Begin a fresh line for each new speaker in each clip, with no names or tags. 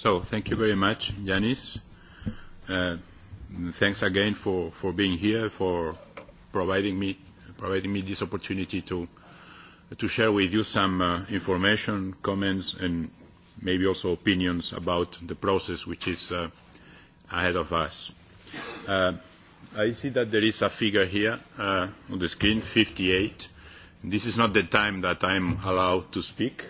So thank you very much, Yanis. Thanks again for for being here, for providing me providing me this opportunity to to share with you some information, comments and maybe also opinions about the process which is ahead of us. I see that there is a figure here on the screen, 58. This is not the time that I'm allowed to speak.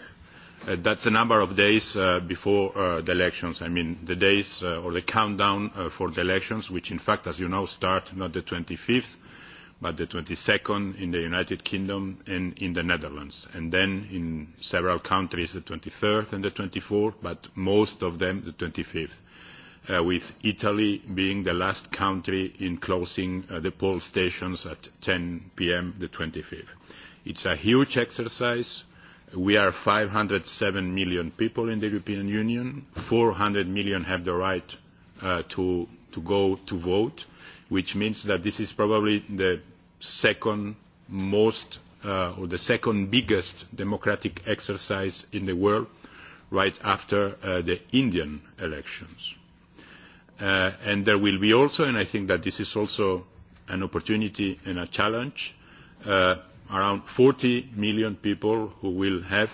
That's a number of days before the elections. I mean, the days or the countdown for the elections, which in fact, as you know, start not the 25th, but the 22nd in the United Kingdom and in the Netherlands, and then in several countries the 23rd and the 24th, but most of them the 25th, with Italy being the last country in closing the poll stations at 10 p.m. the 25th. It's a huge exercise We are 507 million people in the European Union. 400 million have the right to go to vote, which means that this is probably the second most or the second biggest democratic exercise in the world, right after the Indian elections. And there will be also, and I think that this is also an opportunity and a challenge, around 40 million people who will have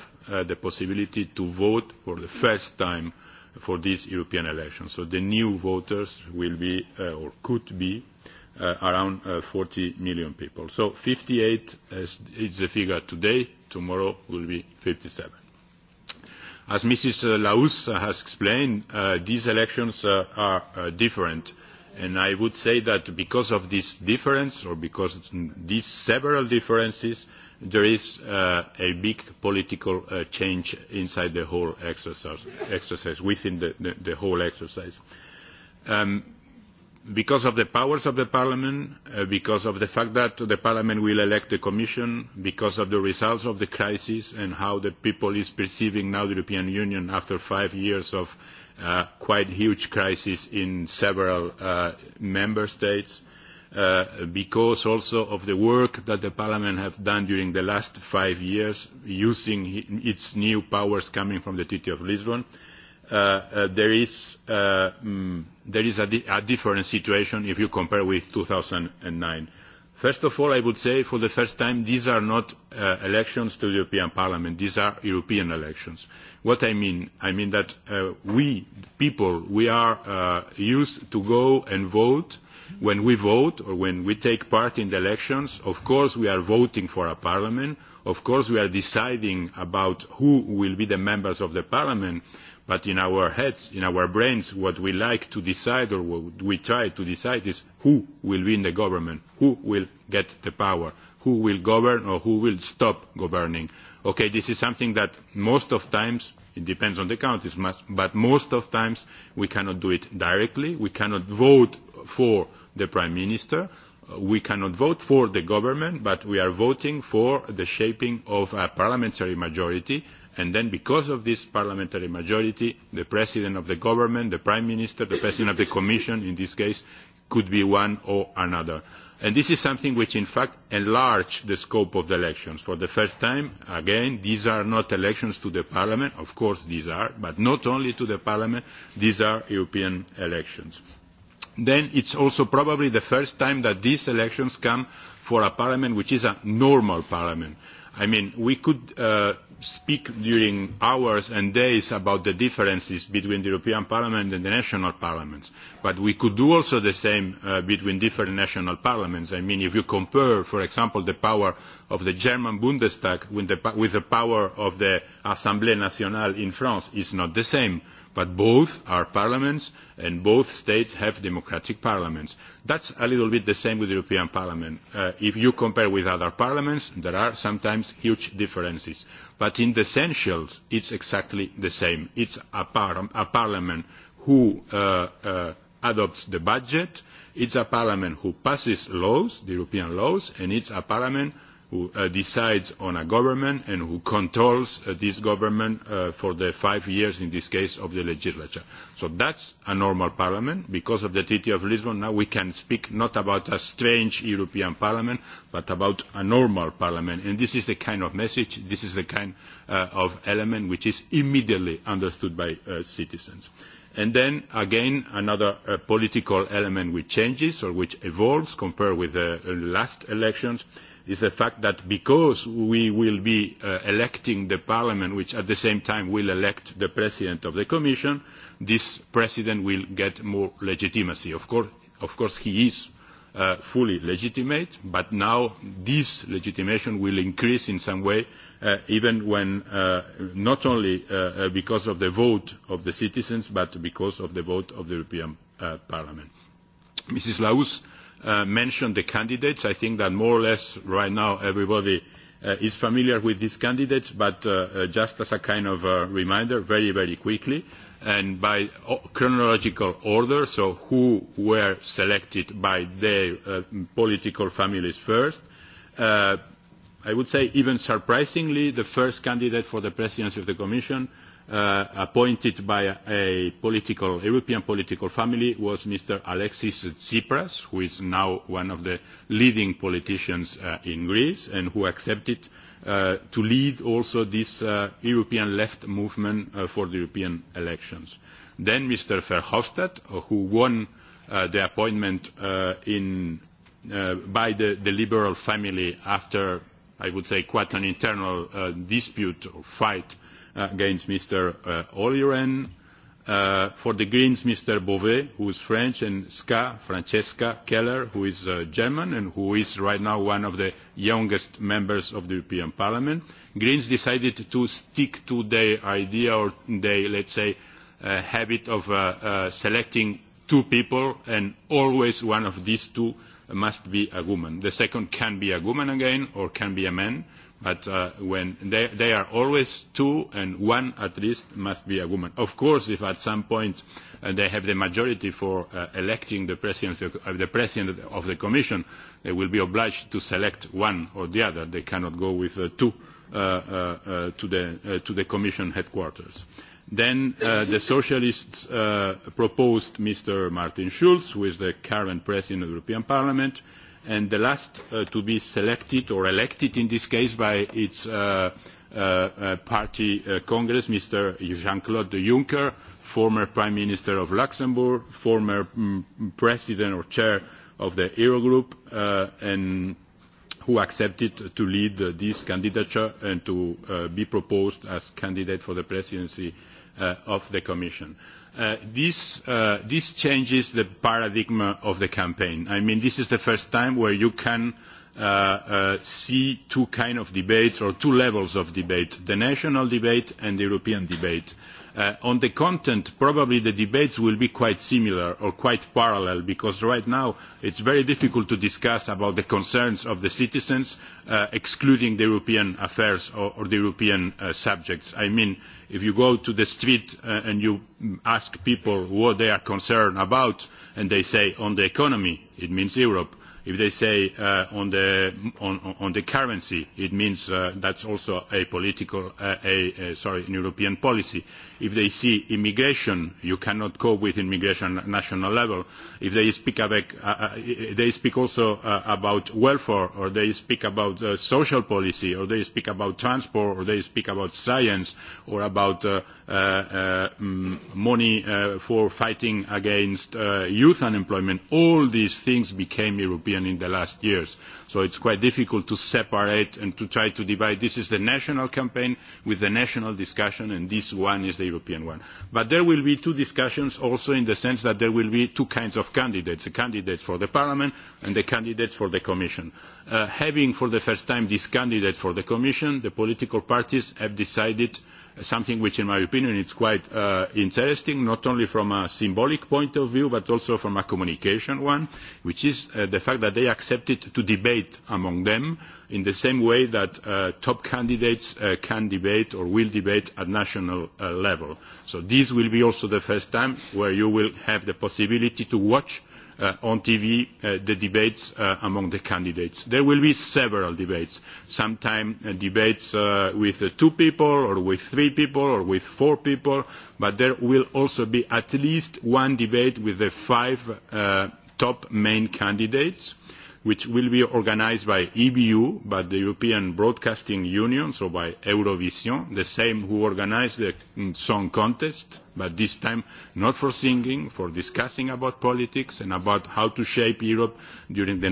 the possibility to vote for the first time for these European elections. So the new voters will be or could be around 40 million people. So 58 is the figure today. Tomorrow will be 57. As Mrs. Laus has explained, these elections are different and i would say that because of this difference or because of these several differences there is a big political change inside the whole exercise within the whole exercise because of the powers of the parliament because of the fact that the parliament will elect the commission because of the results of the crisis and how the people is perceiving now the european union after five years of quite huge crisis in several member states because also of the work that the parliament has done during the last five years using its new powers coming from the treaty of lisbon there is a different situation if you compare with 2009 First of all, I would say for the first time these are not elections to the European Parliament, these are European elections. What I mean? I mean that we, people, we are used to go and vote. When we vote or when we take part in the elections, of course we are voting for a parliament, of course we are deciding about who will be the members of the parliament, But in our heads, in our brains, what we like to decide or what we try to decide is who will win the government, who will get the power, who will govern or who will stop governing. Okay, this is something that most of times, it depends on the counties but most of times we cannot do it directly. We cannot vote for the prime minister. We cannot vote for the government, but we are voting for the shaping of a parliamentary majority and then because of this parliamentary majority the president of the government the prime minister the president of the commission in this case could be one or another and this is something which in fact enlarged the scope of the elections for the first time again these are not elections to the parliament of course these are but not only to the parliament these are european elections then it's also probably the first time that these elections come for a parliament which is a normal parliament I mean, we could speak during hours and days about the differences between the European Parliament and the national parliaments, but we could do also the same between different national parliaments. I mean, if you compare, for example, the power of the German Bundestag with the power of the Assemblée nationale in France, it's not the same but both are parliaments and both states have democratic parliaments. That's a little bit the same with the European Parliament. If you compare with other parliaments, there are sometimes huge differences. But in the essentials, it's exactly the same. It's a parliament who adopts the budget, it's a parliament who passes laws, the European laws, and it's a parliament who decides on a government and who controls this government for the five years, in this case, of the legislature. So that's a normal parliament. Because of the Treaty of Lisbon, now we can speak not about a strange European parliament, but about a normal parliament. And this is the kind of message, this is the kind of element which is immediately understood by citizens. And then, again, another political element which changes or which evolves compared with the last elections is the fact that because we will be electing the parliament which at the same time will elect the president of the commission this president will get more legitimacy. of course he is fully legitimate but now this legitimation will increase in some way even when not only because of the vote of the citizens but because of the vote of the european parliament. mrs laus mentioned the candidates. I think that more or less right now everybody is familiar with these candidates, but just as a kind of reminder, very, very quickly, and by chronological order, so who were selected by their political families first. I would say even surprisingly, the first candidate for the presidency of the Commission appointed by a political European political family was Mr Alexis Tsipras, who is now one of the leading politicians in Greece and who accepted to lead also this European left movement for the European elections. Then Mr Verhofstadt, who won the appointment by the Liberal family after I would say quite an internal dispute or fight against Mr. Olliren. For the Greens, Mr. Beauvais, who is French, and Ska, Francesca Keller, who is German and who is right now one of the youngest members of the European Parliament. Greens decided to stick to their idea or their, let's say, habit of selecting two people and always one of these two must be a woman. The second can be a woman again or can be a man But when they are always two and one at least must be a woman. Of course, if at some point they have the majority for electing the president of the Commission, they will be obliged to select one or the other. They cannot go with two to the Commission headquarters. Then the Socialists proposed Mr. Martin Schulz, who is the current president of the European Parliament and the last to be selected or elected in this case by its party congress, Mr. Jean-Claude Juncker, former Prime Minister of Luxembourg, former President or Chair of the Eurogroup, and who accepted to lead this candidature and to be proposed as candidate for the presidency of the Commission this changes the paradigm of the campaign. I mean, this is the first time where you can see two kinds of debates or two levels of debate, the national debate and the European debate On the content, probably the debates will be quite similar or quite parallel, because right now it's very difficult to discuss about the concerns of the citizens, excluding the European affairs or the European subjects. I mean, if you go to the street and you ask people what they are concerned about, and they say on the economy, it means Europe. If they say on the currency, it means that's also a political, sorry, European policy. If they see immigration, you cannot cope with immigration at national level. If they speak also about welfare, or they speak about social policy, or they speak about transport, or they speak about science, or about money for fighting against youth unemployment, all these things became European in the last years. So it's quite difficult to separate and to try to divide. This is the national campaign with the national discussion, and this one is the European one. But there will be two discussions also in the sense that there will be two kinds of candidates, the candidates for the Parliament and the candidates for the Commission. Having for the first time this candidate for the Commission, the political parties have decided something which in my opinion is quite interesting not only from a symbolic point of view but also from a communication one which is the fact that they accepted to debate among them in the same way that top candidates can debate or will debate at national level. so this will be also the first time where you will have the possibility to watch on TV the debates among the candidates. There will be several debates, sometimes debates with two people or with three people or with four people, but there will also be at least one debate with the five top main candidates which will be organised by EBU, by the European Broadcasting Union, so by Eurovision, the same who organised the song contest, but this time not for singing, for discussing about politics and about how to shape Europe during the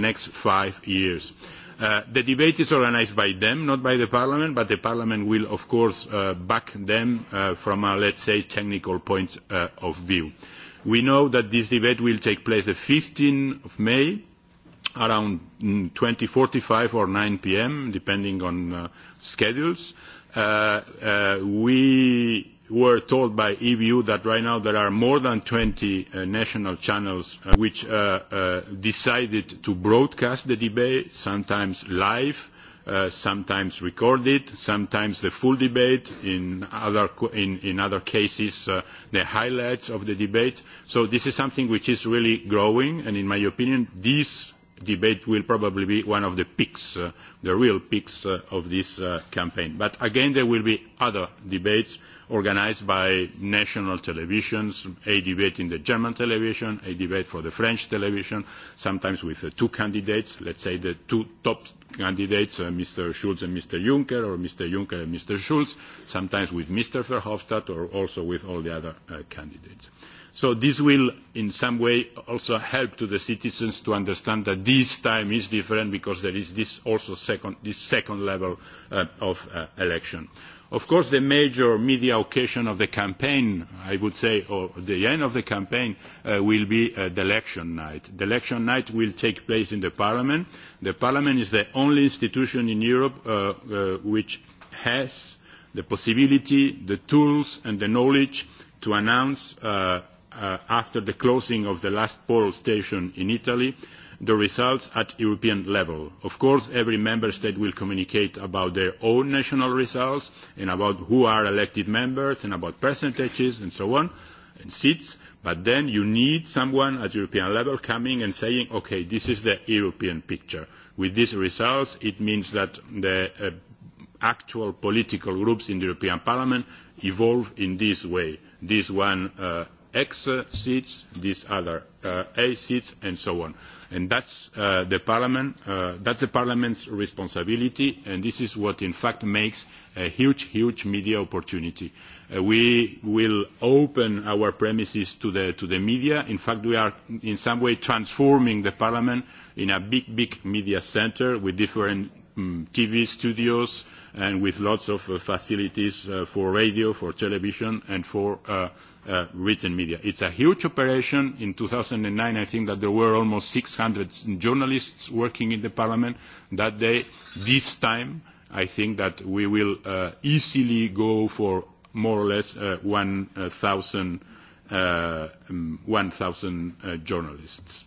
next five years. The debate is organised by them, not by the Parliament, but the Parliament will, of course, back them from a, let's say, technical point of view. We know that this debate will take place the 15th of May around 20:45 or 9 p.m. depending on schedules. We were told by EBU that right now there are more than 20 national channels which decided to broadcast the debate, sometimes live, sometimes recorded, sometimes the full debate, in other cases the highlights of the debate. So this is something which is really growing, and in my opinion, these debate will probably be one of the peaks, the real peaks of this campaign. But again, there will be other debates organised by national televisions, a debate in the German television, a debate for the French television, sometimes with two candidates, let's say the two top candidates, Mr. Schulz and Mr. Juncker, or Mr. Juncker and Mr. Schulz, sometimes with Mr. Verhofstadt, or also with all the other candidates. So this will in some way also help to the citizens to understand that this time is different because there is this also this second level of election. Of course the major media occasion of the campaign, I would say, or the end of the campaign will be the election night. The election night will take place in the Parliament. The Parliament is the only institution in Europe which has the possibility, the tools and the knowledge to announce after the closing of the last poll station in Italy the results at European level. Of course, every member state will communicate about their own national results and about who are elected members and about percentages and so on and seats, but then you need someone at European level coming and saying, okay, this is the European picture. With these results, it means that the actual political groups in the European Parliament evolve in this way. This one X seats, these other A seats, and so on. And that's the Parliament, that's the Parliament's responsibility, and this is what in fact makes a huge, huge media opportunity. We will open our premises to the to the media. In fact, we are in some way transforming the Parliament in a big, big media centre with different TV studios and with lots of facilities for radio, for television and for written media. It's a huge operation. In 2009 I think that there were almost 600 journalists working in the Parliament that day. This time I think that we will easily go for more or less 1,000 journalists,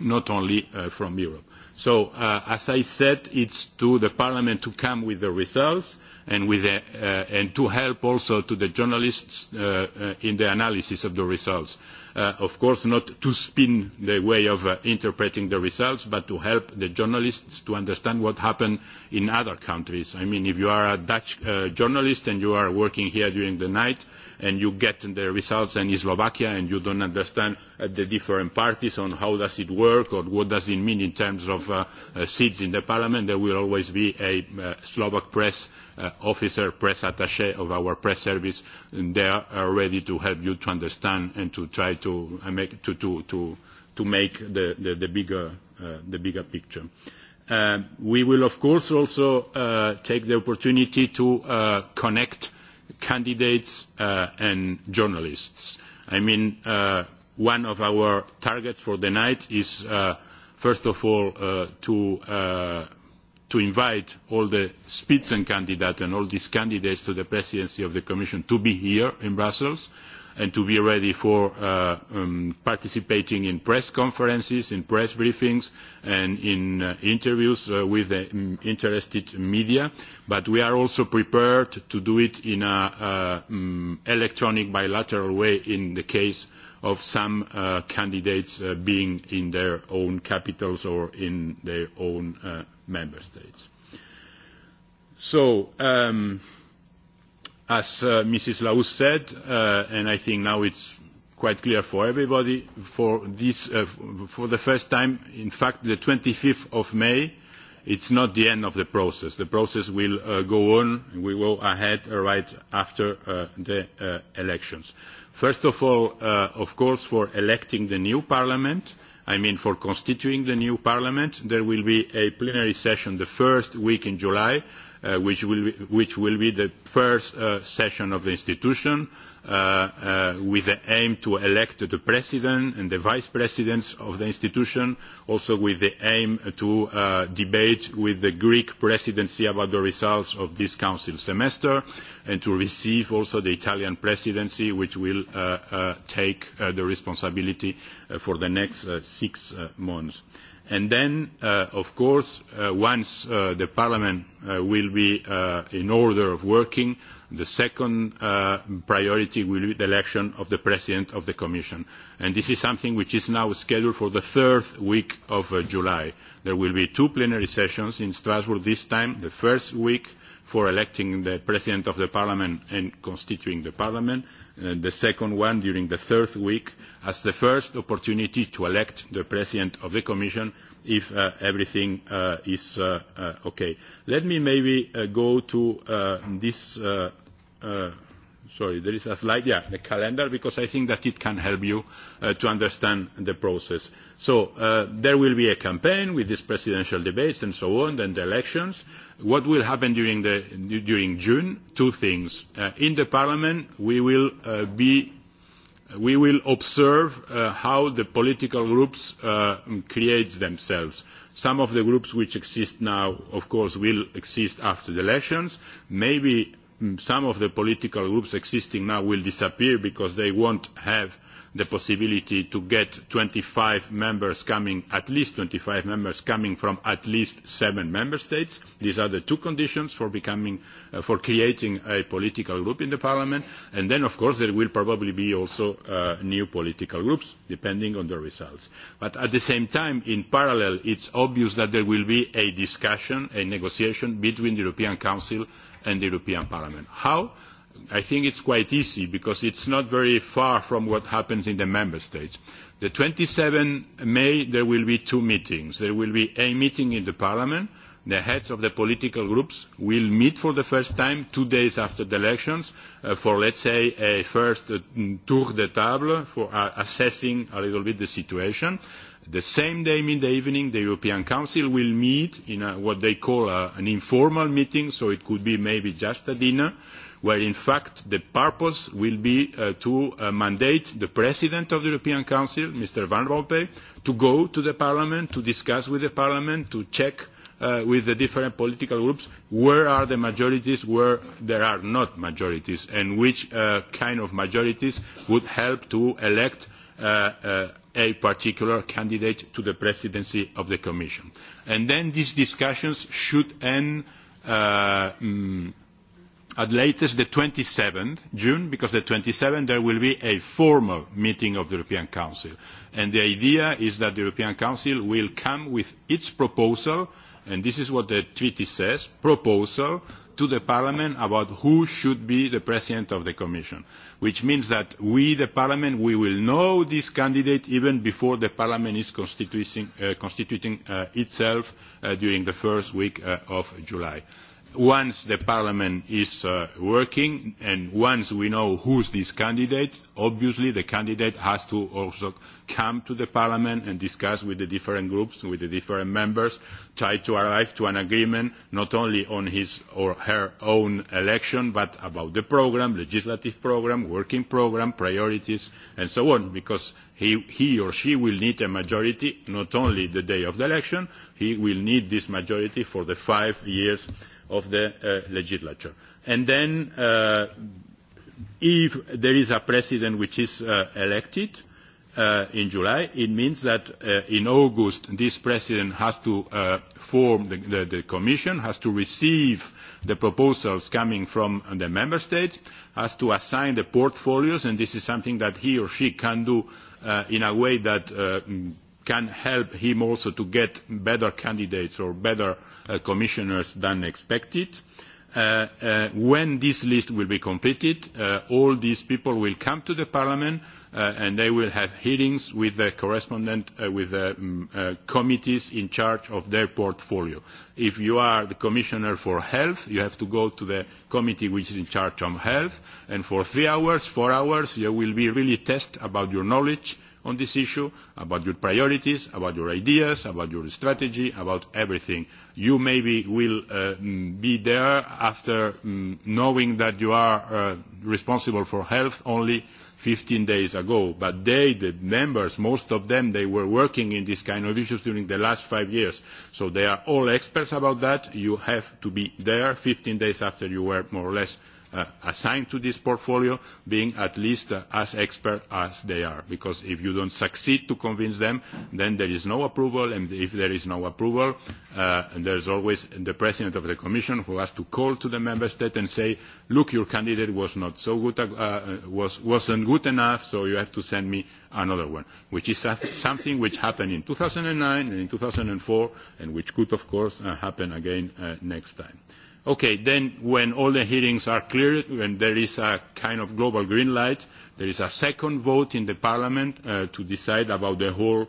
not only from Europe. So, as I said, it's to the Parliament to come with the results and to help also to the journalists in the analysis of the results. Of course, not to spin the way of interpreting the results, but to help the journalists to understand what happened in other countries. I mean, if you are a Dutch journalist and you are working here during the night and you get the results in Slovakia and you don't understand the different parties on how does it work or what does it mean in terms of seats in the parliament. There will always be a Slovak press officer, press attaché of our press service. there ready to help you to understand and to try to make the bigger picture. We will, of course, also take the opportunity to connect candidates and journalists. I mean, one of our targets for the night is, first of all, to to invite all the candidates and all these candidates to the presidency of the Commission to be here in Brussels and to be ready for participating in press conferences, in press briefings and in interviews with the interested media. But we are also prepared to do it in an electronic bilateral way in the case of some candidates being in their own capitals or in their own member states. So As Mrs. Laus said, and I think now it's quite clear for everybody, for this, for the first time, in fact, the 25th of May, it's not the end of the process. The process will go on, We will go ahead right after the elections. First of all, of course, for electing the new parliament, I mean for constituting the new parliament, there will be a plenary session the first week in July which will be the first session of the institution with the aim to elect the president and the vice presidents of the institution also with the aim to debate with the greek presidency about the results of this council semester and to receive also the italian presidency which will take the responsibility for the next six months. And then, of course, once the Parliament will be in order of working, the second priority will be the election of the President of the Commission. And this is something which is now scheduled for the third week of July. There will be two plenary sessions in Strasbourg this time, the first week for electing the President of the Parliament and constituting the Parliament, the second one during the third week as the first opportunity to elect the president of the commission if everything is okay. Let me maybe go to this sorry, there is a slide, yeah, the calendar, because I think that it can help you to understand the process. So there will be a campaign with these presidential debates and so on, then the elections. What will happen during the during June? Two things. In the Parliament, we will be we will observe how the political groups create themselves. Some of the groups which exist now, of course, will exist after the elections. Maybe some of the political groups existing now will disappear because they won't have the possibility to get 25 members coming, at least 25 members coming from at least seven member states. These are the two conditions for creating a political group in the parliament. And then, of course, there will probably be also new political groups, depending on the results. But at the same time, in parallel, it's obvious that there will be a discussion, a negotiation between the European Council and the European Parliament. How? I think it's quite easy because it's not very far from what happens in the member states. The 27 May there will be two meetings. There will be a meeting in the Parliament. The heads of the political groups will meet for the first time two days after the elections for, let's say, a first tour de table for assessing a little bit the situation. The same day in the evening the European Council will meet in what they call an informal meeting, so it could be maybe just a dinner, where in fact the purpose will be to mandate the President of the European Council, Mr Van Rompuy, to go to the Parliament, to discuss with the Parliament, to check with the different political groups where are the majorities, where there are not majorities and which kind of majorities would help to elect a particular candidate to the presidency of the Commission. And then these discussions should end at latest the 27th June, because the 27th there will be a formal meeting of the European Council. And the idea is that the European Council will come with its proposal, and this is what the treaty says, proposal to the Parliament about who should be the President of the Commission, which means that we, the Parliament, we will know this candidate even before the Parliament is constituting itself during the first week of July once the parliament is working and once we know who is this candidate obviously the candidate has to also come to the parliament and discuss with the different groups with the different members try to arrive to an agreement not only on his or her own election but about the programme legislative programme working programme priorities and so on because he or she will need a majority not only the day of the election he will need this majority for the five years of the legislature. And then if there is a president which is elected in July, it means that in August this president has to form the commission, has to receive the proposals coming from the member states, has to assign the portfolios, and this is something that he or she can do in a way that can help him also to get better candidates or better commissioners than expected. When this list will be completed, all these people will come to the Parliament and they will have hearings with the correspondent, with the committees in charge of their portfolio. If you are the Commissioner for Health, you have to go to the committee which is in charge of health, and for three hours, four hours, you will be really tested about your knowledge on this issue, about your priorities, about your ideas, about your strategy, about everything. You maybe will be there after knowing that you are responsible for health only 15 days ago, but they, the members, most of them, they were working in this kind of issues during the last five years. So they are all experts about that. You have to be there 15 days after you were more or less assigned to this portfolio being at least as expert as they are because if you don't succeed to convince them then there is no approval and if there is no approval there is always the president of the commission who has to call to the member state and say look your candidate was not so good was wasn't good enough so you have to send me another one which is something which happened in 2009 and in 2004 and which could of course happen again next time Okay, then when all the hearings are cleared, when there is a kind of global green light, there is a second vote in the Parliament to decide about the whole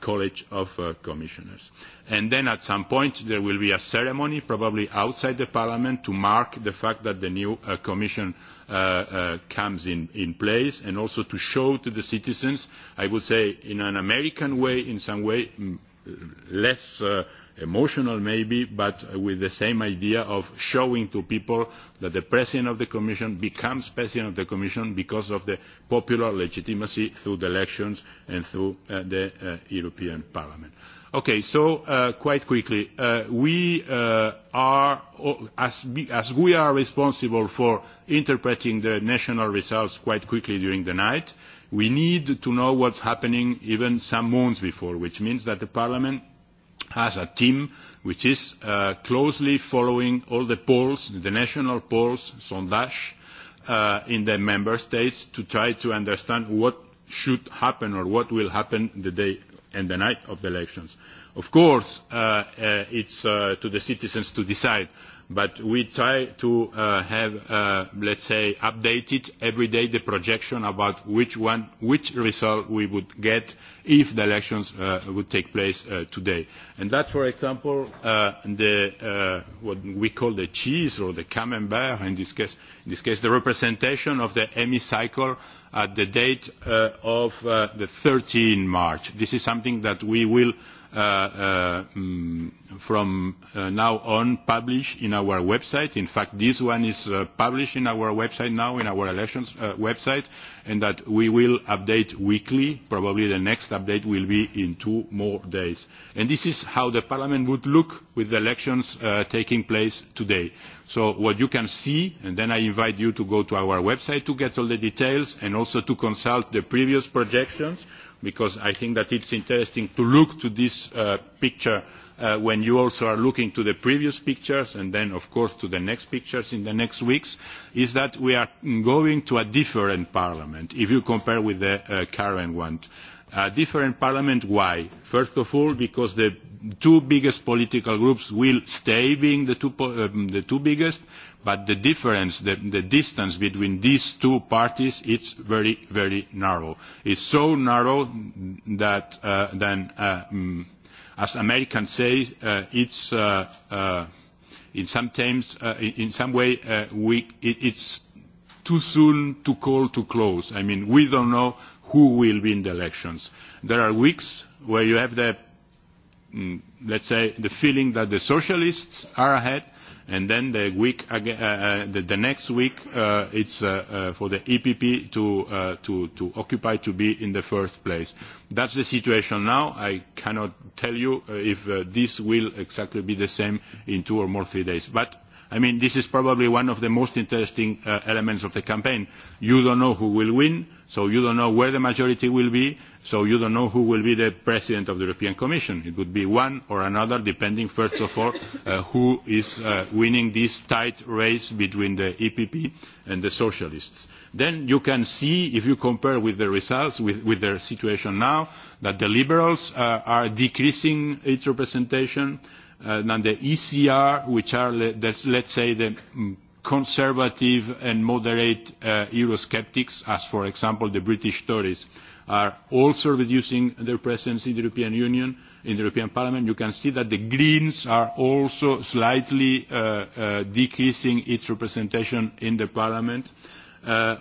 College of Commissioners. And then at some point there will be a ceremony, probably outside the Parliament, to mark the fact that the new Commission comes in place and also to show to the citizens, I would say in an American way, in some way less emotional maybe, but with the same idea of showing to people that the President of the Commission becomes President of the Commission because of the popular legitimacy through the elections and through the European Parliament. Okay, so quite quickly, we are, as we are responsible for interpreting the national results quite quickly during the night, We need to know what's happening even some months before, which means that the Parliament has a team which is closely following all the polls, the national polls, sondage, in the member states to try to understand what should happen or what will happen the day and the night of the elections. Of course, it's to the citizens to decide but we try to have, let's say, updated every day the projection about which one, which result we would get if the elections would take place today. And that, for example, the what we call the cheese or the camembert, in this case, in this case, the representation of the hemicycle at the date of the 13 March. This is something that we will from now on published in our website. In fact, this one is published in our website now, in our elections website, and that we will update weekly. Probably the next update will be in two more days. And this is how the Parliament would look with the elections taking place today. So what you can see, and then I invite you to go to our website to get all the details and also to consult the previous projections because I think that it's interesting to look to this picture when you also are looking to the previous pictures and then, of course, to the next pictures in the next weeks, is that we are going to a different parliament if you compare with the current one. A different parliament, why? First of all, because the two biggest political groups will stay being the two biggest but the difference, the distance between these two parties it's very, very narrow. It's so narrow that, then, as Americans say, it's in some in some way, it's too soon to call to close. I mean, we don't know who will win the elections. There are weeks where you have the, let's say, the feeling that the socialists are ahead and then the week the next week it's for the EPP to to occupy to be in the first place. That's the situation now. I cannot tell you if this will exactly be the same in two or more three days. But I mean this is probably one of the most interesting elements of the campaign. You don't know who will win, so you don't know where the majority will be So you don't know who will be the president of the European Commission. It would be one or another, depending first of all who is winning this tight race between the EPP and the Socialists. Then you can see, if you compare with the results, with their situation now, that the Liberals are decreasing its representation, and the ECR, which are, let's say, the conservative and moderate Eurosceptics, as for example the British Tories are also reducing their presence in the European Union, in the European Parliament. You can see that the Greens are also slightly decreasing its representation in the Parliament.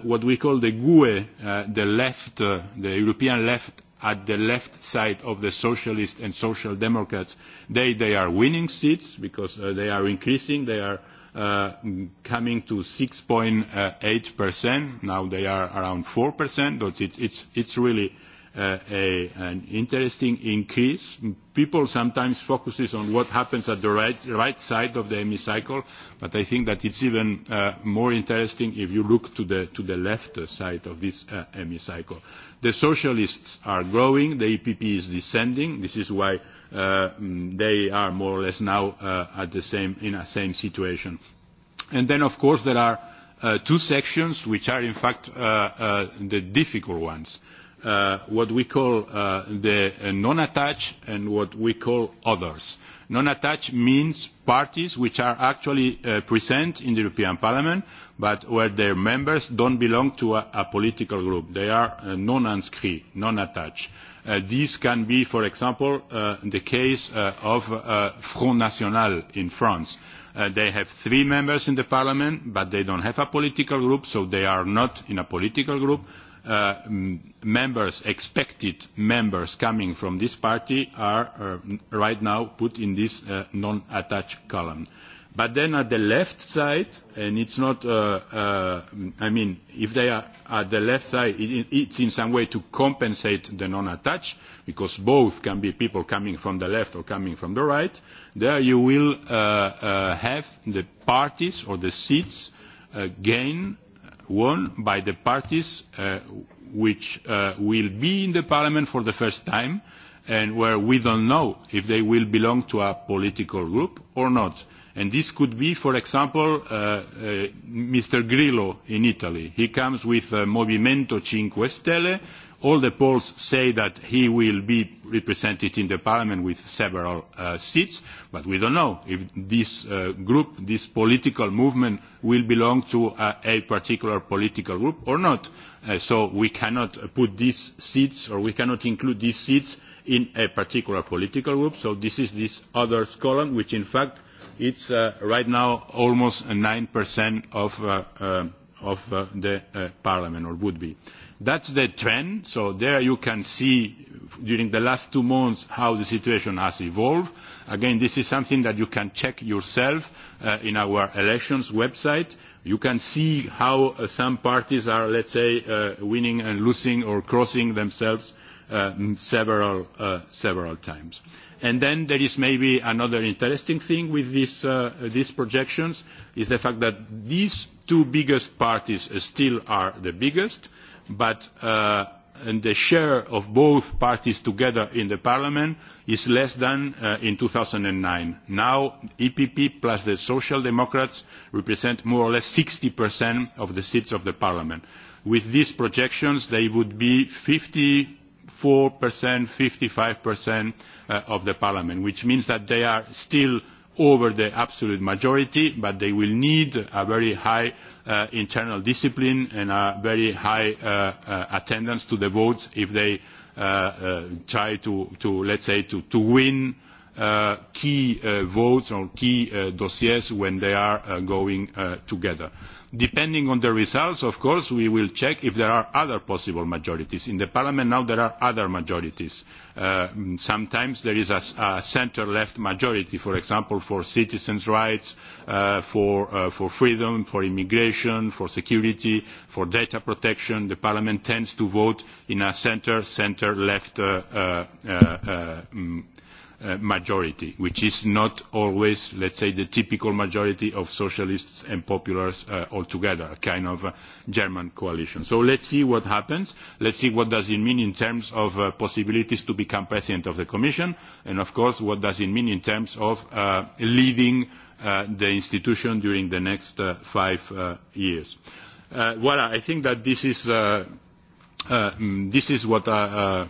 What we call the GUE, the left, the European left at the left side of the Socialists and Social Democrats, they are winning seats because they are increasing, they are coming to 6.8%. Now they are around 4%. It's really an interesting increase. People sometimes focus on what happens at the right side of the hemicycle, but I think that it's even more interesting if you look to the left side of this hemicycle. The socialists are growing, the EPP is descending. This is why they are more or less now at in the same situation. And then, of course, there are two sections which are in fact the difficult ones what we call the non-attached and what we call others. Non-attached means parties which are actually present in the European Parliament, but where their members don't belong to a political group. They are non inscrit, non-attached. This can be, for example, the case of Front National in France. They have three members in the Parliament, but they don't have a political group, so they are not in a political group members expected members coming from this party are right now put in this non attached column but then at the left side and it's not i mean if they are at the left side it it's in some way to compensate the non attached because both can be people coming from the left or coming from the right there you will have the parties or the seats gain won by the parties which will be in the parliament for the first time and where we don't know if they will belong to a political group or not. And this could be, for example, Mr. Grillo in Italy. He comes with Movimento Cinque Stelle All the polls say that he will be represented in the Parliament with several seats, but we don't know if this group, this political movement, will belong to a particular political group or not. So we cannot put these seats or we cannot include these seats in a particular political group. So this is this other column, which in fact is right now almost 9% of the Parliament or would be. That's the trend. So there you can see during the last two months how the situation has evolved. Again, this is something that you can check yourself in our elections website. You can see how some parties are, let's say, winning and losing or crossing themselves several several times. And then there is maybe another interesting thing with these projections is the fact that these two biggest parties still are the biggest but the share of both parties together in the parliament is less than in 2009. Now, EPP plus the Social Democrats represent more or less 60% of the seats of the parliament. With these projections, they would be 54%, 55% of the parliament, which means that they are still over the absolute majority, but they will need a very high internal discipline and a very high attendance to the votes if they try to, let's say, to win key votes or key dossiers when they are going together. Depending on the results, of course, we will check if there are other possible majorities. In the Parliament now there are other majorities. Sometimes there is a centre-left majority, for example, for citizens' rights, for freedom, for immigration, for security, for data protection. The Parliament tends to vote in a centre-centre-left majority, which is not always, let's say, the typical majority of socialists and populars altogether, a kind of German coalition. So let's see what happens. Let's see what does it mean in terms of possibilities to become president of the Commission, and of course, what does it mean in terms of leading the institution during the next five years. Voilà, I think that this is this is what I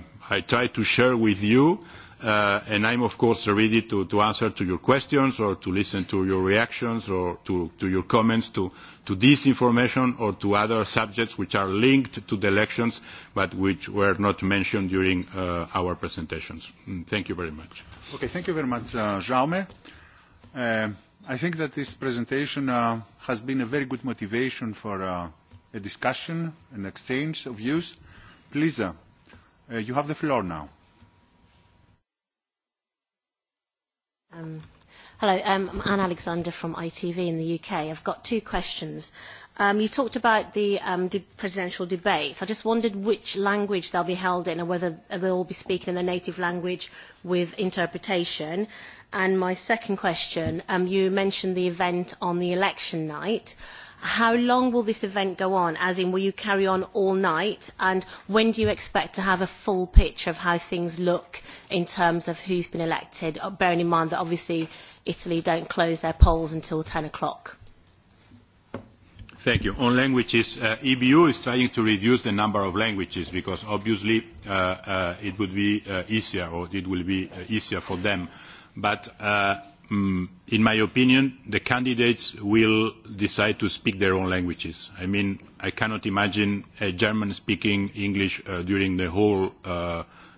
try to share with you and am of course ready to answer to your questions or to listen to your reactions or to your comments to this information or to other subjects which are linked to the elections but which were not mentioned during our presentations. Thank you very much. Okay, thank you very much, Jaume. I think that this presentation has been a very good motivation for a discussion, an exchange of views. Please, you have the floor now.
Um, hello, um, I'm Anne Alexander from ITV in the UK. I've got two questions. Um, you talked about the um, de presidential debates. I just wondered which language they'll be held in and whether they'll all be speaking in their native language with interpretation. And my second question, um, you mentioned the event on the election night. How long will this event go on? As in, will you carry on all night? And when do you expect to have a full picture of how things look in terms of who's been elected, bearing in mind that obviously Italy don't close their polls until 10 o'clock?
Thank you. On languages, EBU is trying to reduce the number of languages because obviously it would be easier, or it will be easier for them. But in my opinion the candidates will decide to speak their own languages. i mean i cannot imagine a german speaking english during the whole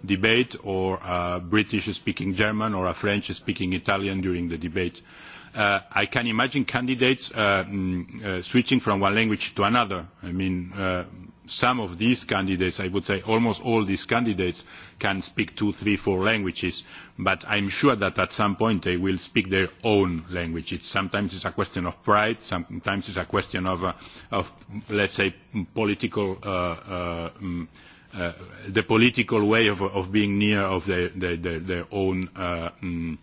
debate or a british speaking german or a french speaking italian during the debate. i can imagine candidates switching from one language to another. i mean some of these candidates, I would say almost all these candidates, can speak two, three, four languages, but I'm sure that at some point they will speak their own language. Sometimes it's a question of pride, sometimes it's a question of, let's say, political, the political way of being near of their own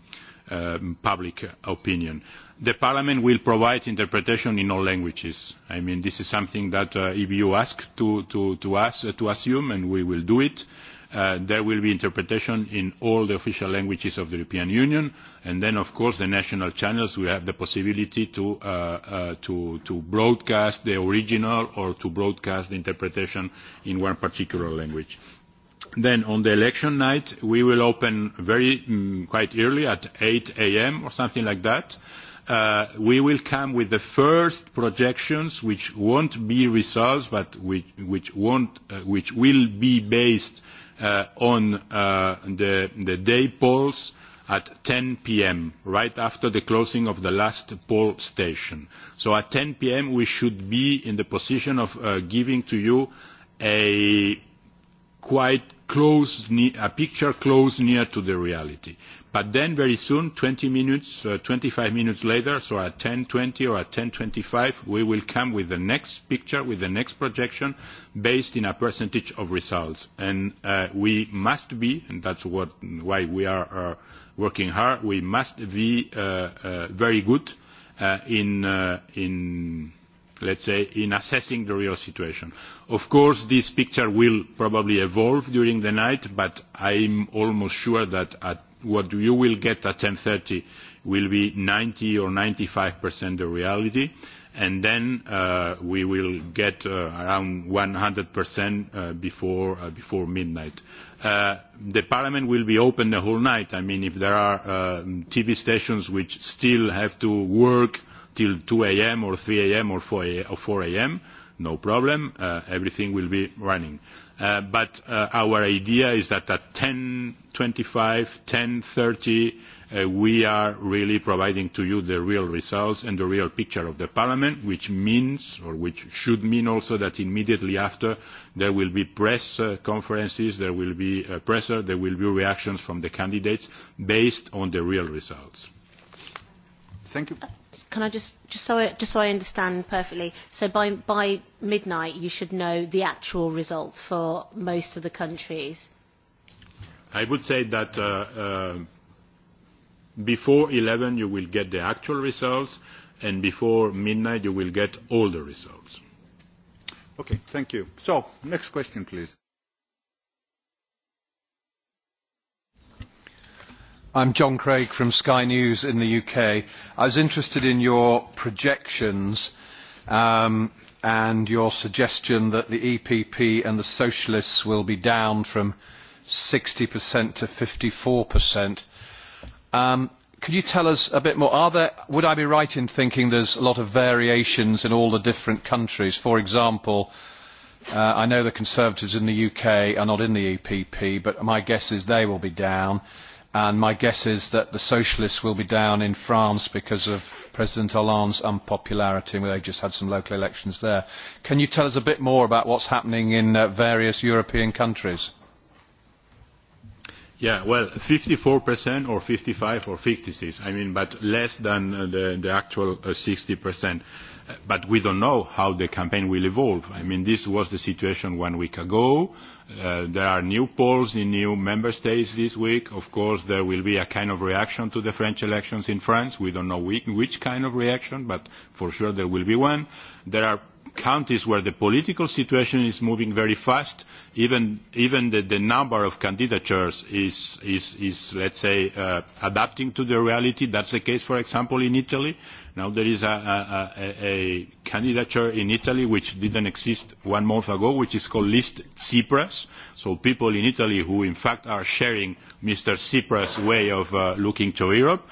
public opinion the Parliament will provide interpretation in all languages. I mean, this is something that if you to us to assume, and we will do it. There will be interpretation in all the official languages of the European Union, and then, of course, the national channels will have the possibility to broadcast the original or to broadcast the interpretation in one particular language. Then on the election night, we will open very quite early at 8 a.m. or something like that we will come with the first projections which won't be results but which will be based on the day polls at 10 p.m. right after the closing of the last poll station. So at 10 p.m. we should be in the position of giving to you a quite a picture close near to the reality. But then very soon, 20 minutes, 25 minutes later, so at 10.20 or at 10.25, we will come with the next picture, with the next projection, based in a percentage of results. And we must be, and that's why we are working hard, we must be very good in in let's say, in assessing the real situation. Of course, this picture will probably evolve during the night, but I'm almost sure that what you will get at 10.30 will be 90 or 95% the reality, and then we will get around 100% before midnight. The Parliament will be open the whole night. I mean, if there are TV stations which still have to work till 2 a.m. or 3 a.m. or 4 a.m., no problem. Everything will be running. But our idea is that at 10.25, 10.30, we are really providing to you the real results and the real picture of the Parliament, which means, or which should mean also that immediately after there will be press conferences, there will be presser, there will be reactions from the candidates based on the real results.
Thank
you. Can I just just so I understand perfectly? So by by midnight you should know the actual results for most of the countries.
I would say that before 11 you will get the actual results, and before midnight you will get all the results.
Okay, thank you. So next question, please.
I'm John Craig from Sky News in the UK. I was interested in your projections and your suggestion that the EPP and the Socialists will be down from 60% to 54%. Could you tell us a bit more? Would I be right in thinking there's a lot of variations in all the different countries? For example, I know the Conservatives in the UK are not in the EPP, but my guess is they will be down and my guess is that the socialists will be down in France because of President Hollande's unpopularity, and they just had some local elections there. Can you tell us a bit more about what's happening in various European countries?
Yeah, well, 54% or 55 or 56, I mean, but less than the actual 60%. But we don't know how the campaign will evolve. I mean, this was the situation one week ago There are new polls in new member states this week. Of course, there will be a kind of reaction to the French elections in France. We don't know which kind of reaction, but for sure there will be one. There are countries where the political situation is moving very fast. Even the number of candidatures is, let's say, adapting to the reality. That's the case, for example, in Italy Now there is a candidature in Italy which didn't exist one month ago, which is called List Tsipras. So people in Italy who in fact are sharing Mr. Tsipras' way of looking to Europe,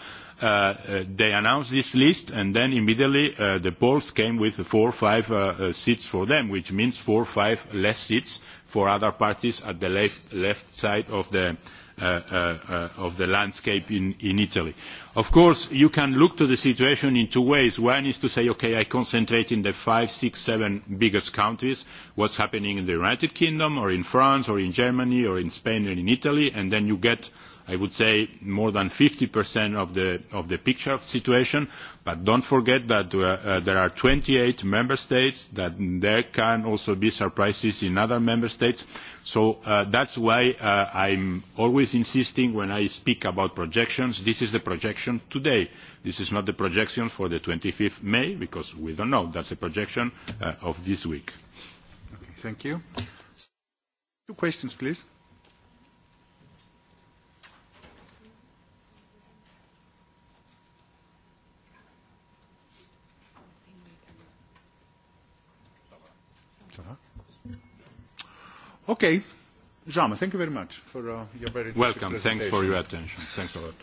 they announced this list and then immediately the polls came with four or five seats for them, which means four or five less seats for other parties at the left side of the of the landscape in Italy. Of course, you can look to the situation in two ways. One is to say, okay, I concentrate in the five, six, seven biggest countries, what's happening in the United Kingdom or in France or in Germany or in Spain or in Italy, and then you get I would say more than 50% of the of the picture of situation. But don't forget that there are 28 member states, that there can also be surprises in other member states. So that's why I'm always insisting when I speak about projections. This is the projection today. This is not the projection for the 25th May because we don't know. That's a projection of this week.
Thank you. Two questions, please. Okay. Jaume, thank you very much for your very Welcome. Thanks for your
attention. Thanks a lot.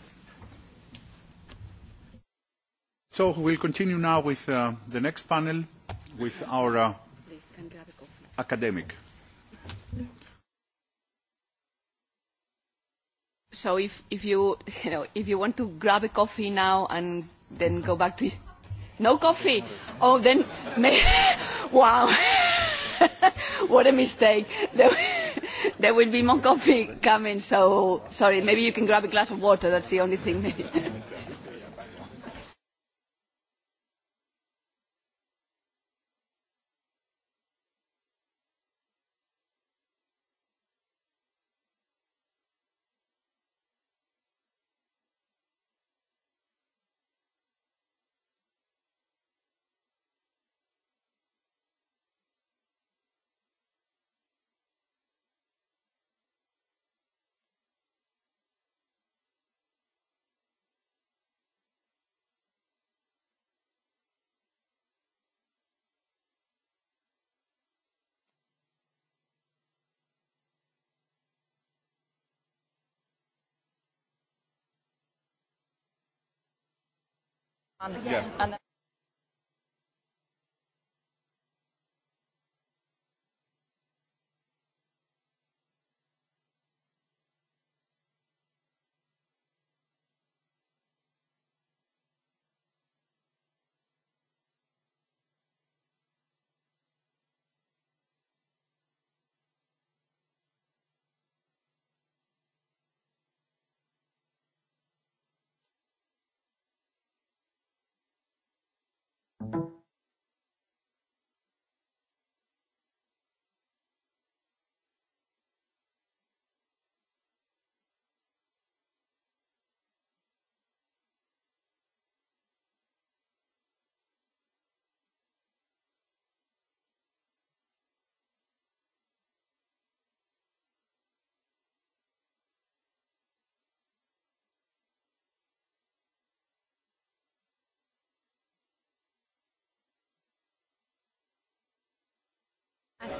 So we'll continue now with the next panel with our academic.
So if if you you know if you want to grab a coffee now and then go back to no coffee oh then wow What a mistake. There will be more coffee coming, so sorry. Maybe you can grab a glass of water. That's the only thing.
Yeah.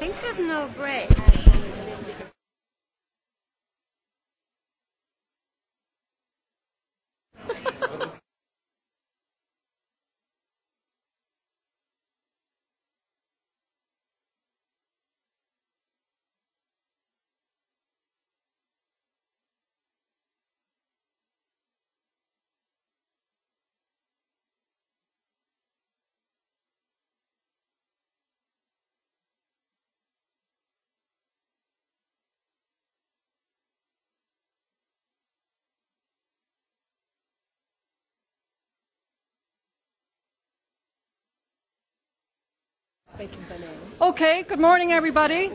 think there's no break.
Okay, good morning everybody.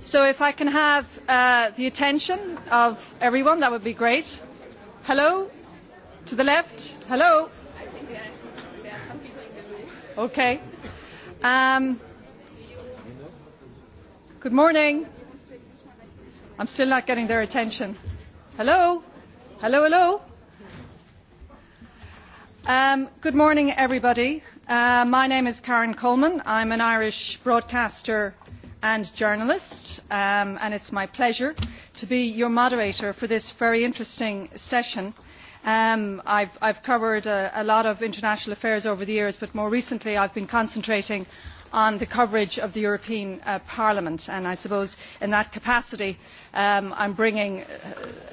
So if I can have the attention of everyone, that would be great. Hello? To the left? Hello? Okay. Um, good morning. I'm still not getting their attention. Hello? Hello, hello? Good morning, everybody. My name is Karen Coleman. I'm an Irish broadcaster and journalist, and it's my pleasure to be your moderator for this very interesting session. I've covered a lot of international affairs over the years, but more recently I've been concentrating on the coverage of the European Parliament. And I suppose in that capacity I am bringing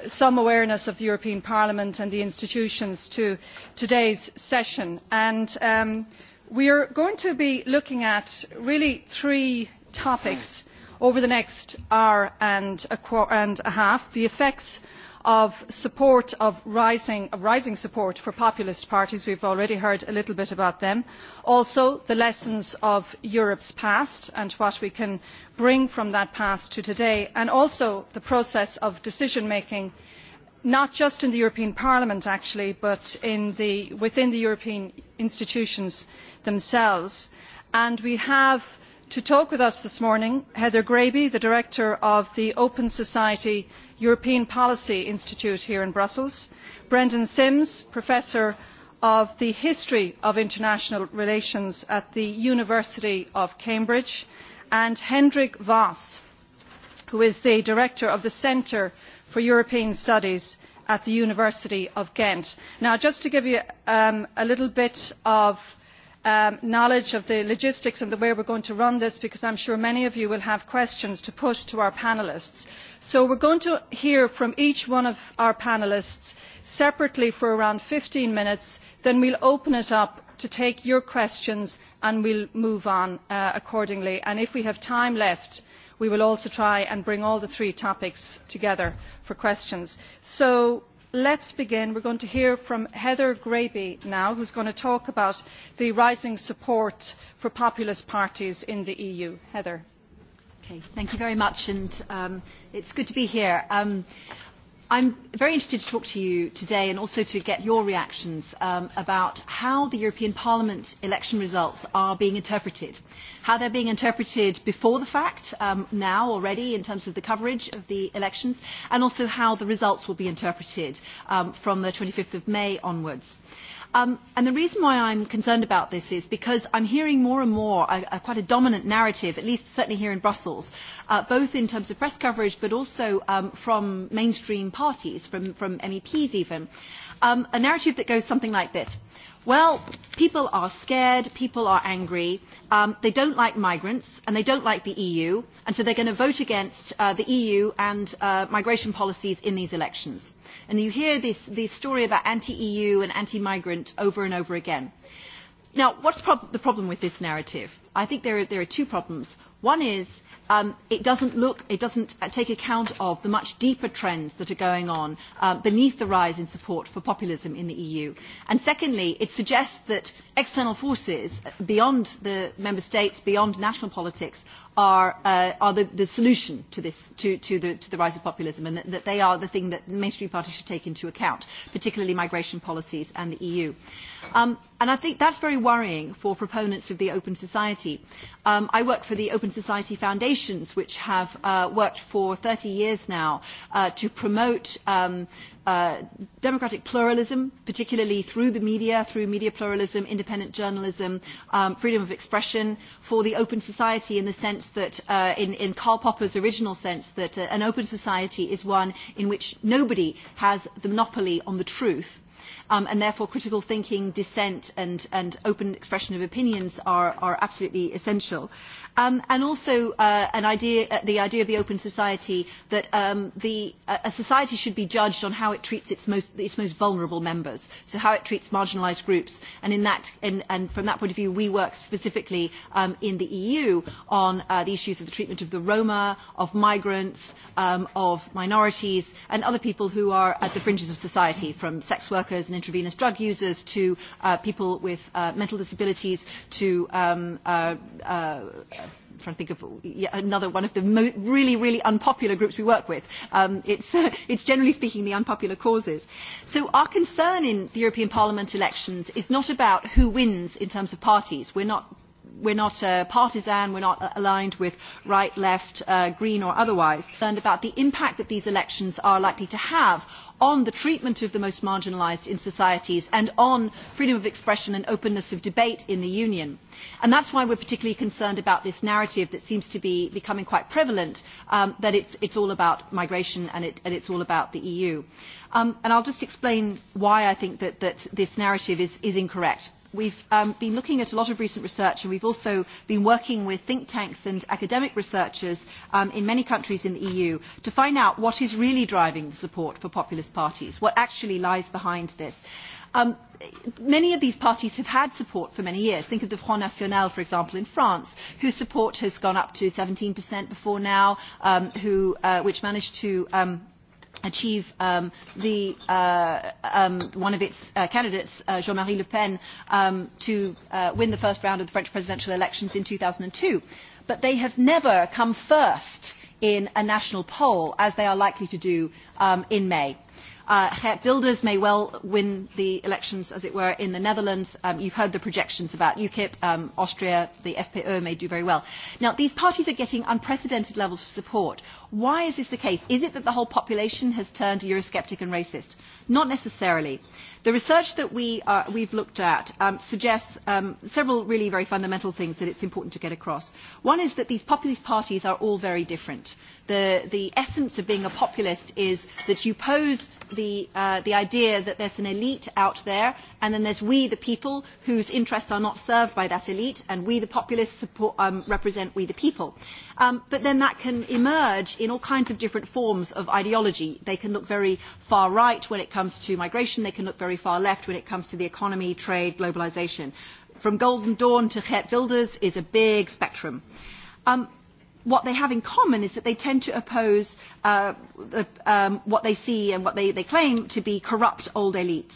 some awareness of the European Parliament and the institutions to today's session. And we are going to be looking at really three topics over the next hour and a half. The effects of support of rising support for populist parties we have already heard a little bit about them also the lessons of europe's past and what we can bring from that past to today and also the process of decision making not just in the european parliament actually but within the european institutions themselves and we have to talk with us this morning heather graby the director of the open society european policy institute here in brussels brendan sims professor of the history of international relations at the university of cambridge and hendrik Voss, who is the director of the centre for european studies at the university of ghent. now just to give you a little bit of knowledge of the logistics and the way we are going to run this because i am sure many of you will have questions to put to our panellists. so we are going to hear from each one of our panellists separately for around fifteen minutes then we will open it up to take your questions and we will move on accordingly and if we have time left we will also try and bring all the three topics together for questions. so Let's begin. We're going to hear from Heather Graby now, who's going to talk about the rising support for populist parties in the EU. Heather.
Thank you very much, and it's good to be here. I'm very interested to talk to you today and also to get your reactions about how the European Parliament election results are being interpreted, how they're being interpreted before the fact, now already in terms of the coverage of the elections, and also how the results will be interpreted from the 25th of May onwards. And the reason why I'm concerned about this is because I'm hearing more and more quite a dominant narrative, at least certainly here in Brussels, both in terms of press coverage but also from mainstream parties, from MEPs even a narrative that goes something like this. Well, people are scared, people are angry, they don't like migrants and they don't like the EU, and so they are going to vote against the EU and migration policies in these elections. you hear this story about anti-EU and anti-migrant over and over again. Now, what's the problem with this narrative? I think there are two problems. One is it doesn't look, it doesn't take account of the much deeper trends that are going on beneath the rise in support for populism in the EU. And secondly, it suggests that external forces beyond the member states, beyond national politics, are the solution to the rise of populism and that they are the thing that the mainstream parties should take into account, particularly migration policies and the EU. And I think that's very worrying for proponents of the open society society. I work for the Open Society Foundations, which have worked for 30 years now to promote democratic pluralism, particularly through the media, through media pluralism, independent journalism, freedom of expression, for the open society in the sense that, in Karl Popper's original sense, that an open society is one in which nobody has the monopoly on the truth and therefore critical thinking, dissent and open expression of opinions are absolutely essential and also an idea the idea of the open society that the a society should be judged on how it treats its most its most vulnerable members so how it treats marginalised groups in that and from that point of view we work specifically in the eu on the issues of the treatment of the roma of migrants of minorities and other people who are at the fringes of society from sex workers and intravenous drug users to people with mental disabilities to trying to think of another one of the really, really unpopular groups we work with. It's generally speaking the unpopular causes. So our concern in the European Parliament elections is not about who wins in terms of parties. We're not we're not partisan, we're not aligned with right, left, green or otherwise. Concerned about the impact that these elections are likely to have on the treatment of the most marginalised in societies and on freedom of expression and openness of debate in the Union. And that's why we're particularly concerned about this narrative that seems to be becoming quite prevalent, that it's all about migration and it it's all about the EU. And I'll just explain why I think that this narrative is incorrect. We've been looking at a lot of recent research and we've also been working with think tanks and academic researchers in many countries in the EU to find out what is really driving the support for populist parties, what actually lies behind this. Many of these parties have had support for many years. Think of the Front National, for example, in France, whose support has gone up to 17% before now, which managed to achieve the one of its candidates, Jean-Marie Le Pen, to win the first round of the French presidential elections in 2002. But they have never come first in a national poll, as they are likely to do in May. Builders may well win the elections, as it were, in the Netherlands. You've heard the projections about UKIP, Austria, the FPÖ may do very well. Now, these parties are getting unprecedented levels of support. Why is this the case? Is it that the whole population has turned Eurosceptic and racist? Not necessarily. The research that we we've looked at suggests several really very fundamental things that it's important to get across. One is that these populist parties are all very different. The essence of being a populist is that you pose the idea that there's an elite out there and then there's we the people whose interests are not served by that elite and we the populists represent we the people but then that can emerge in all kinds of different forms of ideology. They can look very far right when it comes to migration, they can look very far left when it comes to the economy, trade, globalisation. From Golden Dawn to Geert Wilders is a big spectrum. What they have in common is that they tend to oppose what they see and what they claim to be corrupt old elites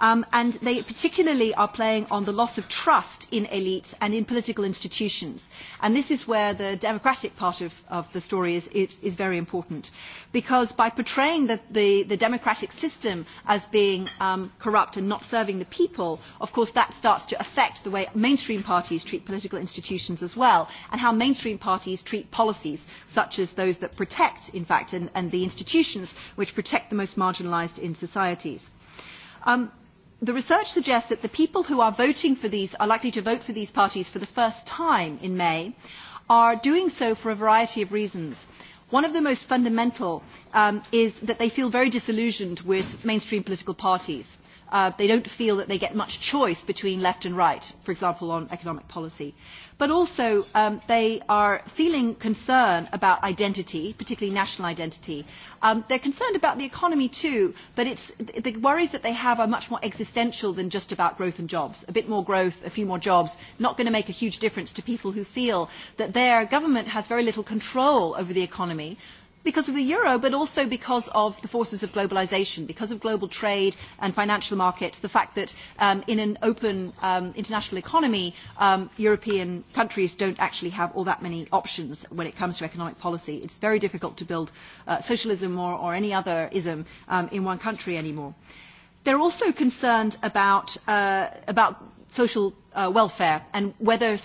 and they particularly are playing on the loss of trust in elites and in political institutions. And this is where the democratic part of the story is very important, because by portraying the democratic system as being corrupt and not serving the people, of course that starts to affect the way mainstream parties treat political institutions as well, and how mainstream parties treat policies, such as those that protect, in fact, and the institutions which protect the most marginalised in societies. The research suggests that the people who are voting for these are likely to vote for these parties for the first time in May are doing so for a variety of reasons. One of the most fundamental is that they feel very disillusioned with mainstream political parties. They don't feel that they get much choice between left and right, for example, on economic policy. But also they are feeling concern about identity, particularly national identity. They're concerned about the economy too, but the worries that they have are much more existential than just about growth and jobs. A bit more growth, a few more jobs, not going to make a huge difference to people who feel that their government has very little control over the economy because of the euro but also because of the forces of globalisation because of global trade and financial markets the fact that in an open international economy european countries don't actually have all that many options when it comes to economic policy it's very difficult to build socialism or any other ism in one country anymore they're also concerned about about social welfare and whether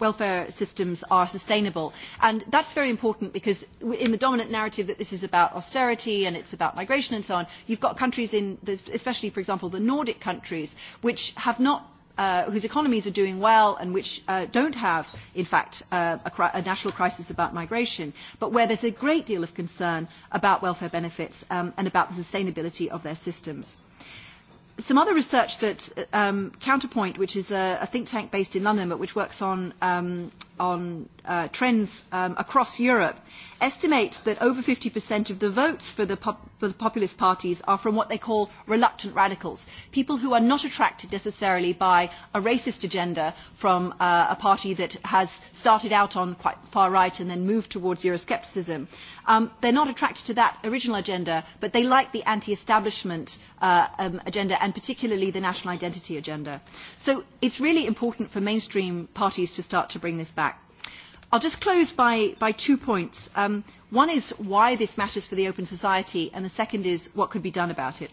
welfare systems are sustainable. And that's very important because in the dominant narrative that this is about austerity and it's about migration and so on, you've got countries in, especially for example the Nordic countries, which have not whose economies are doing well and which don't have, in fact, a national crisis about migration, but where there's a great deal of concern about welfare benefits and about the sustainability of their systems. Some other research that Counterpoint, which is a think tank based in London but which works on on trends across Europe, estimates that over 50% of the votes for the populist parties are from what they call reluctant radicals, people who are not attracted necessarily by a racist agenda from a party that has started out on quite far right and then moved towards Euroscepticism. are not attracted to that original agenda, but they like the anti-establishment agenda and particularly the national identity agenda. So it is really important for mainstream parties to start to bring this back. I'll just close by two points. One is why this matters for the open society, and the second is what could be done about it.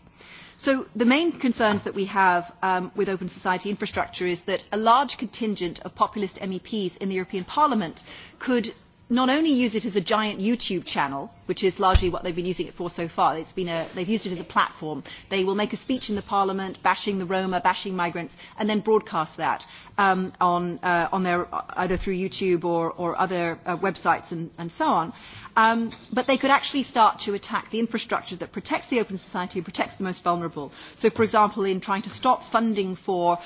So the main concerns that we have with open society infrastructure is that a large contingent of populist MEPs in the European Parliament could not only use it as a giant YouTube channel, which is largely what they've been using it for so far, it's been they've used it as a platform. They will make a speech in the parliament bashing the Roma, bashing migrants, and then broadcast that um, on, on their, either through YouTube or, or other websites and, so on. Um, but they could actually start to attack the infrastructure that protects the open society and protects the most vulnerable. So, for example, in trying to stop funding for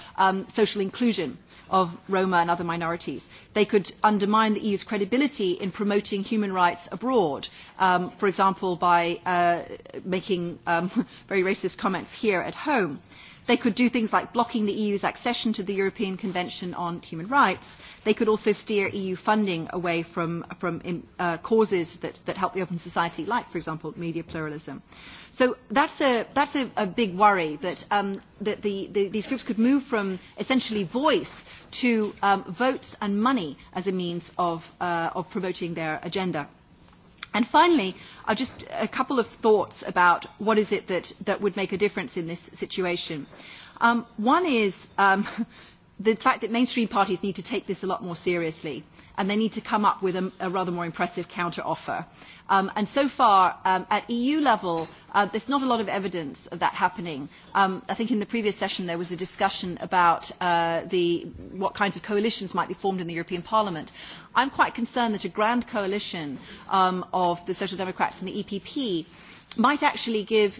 social inclusion of Roma and other minorities. They could undermine the EU's credibility in promoting human rights abroad, for example, by making very racist comments here at home. They could do things like blocking the EU's accession to the European Convention on Human Rights. They could also steer EU funding away from causes that help the open society, like, for example, media pluralism. So that's a big worry, that these groups could move from essentially voice to votes and money as a means of promoting their agenda. And finally, just a couple of thoughts about what is it that would make a difference in this situation. One is the fact that mainstream parties need to take this a lot more seriously and they need to come up with a rather more impressive counter-offer. And so far, at EU level, there's not a lot of evidence of that happening. I think in the previous session there was a discussion about what kinds of coalitions might be formed in the European Parliament. I'm quite concerned that a grand coalition of the Social Democrats and the EPP might actually give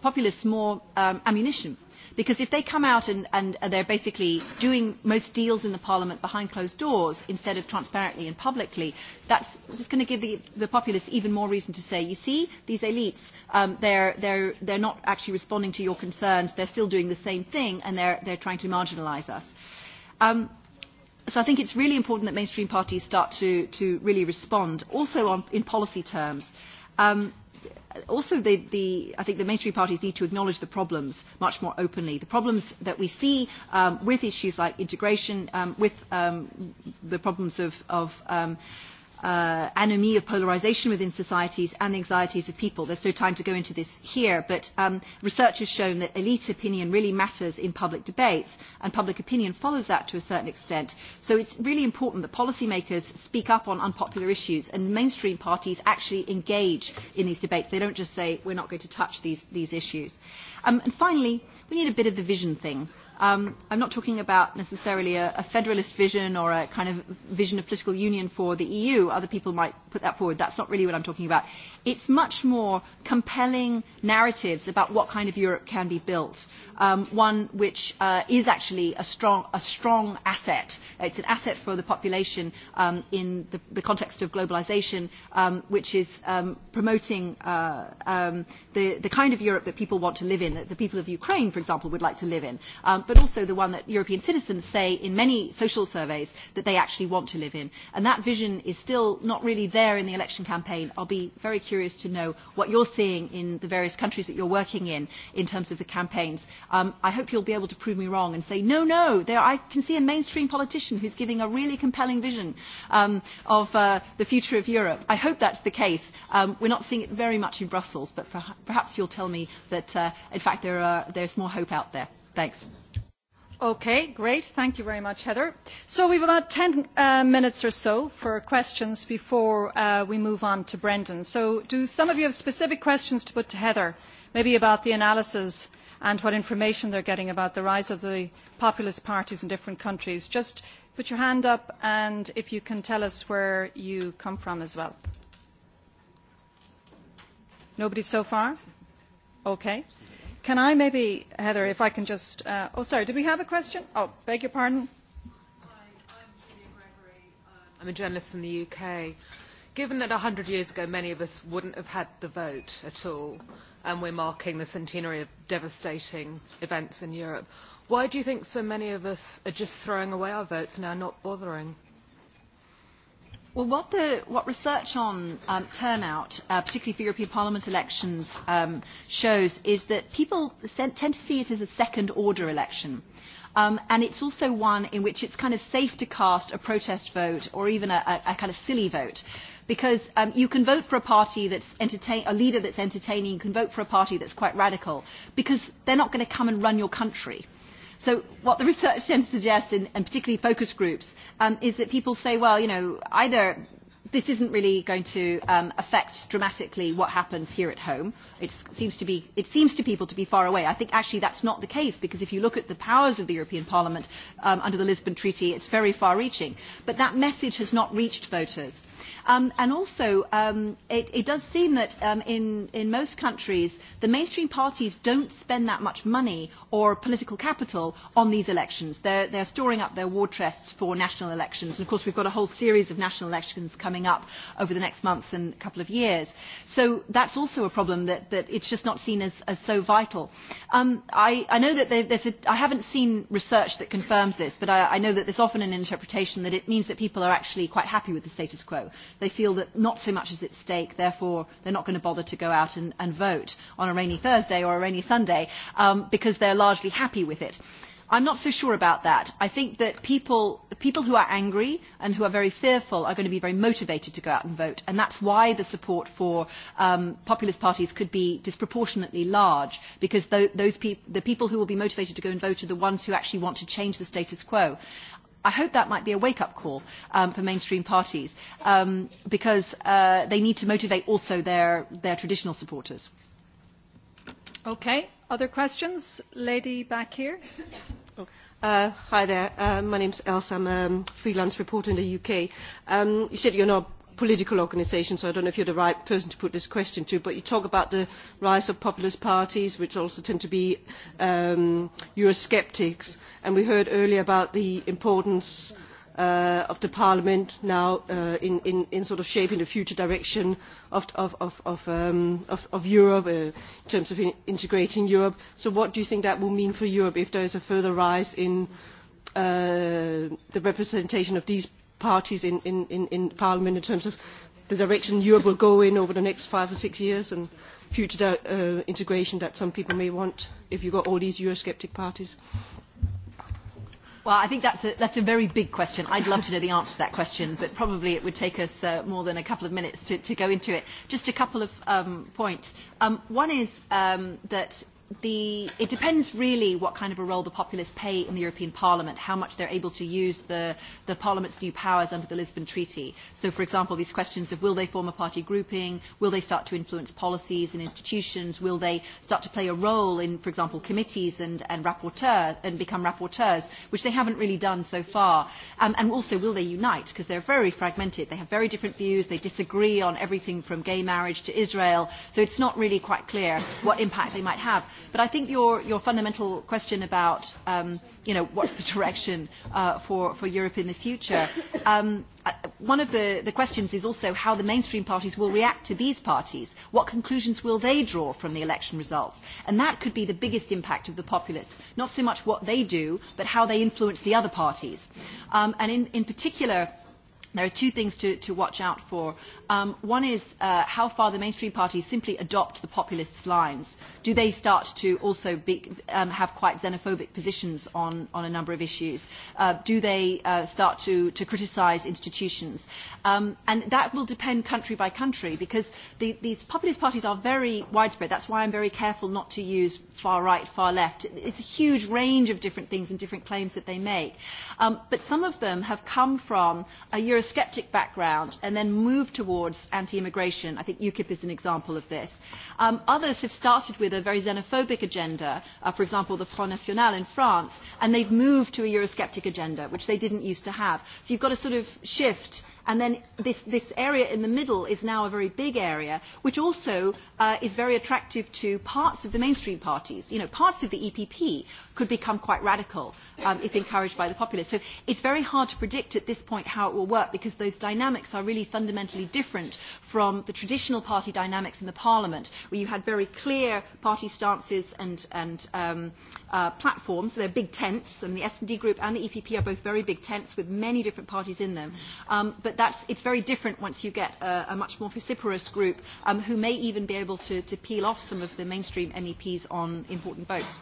populists more ammunition Because if they come out and, and they're basically doing most deals in the Parliament behind closed doors instead of transparently and publicly, that's, going to give the, the populace even more reason to say, you see, these elites, they're, not actually responding to your concerns, they're still doing the same thing, and they're, they're trying to marginalise us. so I think it's really important that mainstream parties start to, to really respond, also in policy terms also the the i think the mainstream parties need to acknowledge the problems much more openly the problems that we see with issues like integration with the problems of of uh anemia of polarisation within societies and the anxieties of people. There's no time to go into this here, but research has shown that elite opinion really matters in public debates, and public opinion follows that to a certain extent. So it's really important that policymakers speak up on unpopular issues, and mainstream parties actually engage in these debates. They don't just say, we're not going to touch these issues. And finally, we need a bit of the vision thing. I'm not talking about necessarily a federalist vision or a kind of vision of political union for the EU. Other people might put that forward. That's not really what I'm talking about. It's much more compelling narratives about what kind of Europe can be built. One which is actually a strong asset. It's an asset for the population in the context of globalization, which is promoting the kind of Europe that people want to live in, that the people of Ukraine, for example, would like to live in but also the one that European citizens say in many social surveys that they actually want to live in. And that vision is still not really there in the election campaign. I'll be very curious to know what you're seeing in the various countries that you're working in, in terms of the campaigns. I hope you'll be able to prove me wrong and say, no, no, I can see a mainstream politician who's giving a really compelling vision of the future of Europe. I hope that's the case. We're not seeing it very much in Brussels, but perhaps you'll tell me that, in fact, there there's more hope out there. Thanks.
Okay, great. Thank you very much, Heather. So we have about 10 minutes or so for questions before we move on to Brendan. So do some of you have specific questions to put to Heather, maybe about the analysis and what information they're getting about the rise of the populist parties in different countries? Just put your hand up and if you can tell us where you come from as well. Nobody so far? Okay. Can I maybe, Heather, if I can just... Oh, sorry, did we have a question? Oh, beg your pardon. I'm a journalist in the UK. Given that 100 years ago many of us wouldn't have had the vote at all, and we're marking the centenary of devastating events in Europe, why do you think so many of us are just throwing away our votes and are not bothering?
what, the, what research on turnout, particularly for European Parliament elections, shows is that people tend to see it as a second-order election. Um, and it's also one in which it's kind of safe to cast a protest vote or even a, kind of silly vote because you can vote for a party that's entertain a leader that's entertaining, you can vote for a party that's quite radical because they're not going to come and run your country. So what the research tends to suggest, and particularly focus groups, is that people say, well, you know, either this isn't really going to affect dramatically what happens here at home. It seems to people to be far away. I think actually that's not the case because if you look at the powers of the European Parliament under the Lisbon Treaty, it's very far-reaching. But that message has not reached voters. And also, it does seem that in most countries, the mainstream parties don't spend that much money or political capital on these elections. They are storing up their war chests for national elections. And, of course, we've got a whole series of national elections coming up over the next months and a couple of years. So that's also a problem that it's just not seen as so vital. I know that there's a. I haven't seen research that confirms this, but I know that there's often an interpretation that it means that people are actually quite happy with the status quo they feel that not so much is at stake, therefore they're not going to bother to go out and vote on a rainy Thursday or a rainy Sunday because they're largely happy with it. I'm not so sure about that. I think that people who are angry and who are very fearful are going to be very motivated to go out and vote, and that's why the support for populist parties could be disproportionately large, because those the people who will be motivated to go and vote are the ones who actually want to change the status quo. I hope that might be a wake-up call for mainstream parties because they need to motivate also their traditional supporters.
Okay. Other questions? Lady back here. Hi there. My name's Elsa. I'm a freelance reporter in the UK. You said you're not political organisations. so I don't know if you're the right person to put this question to, but you talk about the rise of populist parties, which also tend to be Eurosceptics, and we heard earlier about the importance of the Parliament now in sort of shaping the future direction of Europe in terms of integrating Europe. So what do you think that will mean for Europe if there is a further rise in the representation of these parties in, in, in, in Parliament in terms of the direction Europe will go in over the next five or six years and future uh, integration that some people
may want if you've got all these Eurosceptic parties? Well, I think that's a, that's a very big question. I'd love to know the answer to that question, but probably it would take us uh, more than a couple of minutes to, to go into it. Just a couple of um, points. Um, one is um, that It depends really what kind of a role the populists play in the European Parliament, how much they're able to use the Parliament's new powers under the Lisbon Treaty. So, for example, these questions of will they form a party grouping, will they start to influence policies and institutions, will they start to play a role in, for example, committees and rapporteurs and become rapporteurs, which they haven't really done so far. And also, will they unite, because they're very fragmented, they have very different views, they disagree on everything from gay marriage to Israel, so it's not really quite clear what impact they might have. But I think your fundamental question about you know what's the direction for Europe in the future. One of the the questions is also how the mainstream parties will react to these parties. What conclusions will they draw from the election results? And that could be the biggest impact of the populists, not so much what they do, but how they influence the other parties. And in particular There are two things to watch out for. One is how far the mainstream parties simply adopt the populist lines. Do they start to also have quite xenophobic positions on a number of issues? Do they start to criticise institutions? And that will depend country by country because these populist parties are very widespread. That's why I'm very careful not to use far right, far left. It's a huge range of different things and different claims that they make. But some of them have come from a Eurosceptic background and then move towards anti-immigration. I think UKIP is an example of this. Others have started with a very xenophobic agenda, for example the Front National in France, and they've moved to a Eurosceptic agenda, which they didn't used to have. So you've got a sort of shift And then this area in the middle is now a very big area, which also is very attractive to parts of the mainstream parties. You know, parts of the EPP could become quite radical if encouraged by the populace. So it's very hard to predict at this point how it will work because those dynamics are really fundamentally different from the traditional party dynamics in the Parliament, where you had very clear party stances and platforms. They're big tents, and the SD group and the EPP are both very big tents with many different parties in them but it's very different once you get a, much more vociferous group who may even be able to, peel off some of the mainstream MEPs on important votes.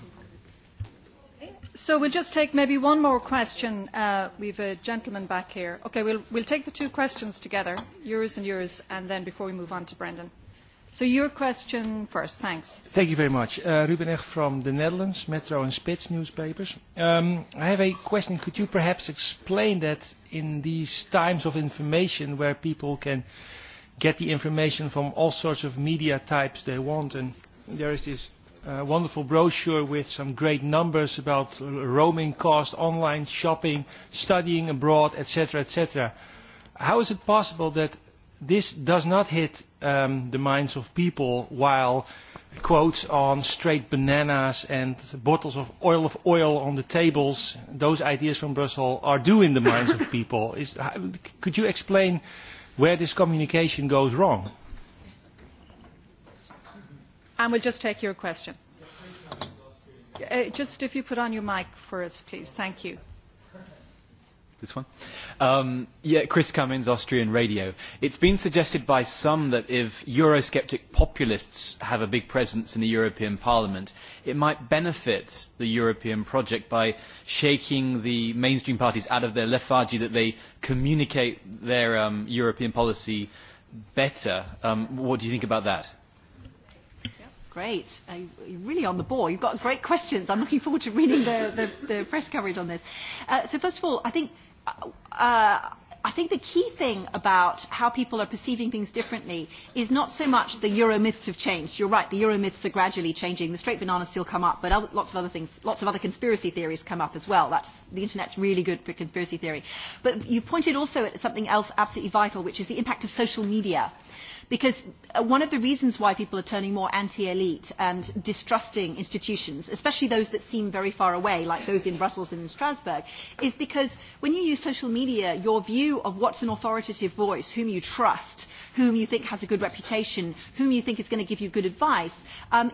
So we'll just take maybe one
more question.
We have a gentleman back here. Okay, we'll take the two questions together, yours and yours, and then before we move on to Brendan. So your question first. Thanks.
Thank you very much. Ruben Ech from the Netherlands, Metro and Spits newspapers. I have a question. Could you perhaps explain that in these times of information where people can get the information from all sorts of media types they want, and there is this wonderful brochure with some great numbers about roaming cost, online shopping, studying abroad, etc., etc. How is it possible that This does not hit the minds of people while quotes on straight bananas and bottles of oil of oil on the tables, those ideas from Brussels are doing the minds of people. Could you explain where this communication goes wrong?
And we'll just take your question. Just if you put on your mic for us, please. Thank you.
This one? Yeah, Chris Cummins, Austrian Radio. It's been suggested by some that if Eurosceptic populists have a big presence in the European Parliament, it might benefit the European project by shaking the mainstream parties out of their lethargy that they communicate their European policy better. What do you think about that?
Great. really on the ball. You've got great questions. I'm looking forward to reading the press coverage on this. So first of all, I think I think the key thing about how people are perceiving things differently is not so much the Euro myths have changed. You're right, the Euro myths are gradually changing. The straight bananas still come up, but lots of other things, lots of other conspiracy theories come up as well. That's, the internet's really good for conspiracy theory. But you pointed also at something else absolutely vital, which is the impact of social media Because one of the reasons why people are turning more anti-elite and distrusting institutions, especially those that seem very far away, like those in Brussels and in Strasbourg, is because when you use social media, your view of what's an authoritative voice, whom you trust, whom you think has a good reputation, whom you think is going to give you good advice,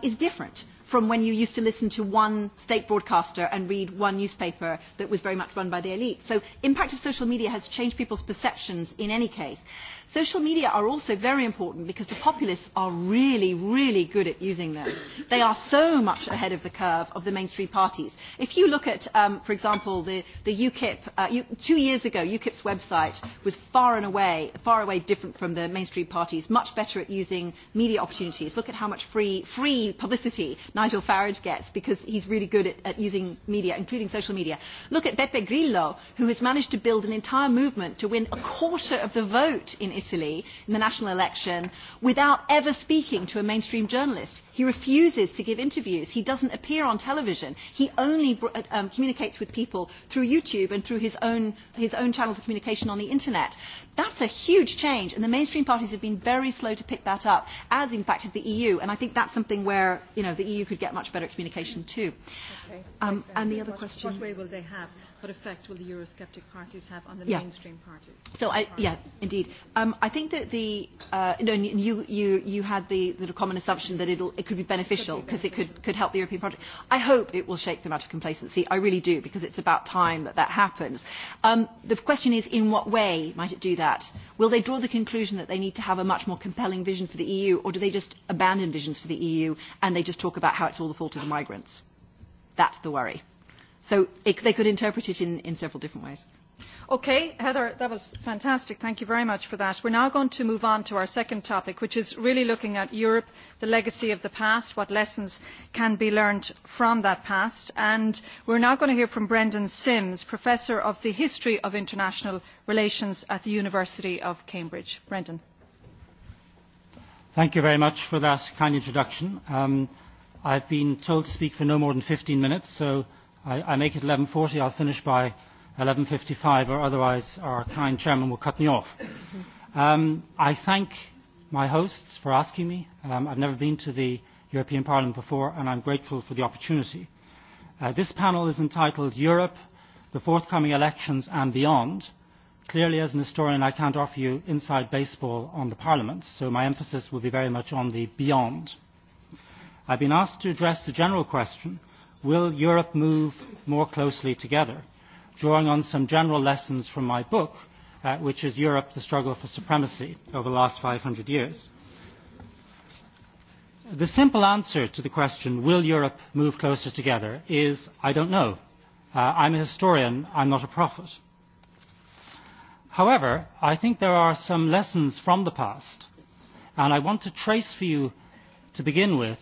is different from when you used to listen to one state broadcaster and read one newspaper that was very much run by the elite. So impact of social media has changed people's perceptions in any case. Social media are also very important because the populists are really, really good at using them. They are so much ahead of the curve of the mainstream parties. If you look at, for example, the UKIP, two years ago, UKIP's website was far and away, far away different from the mainstream parties, much better at using media opportunities. Look at how much free, free publicity Nigel Farage gets because he's really good at, at using media, including social media. Look at Beppe Grillo, who has managed to build an entire movement to win a quarter of the vote in Italy in the national election without ever speaking to a mainstream journalist. He refuses to give interviews. He doesn't appear on television. He only communicates with people through YouTube and through his own his own channels of communication on the Internet. That's a huge change, and the mainstream parties have been very slow to pick that up, as in fact have the EU, and I think that's something where you know, the EU could get much better communication too. And the other question
what effect will the Eurosceptic parties have on the mainstream parties? So, I, yeah,
indeed. Um, I think that the uh, no, you you you had the, the common assumption that it'll, it could be beneficial because it could could help the European project. I hope it will shake them out of complacency. I really do because it's about time that that happens. Um, the question is, in what way might it do that? Will they draw the conclusion that they need to have a much more compelling vision for the EU, or do they just abandon visions for the EU and they just talk about how it's all the fault of the migrants? That's the worry. So they could interpret it in several different ways.
Okay, Heather, that was fantastic. Thank you very much for that. We're now going to move on to our second topic, which is really looking at Europe, the legacy of the past, what lessons can be learned from that past. And we're now going to hear from Brendan Sims, Professor of the History of International Relations at the University of Cambridge. Brendan.
Thank you very much for that kind introduction. I've been told to speak for no more than 15 minutes, so I I make it 11.40, I'll finish by 11.55 or otherwise our kind chairman will cut me off. I thank my hosts for asking me. I've never been to the European Parliament before and I'm grateful for the opportunity. This panel is entitled Europe, the forthcoming elections and beyond. Clearly as an historian I can't offer you inside baseball on the Parliament, so my emphasis will be very much on the beyond. I've been asked to address the general question Will Europe move more closely together? Drawing on some general lessons from my book, which is Europe, the struggle for supremacy over the last 500 years. The simple answer to the question, will Europe move closer together, is I don't know. I'm a historian, I'm not a prophet. However, I think there are some lessons from the past, and I want to trace for you, to begin with,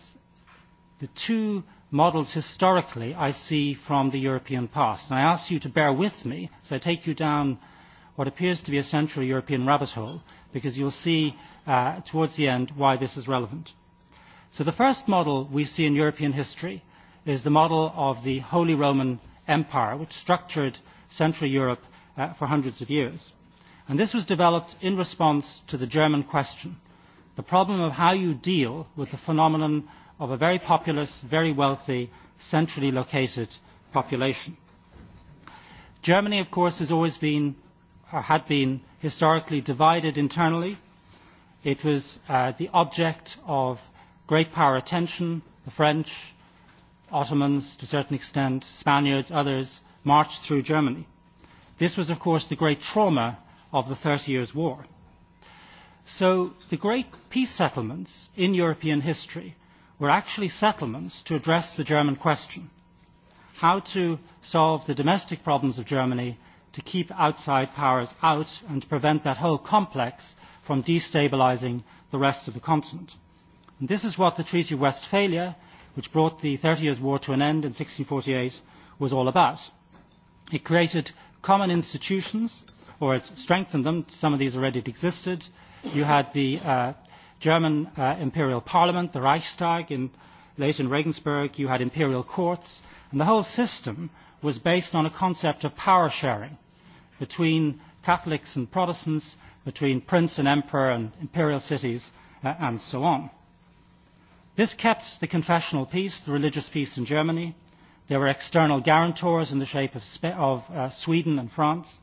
the two models historically I see from the European past. And I ask you to bear with me as I take you down what appears to be a central European rabbit hole, because you'll see towards the end why this is relevant. So the first model we see in European history is the model of the Holy Roman Empire, which structured Central Europe for hundreds of years. And this was developed in response to the German question, the problem of how you deal with the phenomenon of a very populous, very wealthy, centrally located population. Germany, of course, has always been or had been historically divided internally. It was the object of great power attention. The French, Ottomans to a certain extent, Spaniards, others marched through Germany. This was, of course, the great trauma of the Thirty Years' War. So the great peace settlements in European history were actually settlements to address the German question, how to solve the domestic problems of Germany to keep outside powers out and to prevent that whole complex from destabilizing the rest of the continent. This is what the Treaty of Westphalia, which brought the Thirty Years' War to an end in 1648, was all about. It created common institutions, or it strengthened them. Some of these already existed. You had the German imperial parliament, the Reichstag, in late in Regensburg, you had imperial courts, and the whole system was based on a concept of power sharing between Catholics and Protestants, between prince and emperor and imperial cities, and so on. This kept the confessional peace, the religious peace in Germany. There were external guarantors in the shape of Sweden and France.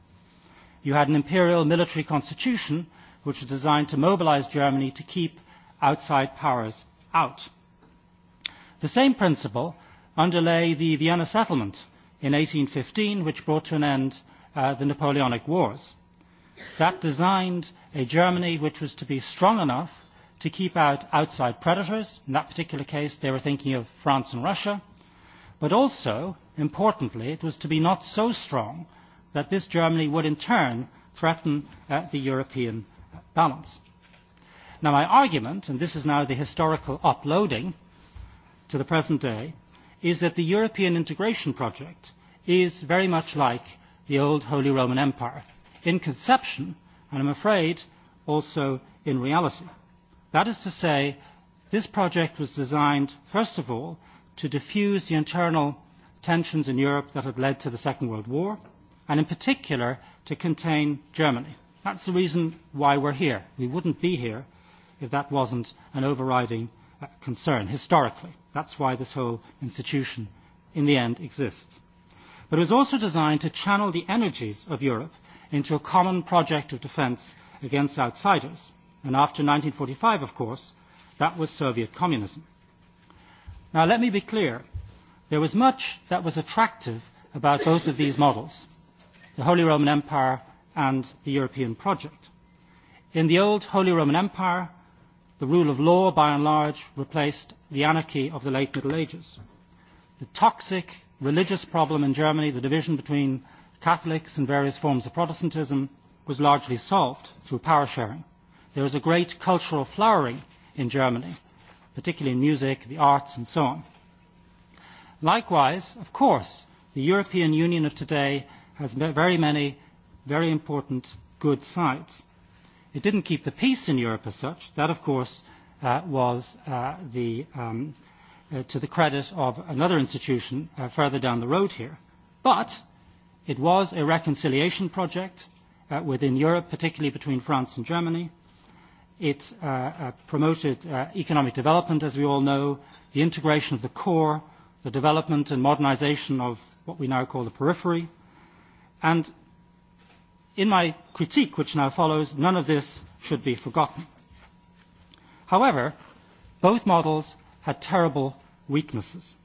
You had an imperial military constitution which was designed to mobilise Germany to keep outside powers out. The same principle underlay the Vienna Settlement in 1815, which brought to an end the Napoleonic Wars. That designed a Germany which was to be strong enough to keep out outside predators. In that particular case, they were thinking of France and Russia. But also, importantly, it was to be not so strong that this Germany would in turn threaten the European balance. Now my argument, and this is now the historical uploading to the present day, is that the European integration project is very much like the old Holy Roman Empire, in conception and I'm afraid also in reality. That is to say, this project was designed, first of all, to diffuse the internal tensions in Europe that had led to the Second World War, and in particular to contain Germany. That's the reason why we're here. We wouldn't be here if that wasn't an overriding concern historically. That's why this whole institution in the end exists. But it was also designed to channel the energies of Europe into a common project of defence against outsiders. And after 1945, of course, that was Soviet communism. Now, let me be clear. There was much that was attractive about both of these models. The Holy Roman Empire and the European project. In the old Holy Roman Empire, the rule of law, by and large, replaced the anarchy of the late Middle Ages. The toxic religious problem in Germany, the division between Catholics and various forms of Protestantism, was largely solved through power sharing. There is a great cultural flowering in Germany, particularly in music, the arts, and so on. Likewise, of course, the European Union of today has very many very important good sites. It didn't keep the peace in Europe as such. That, of course, was to the credit of another institution further down the road here. But it was a reconciliation project within Europe, particularly between France and Germany. It promoted economic development, as we all know, the integration of the core, the development and modernization of what we now call the periphery. And in my critique which now follows none of this should be forgotten. however both models had terrible weaknesses.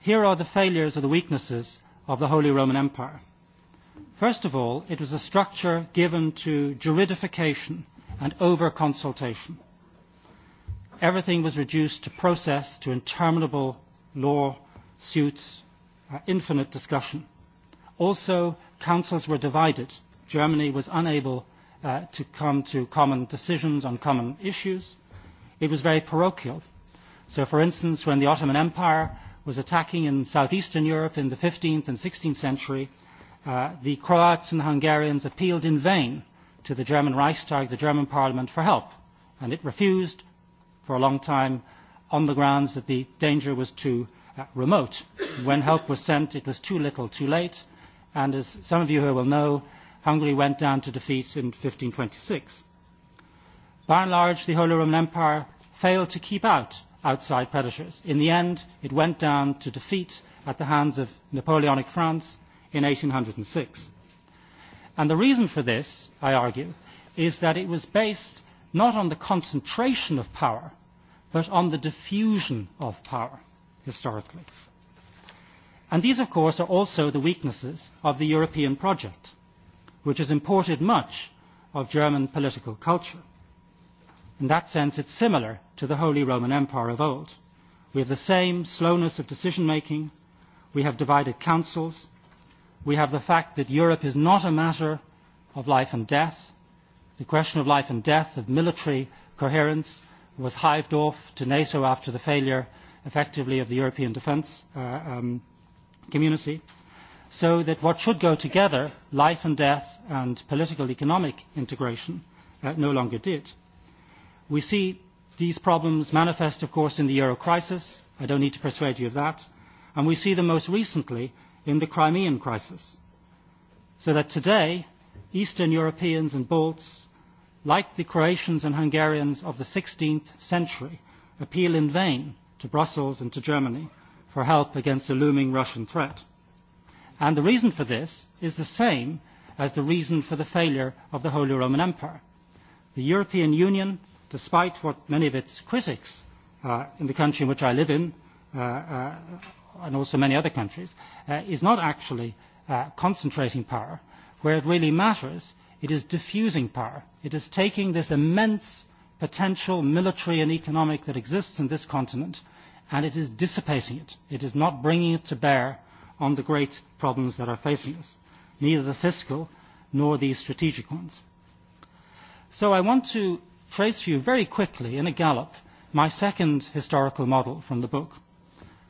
here are the failures or the weaknesses of the holy roman empire. first of all it was a structure given to juridification and over consultation. everything was reduced to process to interminable law suits infinite discussion. Also, councils were divided. Germany was unable to come to common decisions on common issues. It was very parochial. So, for instance, when the Ottoman Empire was attacking in southeastern Europe in the 15th and 16th century, the Croats and Hungarians appealed in vain to the German Reichstag, the German parliament, for help. And it refused for a long time on the grounds that the danger was too remote. When help was sent, it was too little, too late and as some of you here will know, Hungary went down to defeat in 1526. By and large, the Holy Roman Empire failed to keep out outside predators. In the end, it went down to defeat at the hands of Napoleonic France in 1806. And the reason for this, I argue, is that it was based not on the concentration of power, but on the diffusion of power, historically. And these, of course, are also the weaknesses of the European project, which has imported much of German political culture. In that sense, it's similar to the Holy Roman Empire of old. We have the same slowness of decision-making. We have divided councils. We have the fact that Europe is not a matter of life and death. The question of life and death, of military coherence, was hived off to NATO after the failure, effectively, of the European defence community, so that what should go together, life and death and political economic integration, no longer did. We see these problems manifest, of course, in the euro crisis. I don't need to persuade you of that. And we see them most recently in the Crimean crisis. So that today, Eastern Europeans and Balts, like the Croatians and Hungarians of the 16th century, appeal in vain to Brussels and to Germany for help against the looming Russian threat. And the reason for this is the same as the reason for the failure of the Holy Roman Empire. The European Union, despite what many of its critics in the country in which I live in, and also many other countries, is not actually concentrating power. Where it really matters, it is diffusing power. It is taking this immense potential military and economic that exists in this continent and it is dissipating it. It is not bringing it to bear on the great problems that are facing us, neither the fiscal nor the strategic ones. So I want to trace for you very quickly in a gallop my second historical model from the book,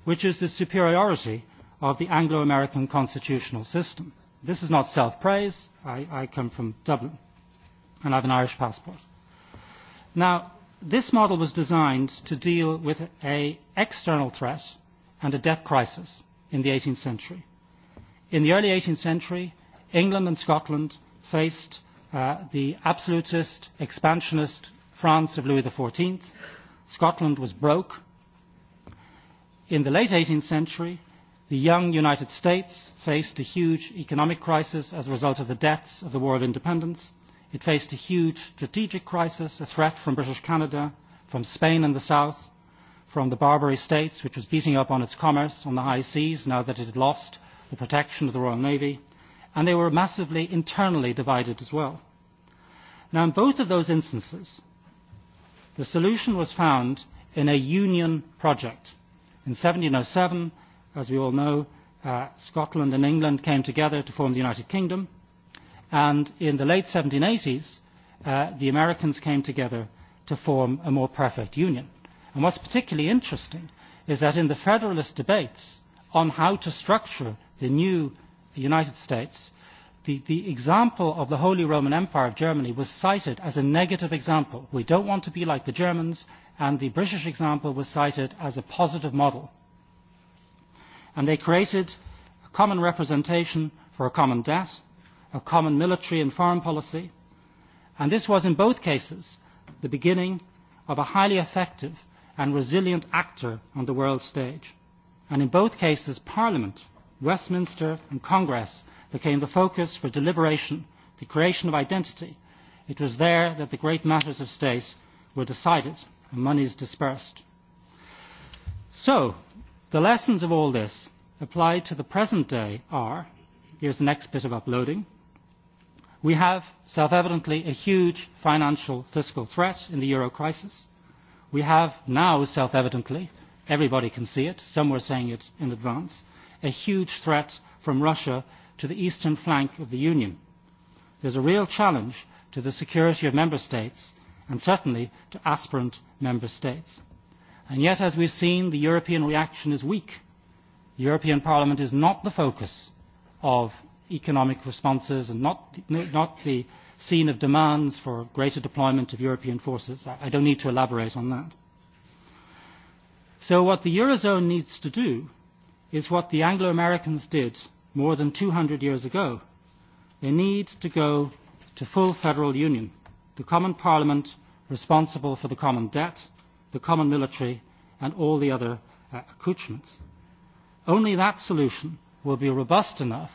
which is the superiority of the Anglo-American constitutional system. This is not self-praise. I come from Dublin, and I have an Irish passport. Now, This model was designed to deal with an external threat and a debt crisis in the 18th century. In the early 18th century, England and Scotland faced the absolutist, expansionist France of Louis XIV. Scotland was broke. In the late 18th century, the young United States faced a huge economic crisis as a result of the debts of the War of Independence. It faced a huge strategic crisis, a threat from British Canada, from Spain in the south, from the Barbary States, which was beating up on its commerce on the high seas now that it had lost the protection of the Royal Navy, and they were massively internally divided as well. Now, in both of those instances, the solution was found in a union project. In 1707, as we all know, Scotland and England came together to form the United Kingdom And in the late 1780s, the Americans came together to form a more perfect union. And what's particularly interesting is that in the Federalist debates on how to structure the new United States, the example of the Holy Roman Empire of Germany was cited as a negative example. We don't want to be like the Germans, and the British example was cited as a positive model. And they created a common representation for a common debt a common military and foreign policy, and this was in both cases the beginning of a highly effective and resilient actor on the world stage. And in both cases, Parliament, Westminster and Congress became the focus for deliberation, the creation of identity. It was there that the great matters of state were decided and monies dispersed. So, the lessons of all this applied to the present day are, here's the next bit of uploading, We have, self-evidently, a huge financial fiscal threat in the euro crisis. We have now, self-evidently, everybody can see it, some were saying it in advance, a huge threat from Russia to the eastern flank of the Union. There's a real challenge to the security of member states and certainly to aspirant member states. And yet, as we've seen, the European reaction is weak. The European Parliament is not the focus of economic responses and not the scene of demands for greater deployment of European forces. I don't need to elaborate on that. So what the Eurozone needs to do is what the Anglo-Americans did more than 200 years ago. They need to go to full federal union, the common parliament responsible for the common debt, the common military and all the other accoutrements. Only that solution will be robust enough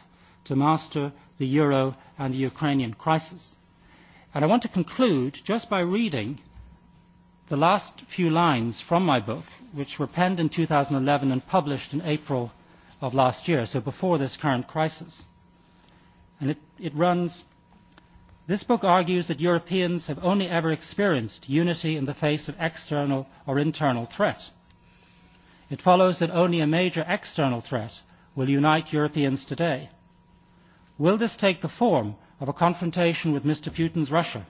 to master the euro and the Ukrainian crisis. And I want to conclude just by reading the last few lines from my book, which were penned in 2011 and published in April of last year, so before this current crisis. And it runs, this book argues that Europeans have only ever experienced unity in the face of external or internal threat. It follows that only a major external threat will unite Europeans today Will this take the form of a confrontation with Mr. Putin's Russia,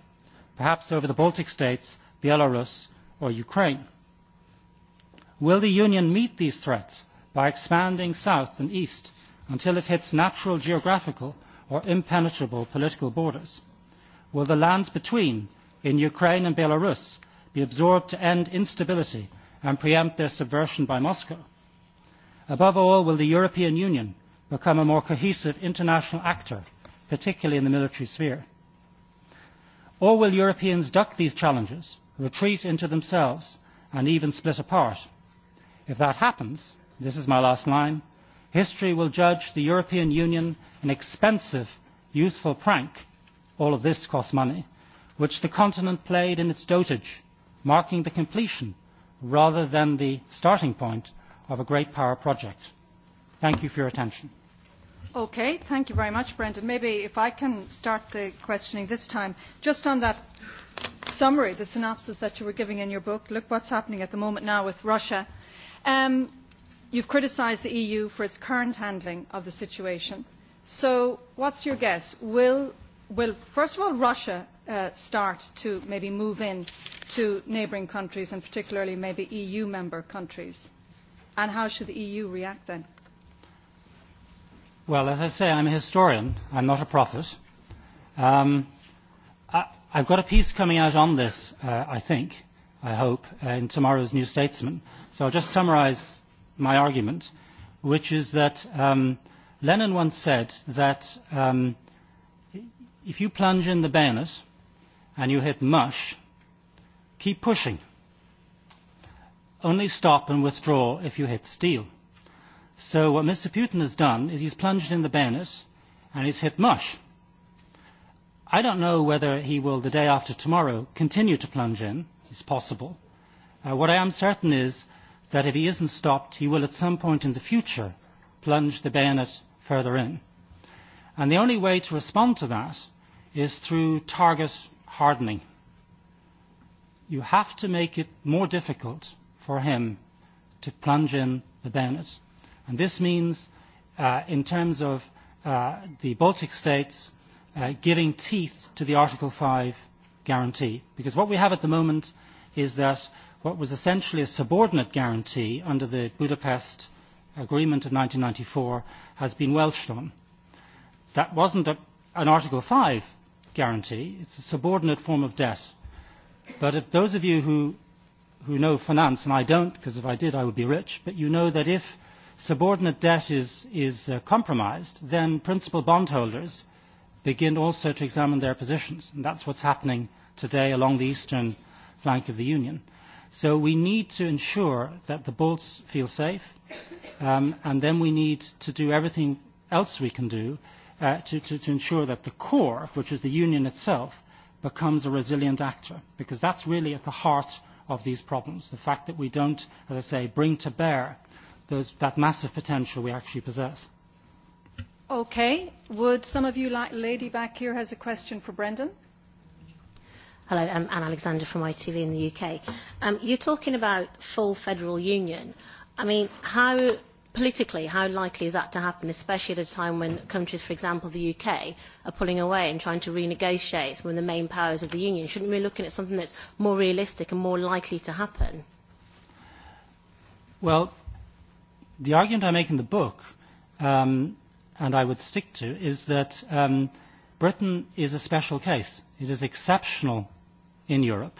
perhaps over the Baltic states, Belarus or Ukraine? Will the Union meet these threats by expanding south and east until it hits natural geographical or impenetrable political borders? Will the lands between, in Ukraine and Belarus, be absorbed to end instability and preempt their subversion by Moscow? Above all, will the European Union become a more cohesive international actor, particularly in the military sphere? Or will Europeans duck these challenges, retreat into themselves, and even split apart? If that happens, this is my last line, history will judge the European Union an expensive, youthful prank, all of this costs money, which the continent played in its dotage, marking the completion rather than the starting point of a great power project. Thank you for your attention.
Okay, thank you very much, Brendan. Maybe if I can start the questioning this time, just on that summary, the synopsis that you were giving in your book, look what's happening at the moment now with Russia. You've criticised the EU for its current handling of the situation. So what's your guess? Will, will first of all, Russia start to maybe move in to neighbouring countries and particularly maybe EU member countries? And how should the EU react then?
Well, as I say, I'm a historian. I'm not a prophet. Um, I, I've got a piece coming out on this, I think, I hope, in tomorrow's New Statesman. So I'll just summarize my argument, which is that um, Lenin once said that um, if you plunge in the bayonet and you hit mush, keep pushing. Only stop and withdraw if you hit steel So what Mr. Putin has done is he's plunged in the bayonet and he's hit mush. I don't know whether he will, the day after tomorrow, continue to plunge in. It's possible. What I am certain is that if he isn't stopped, he will at some point in the future plunge the bayonet further in. And the only way to respond to that is through target hardening. You have to make it more difficult for him to plunge in the bayonet. And this means, in terms of the Baltic states, giving teeth to the Article 5 guarantee. Because what we have at the moment is that what was essentially a subordinate guarantee under the Budapest Agreement of 1994 has been welched on. That wasn't an Article 5 guarantee. It's a subordinate form of debt. But if those of you who know finance, and I don't, because if I did I would be rich, but you know that if subordinate debt is compromised, then principal bondholders begin also to examine their positions. And that's what's happening today along the eastern flank of the Union. So we need to ensure that the bolts feel safe, and then we need to do everything else we can do to ensure that the core, which is the Union itself, becomes a resilient actor, because that's really at the heart of these problems, the fact that we don't, as I say, bring to bear that massive
potential we actually possess.
Okay. Would some of you like lady back
here has a question for Brendan? Hello, I'm Anne Alexander from ITV in the UK. You're talking about full federal union. I mean, how politically, how likely is that to happen, especially at a time when countries, for example, the UK, are pulling away and trying to renegotiate some of the main powers of the union? Shouldn't we be looking at something that's more realistic and more likely to happen?
Well, The argument I make in the book, and I would stick to, is that Britain is a special case. It is exceptional in Europe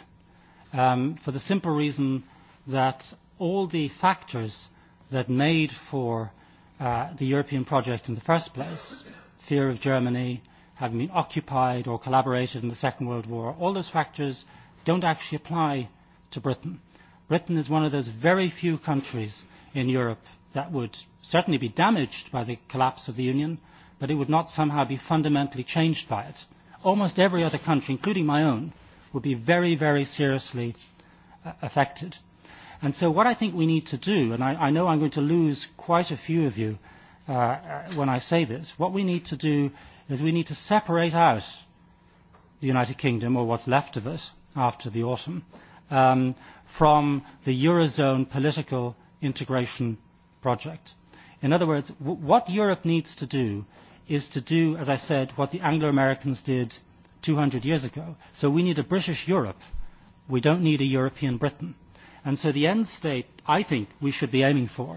for the simple reason that all the factors that made for the European project in the first place, fear of Germany, having been occupied or collaborated in the Second World War, all those factors don't actually apply to Britain. Britain is one of those very few countries in Europe that would certainly be damaged by the collapse of the Union, but it would not somehow be fundamentally changed by it. Almost every other country, including my own, would be very, very seriously affected. And so what I think we need to do, and I know I'm going to lose quite a few of you when I say this, what we need to do is we need to separate out the United Kingdom, or what's left of it after the autumn, from the Eurozone political integration project. In other words, what Europe needs to do is to do, as I said, what the Anglo-Americans did 200 years ago. So we need a British Europe. We don't need a European Britain. And so the end state I think we should be aiming for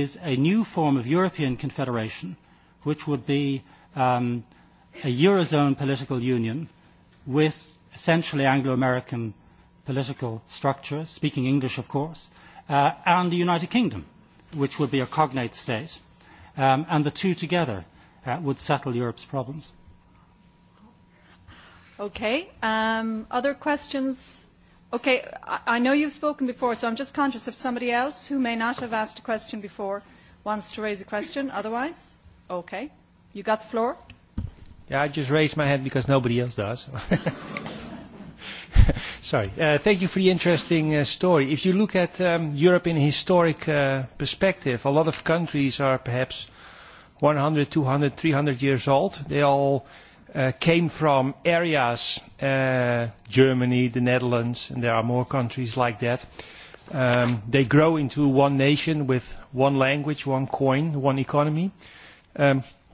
is a new form of European confederation, which would be a Eurozone political union with essentially Anglo-American political structure, speaking English, of course, and the United Kingdom which would be a cognate state, and the two together would settle Europe's problems.
Okay. Other questions? Okay, I know you've spoken before, so I'm just conscious of somebody else who may not have asked a question before wants to raise a question. Otherwise, okay. You got the floor.
Yeah, I just raised my hand because nobody else does. Sorry. Thank you for the interesting story. If you look at Europe in a historic perspective, a lot of countries are perhaps 100, 200, 300 years old. They all came from areas, Germany, the Netherlands, and there are more countries like that. They grow into one nation with one language, one coin, one economy.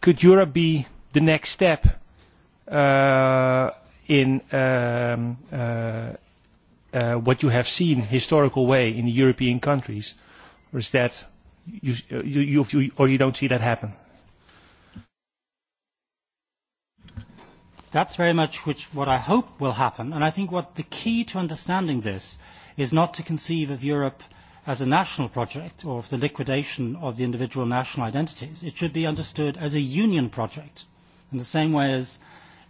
Could Europe be the next step? in what you have seen historical way in the European countries, or is that you or you don't see that happen?
That's very much which what I hope will happen, and I think what the key to understanding this is not to conceive of Europe as a national project or of the liquidation of the individual national identities. It should be understood as a union project, in the same way as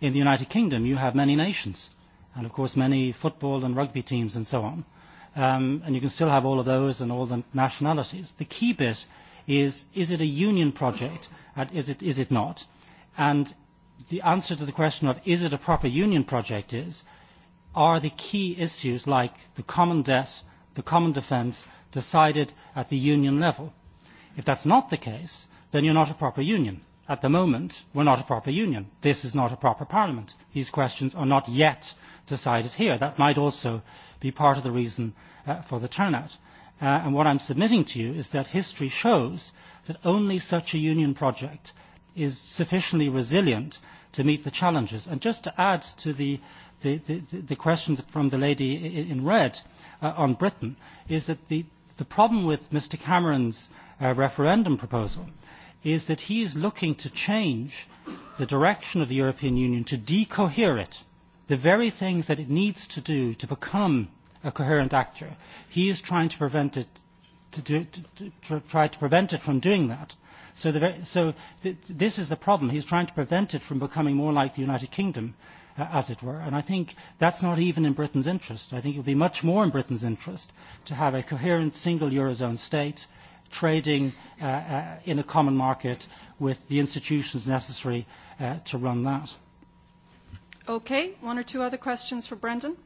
in the United Kingdom you have many nations and of course many football and rugby teams and so on. And you can still have all of those and all the nationalities. The key bit is, is it a union project and is it, is it not? And the answer to the question of is it a proper union project is, are the key issues like the common debt, the common defence decided at the union level? If that's not the case, then you're not a proper union At the moment, we are not a proper union. This is not a proper parliament. These questions are not yet decided here. That might also be part of the reason for the turnout. And what am submitting to you is that history shows that only such a union project is sufficiently resilient to meet the challenges. And just to add to the the question from the lady in red on Britain, is that the problem with Mr. Cameron's referendum proposal is that he is looking to change the direction of the European Union, to decohere it, the very things that it needs to do to become a coherent actor. He is trying to prevent it to try to prevent it from doing that. So so this is the problem. He is trying to prevent it from becoming more like the United Kingdom, as it were. And I think that's not even in Britain's interest. I think it would be much more in Britain's interest to have a coherent single Eurozone state trading in a common market with the institutions necessary to run that.
Okay, one or two other questions for Brendan?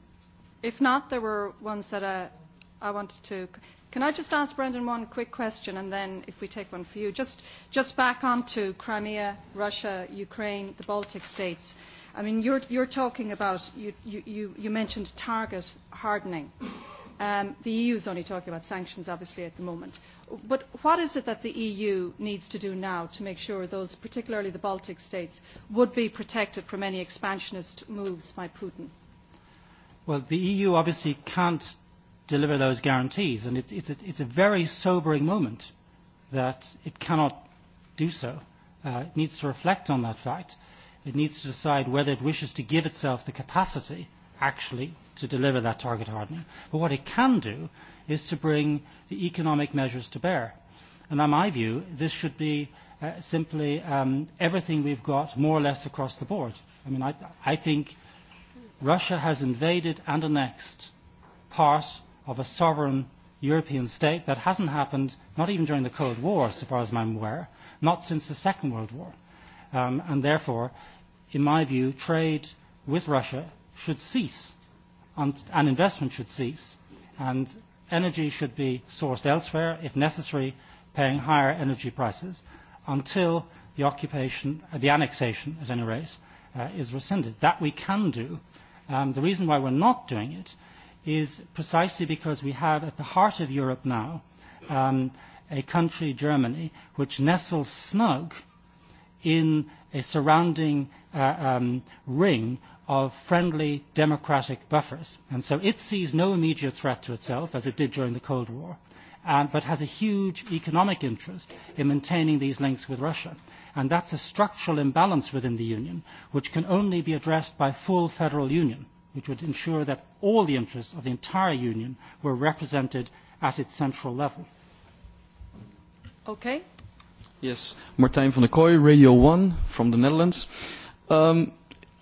If not, there were ones that I wanted to. Can I just ask Brendan one quick question and then if we take one for you? Just just back onto Crimea, Russia, Ukraine, the Baltic states. I mean, you're you're talking about, you you you mentioned target hardening The EU is only talking about sanctions, obviously, at the moment. But what is it that the EU needs to do now to make sure those, particularly the Baltic states, would be protected from any expansionist moves by Putin?
Well, the EU obviously can't deliver those guarantees, and it's a very sobering moment that it cannot do so. It needs to reflect on that fact. It needs to decide whether it wishes to give itself the capacity actually to deliver that target hardening. But what it can do is to bring the economic measures to bear. And in my view, this should be simply everything we've got more or less across the board. I mean, I think Russia has invaded and annexed part of a sovereign European state that hasn't happened, not even during the Cold War, so far as I'm aware, not since the Second World War. And therefore, in my view, trade with Russia should cease and investment should cease and energy should be sourced elsewhere if necessary paying higher energy prices until the occupation the annexation at any rate is rescinded. That we can do. The reason why we're not doing it is precisely because we have at the heart of Europe now a country, Germany, which nestles snug in a surrounding ring of friendly democratic buffers. And so it sees no immediate threat to itself, as it did during the Cold War, but has a huge economic interest in maintaining these links with Russia. And that's a structural imbalance within the Union, which can only be addressed by full federal union, which would ensure that all the interests of the entire Union were represented at its central level.
Okay.
Yes. Martijn van der Kooi, Radio 1 from the Netherlands.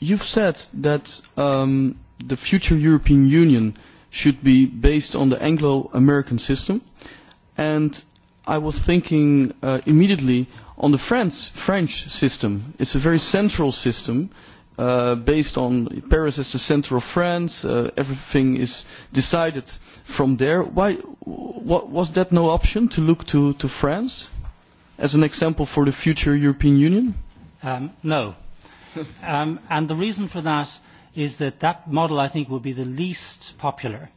You've said that the future European Union should be based on the Anglo-American system, and I was thinking immediately on the French system. It's a very central system, based on Paris as the center of France. Everything is decided from there. Why was that no option to look to France as an example for the future European Union?
No And the reason for that is that that model, I think, would be the least popular,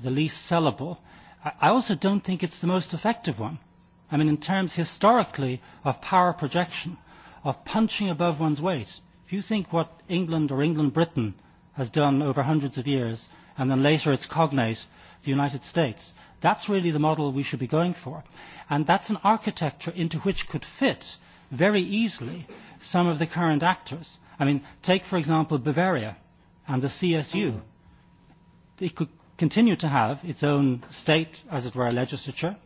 the least sellable. I also don't think it's the most effective one. I mean, in terms historically of power projection, of punching above one's weight. If you think what England or England-Britain has done over hundreds of years, and then later its cognate, the United States, that's really the model we should be going for. And that's an architecture into which could fit very easily some of the current actors. I mean, take, for example, Bavaria and the CSU. It could continue to have its own state, as it were, legislature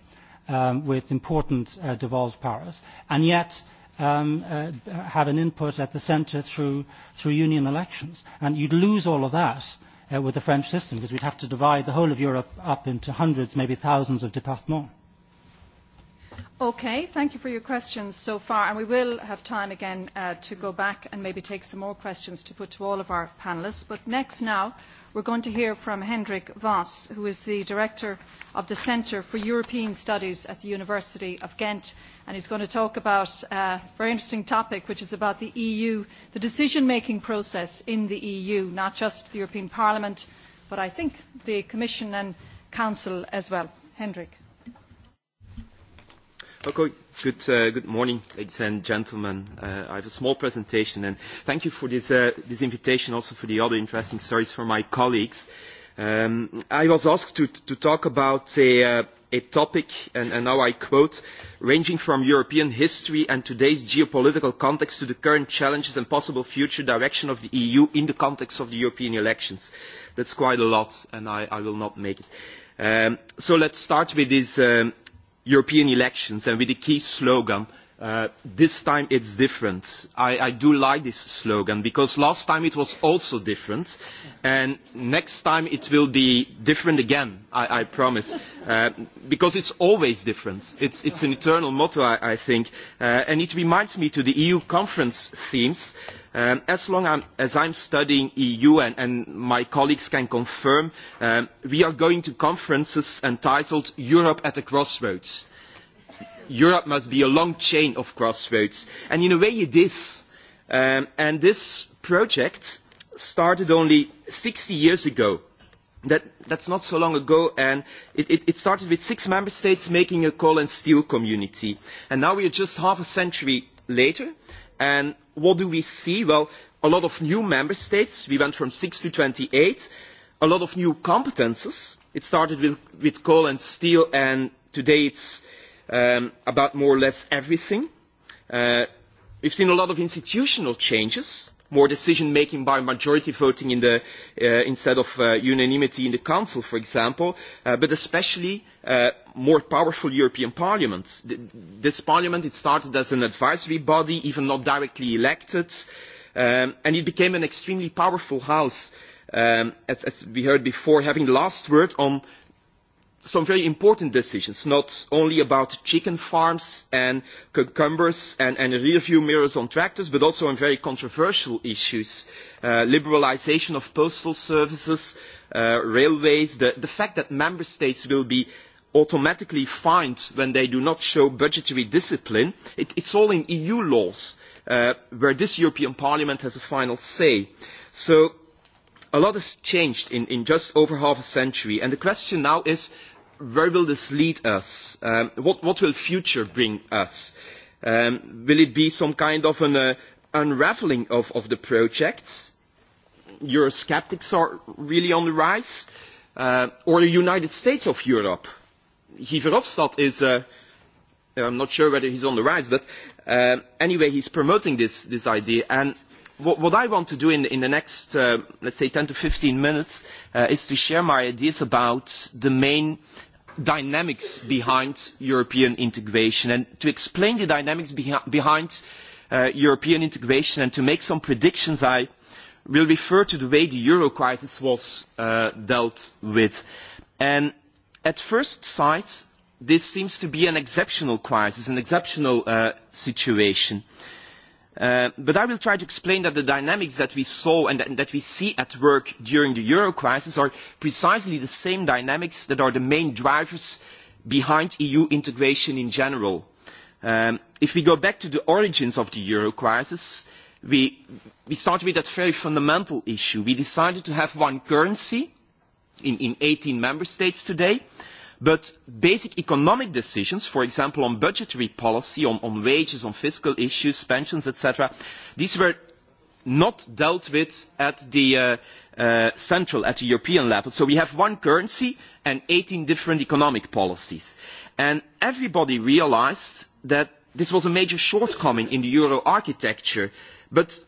with important devolved powers, and yet have an input at the centre through union elections. And you'd lose all of that with the French system, because we'd have to divide the whole of Europe up into hundreds, maybe thousands of départements.
Okay, thank you for your questions so far, and we will have time again to go back and maybe take some more questions to put to all of our panellists. But next now, we're going to hear from Hendrik Voss, who is the Director of the Centre for European Studies at the University of Ghent, and he's going to talk about a very interesting topic, which is about the EU, the decision-making process in the EU, not just the European Parliament, but I think the Commission and Council as well. Hendrik.
Good, good morning, ladies and gentlemen. I have a small presentation, and thank you for this, uh, this invitation, also for the other interesting stories from my colleagues. I was asked to, to talk about a, a topic, and, and now I quote, ranging from European history and today's geopolitical context to the current challenges and possible future direction of the EU in the context of the European elections. That's quite a lot, and I, I will not make it. Um, so let's start with this, European elections and with the key slogan this time it's different. I do like this slogan because last time it was also different and next time it will be different again, I promise, because it's always different. It's an eternal motto, I think, and it reminds me to the EU conference themes As long as I'm studying EU, and my colleagues can confirm, we are going to conferences entitled Europe at a Crossroads. Europe must be a long chain of crossroads. And in a way it is. And this project started only 60 years ago. That's not so long ago, and it started with six member states making a coal and steel community. And now we are just half a century later And what do we see? Well, a lot of new member states. We went from six to 28. A lot of new competences. It started with coal and steel, and today it's about more or less everything. have seen a lot of institutional changes more decision making by majority voting instead of unanimity in the council for example but especially more powerful european parliament. this parliament started as an advisory body even not directly elected and it became an extremely powerful house as we heard before having the last word on some very important decisions, not only about chicken farms and cucumbers and view mirrors on tractors, but also on very controversial issues, liberalisation of postal services, railways, the fact that member states will be automatically fined when they do not show budgetary discipline. It's all in EU laws, where this European Parliament has a final say. So a lot has changed in just over half a century, and the question now is where will this lead us? What will future bring us? Will it be some kind of an unraveling of the projects? Your skeptics are really on the rise. Or the United States of Europe? Guy is, I'm not sure whether he's on the rise, but anyway, he's promoting this idea. And what I want to do in the next, let's say, 10 to 15 minutes is to share my ideas about the main dynamics behind European integration. And to explain the dynamics behind European integration and to make some predictions, I will refer to the way the euro crisis was dealt with. And at first sight, this seems to be an exceptional crisis, an exceptional situation. But I will try to explain that the dynamics that we saw and that we see at work during the euro crisis are precisely the same dynamics that are the main drivers behind EU integration in general. If we go back to the origins of the euro crisis, we started with that very fundamental issue. We decided to have one currency in 18 member states today But basic economic decisions, for example on budgetary policy, on wages, on fiscal issues, pensions, etc., these were not dealt with at the central, at the European level. So we have one currency and 18 different economic policies. And everybody realised that this was a major shortcoming in the euro architecture, but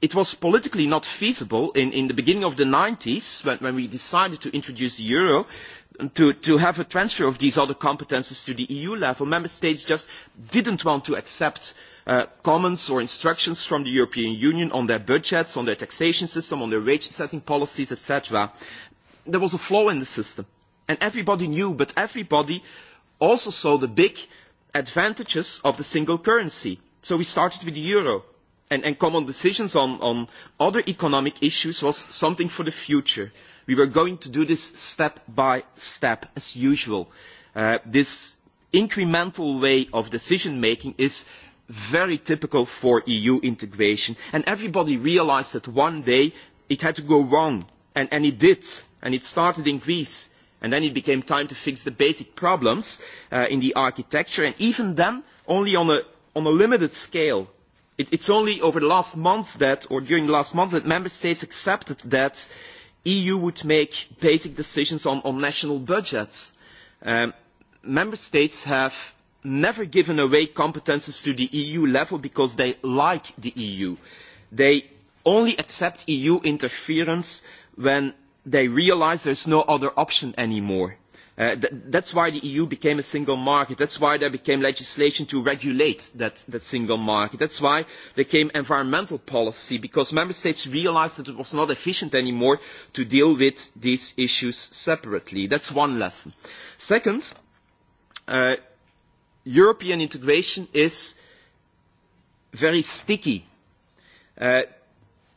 it was politically not feasible in the beginning of the 90s, when we decided to introduce the euro, to have a transfer of these other competences to the eu level member states just did not want to accept comments or instructions from the european union on their budgets on their taxation system on their wage setting policies etc. there was a flaw in the system and everybody knew but everybody also saw the big advantages of the single currency so we started with the euro and common decisions on other economic issues was something for the future we were going to do this step by step as usual. this incremental way of decision making is very typical for eu integration and everybody realised that one day it had to go wrong and it did and it started in greece and then it became time to fix the basic problems in the architecture and even then only on a limited scale. it is only over the last months that or during the last months that member states accepted that EU would make basic decisions on national budgets. Member states have never given away competences to the EU level because they like the EU. They only accept EU interference when they realise there is no other option anymore. That is why the EU became a single market, that is why there became legislation to regulate that single market, that is why there came environmental policy, because Member States realised that it was not efficient anymore to deal with these issues separately. That is one lesson. Second, European integration is very sticky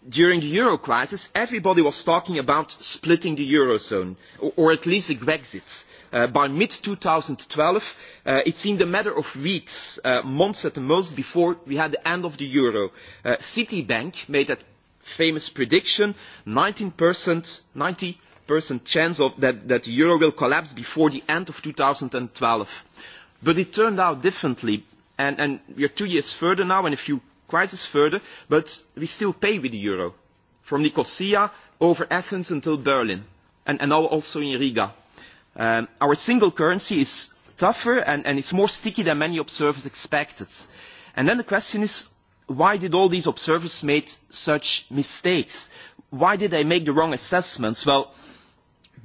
during the euro crisis everybody was talking about splitting the eurozone or at least a brexit. by mid 2012 it seemed a matter of weeks months at the most before we had the end of the euro. citibank made that famous prediction 90% 90% chance that the euro will collapse before the end of 2012. but it turned out differently and we are two years further now and if you crisis further, but we still pay with the euro, from Nicosia over Athens until Berlin, and now also in Riga. Our single currency is tougher and it's more sticky than many observers expected. And then the question is, why did all these observers make such mistakes? Why did they make the wrong assessments? Well,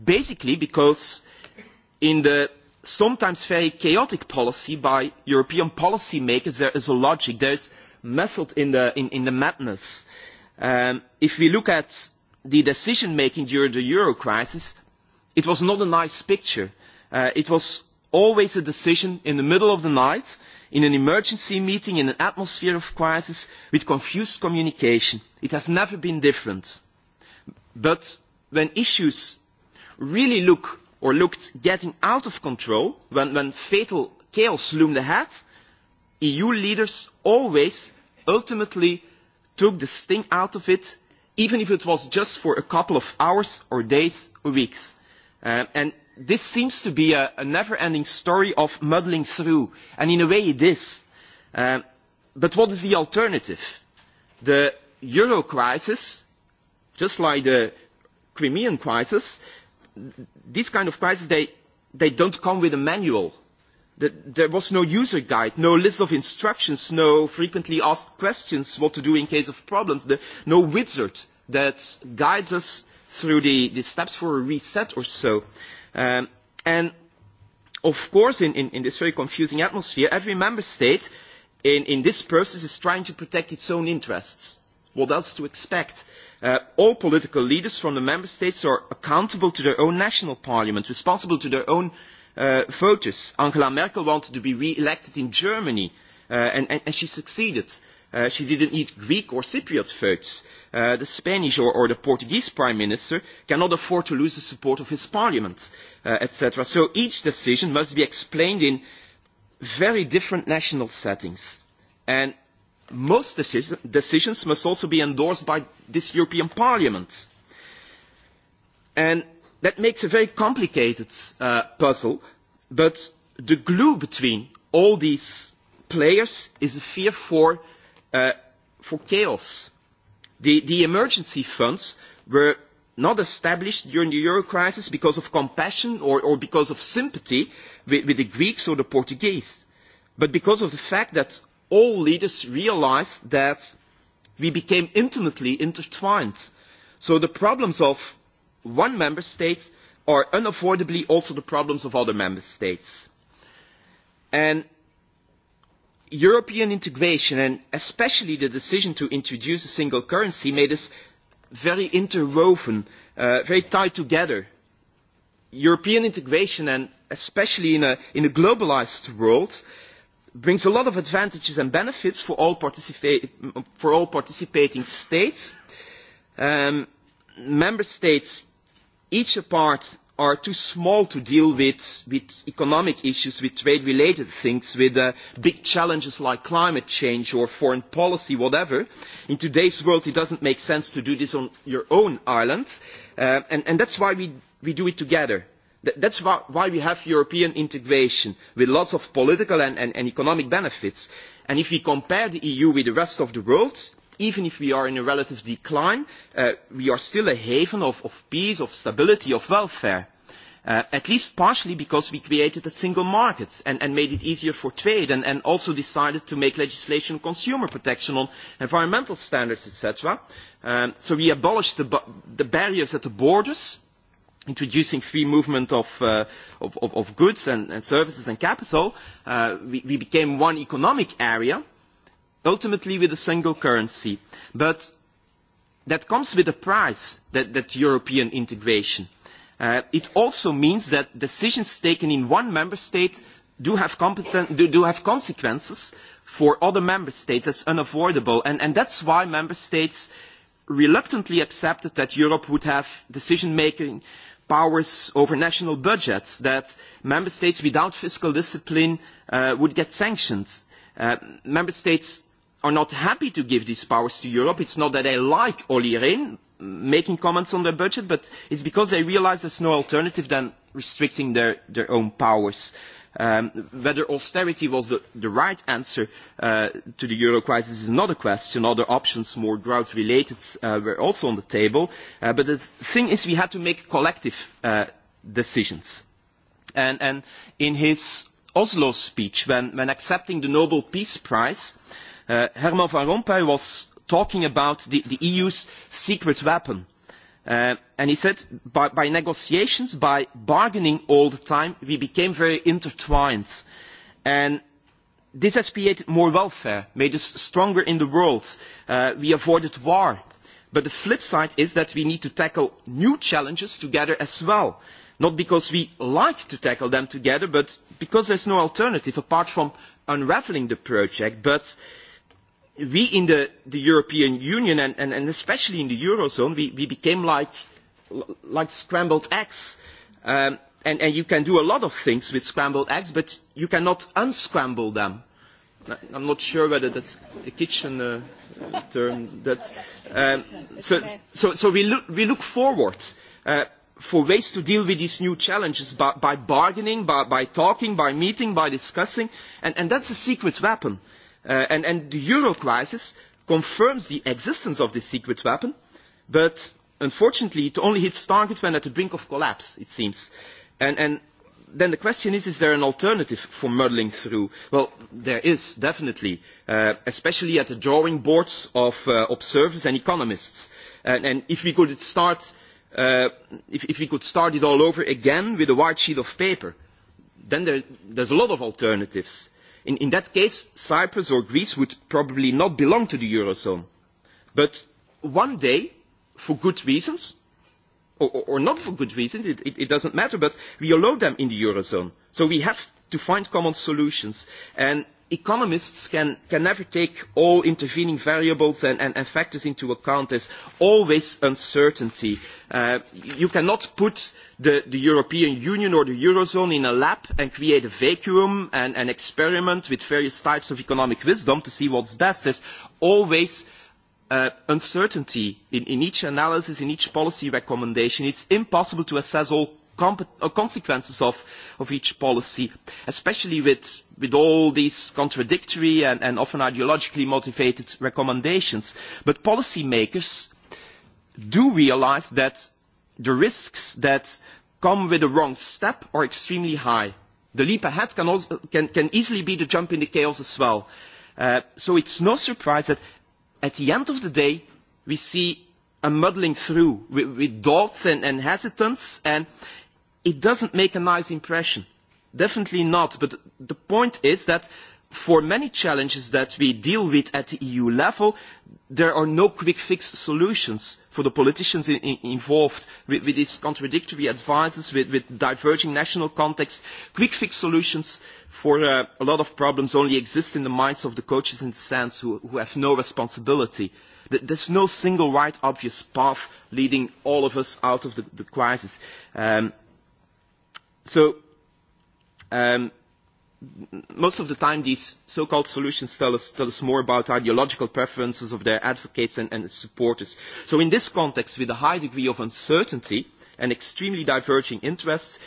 basically because in the sometimes very chaotic policy by European policy makers there is a logic. There method in the madness. If we look at the decision making during the euro crisis, it was not a nice picture. It was always a decision in the middle of the night, in an emergency meeting, in an atmosphere of crisis, with confused communication. It has never been different. But when issues really look or looked getting out of control, when fatal chaos loomed ahead, eu leaders always ultimately took the sting out of it even if it was just for a couple of hours or days or weeks. and this seems to be a never ending story of muddling through and in a way it is. but what is the alternative? the euro crisis just like the crimean crisis these kind of crises they do not come with a manual There was no user guide, no list of instructions, no frequently asked questions, what to do in case of problems, no wizard that guides us through the steps for a reset or so. And, of course, in this very confusing atmosphere, every member state in this process is trying to protect its own interests. What else to expect? All political leaders from the member states are accountable to their own national parliament, responsible to their own voters. Angela Merkel wanted to be re-elected in Germany and she succeeded. She didn't need Greek or Cypriot votes. The Spanish or the Portuguese Prime Minister cannot afford to lose the support of his parliament, etc. So each decision must be explained in very different national settings. And most decisions must also be endorsed by this European Parliament. And that makes a very complicated puzzle but the glue between all these players is a fear for chaos. the emergency funds were not established during the euro crisis because of compassion or because of sympathy with the greeks or the portuguese but because of the fact that all leaders realised that we became intimately intertwined. so the problems of one member state are unavoidably also the problems of other member states. And European integration and especially the decision to introduce a single currency made us very interwoven, very tied together. European integration and especially in a globalised world brings a lot of advantages and benefits for all participating states. Member states each apart are too small to deal with economic issues, with trade-related things, with big challenges like climate change or foreign policy, whatever. In today's world, it doesn't make sense to do this on your own island, and that's why we do it together. That's why we have European integration, with lots of political and economic benefits. And if we compare the EU with the rest of the world, even if we are in a relative decline, we are still a haven of peace, of stability, of welfare. At least partially because we created a single market and made it easier for trade and also decided to make legislation on consumer protection, on environmental standards, etc. So we abolished the barriers at the borders, introducing free movement of goods and services and capital. We became one economic area ultimately with a single currency. But that comes with a price, that European integration. It also means that decisions taken in one member state do have consequences for other member states. That's unavoidable. And that's why member states reluctantly accepted that Europe would have decision-making powers over national budgets, that member states without fiscal discipline would get sanctioned. Member states are not happy to give these powers to Europe. It's not that they like Olli Rehn making comments on their budget, but it's because they realise there's no alternative than restricting their own powers. Whether austerity was the right answer to the euro crisis is another question. Other options, more growth related were also on the table. But the thing is, we had to make collective decisions. And in his Oslo speech, when accepting the Nobel Peace Prize, Herman Van Rompuy was talking about the EU's secret weapon. And he said, by negotiations, by bargaining all the time, we became very intertwined. And this has created more welfare, made us stronger in the world. We avoided war. But the flip side is that we need to tackle new challenges together as well. Not because we like to tackle them together, but because there's no alternative apart from unraveling the project. But we in the European Union and especially in the Eurozone, we became like scrambled eggs. And you can do a lot of things with scrambled eggs, but you cannot unscramble them. I'm not sure whether that's a kitchen term. So we look forward for ways to deal with these new challenges by bargaining, by talking, by meeting, by discussing. And that's a secret weapon and the euro crisis confirms the existence of this secret weapon but unfortunately it only hits target when at the brink of collapse it seems. and then the question is is there an alternative for muddling through? well there is definitely especially at the drawing boards of observers and economists and if we could start if we could start it all over again with a white sheet of paper then there are a lot of alternatives in that case cyprus or greece would probably not belong to the eurozone but one day for good reasons or not for good reasons it does not matter but we allow them in the eurozone so we have to find common solutions and economists can never take all intervening variables and factors into account. there is always uncertainty. you cannot put the european union or the eurozone in a lab and create a vacuum and experiment with various types of economic wisdom to see what is best. there is always uncertainty in each analysis in each policy recommendation. it is impossible to assess all consequences of each policy, especially with all these contradictory and often ideologically motivated recommendations. But policymakers do realise that the risks that come with a wrong step are extremely high. The leap ahead can easily be the jump in the chaos as well. So it's no surprise that at the end of the day we see a muddling through with doubts and hesitance and it doesn't make a nice impression. Definitely not. But the point is that for many challenges that we deal with at the EU level, there are no quick fix solutions for the politicians involved with these contradictory advices, with diverging national contexts. Quick fix solutions for a lot of problems only exist in the minds of the coaches in the sense who have no responsibility. There's no single right obvious path leading all of us out of the crisis. So most of the time these so-called solutions tell us, tell us more about ideological preferences of their advocates and, and supporters. So in this context, with a high degree of uncertainty and extremely diverging interests,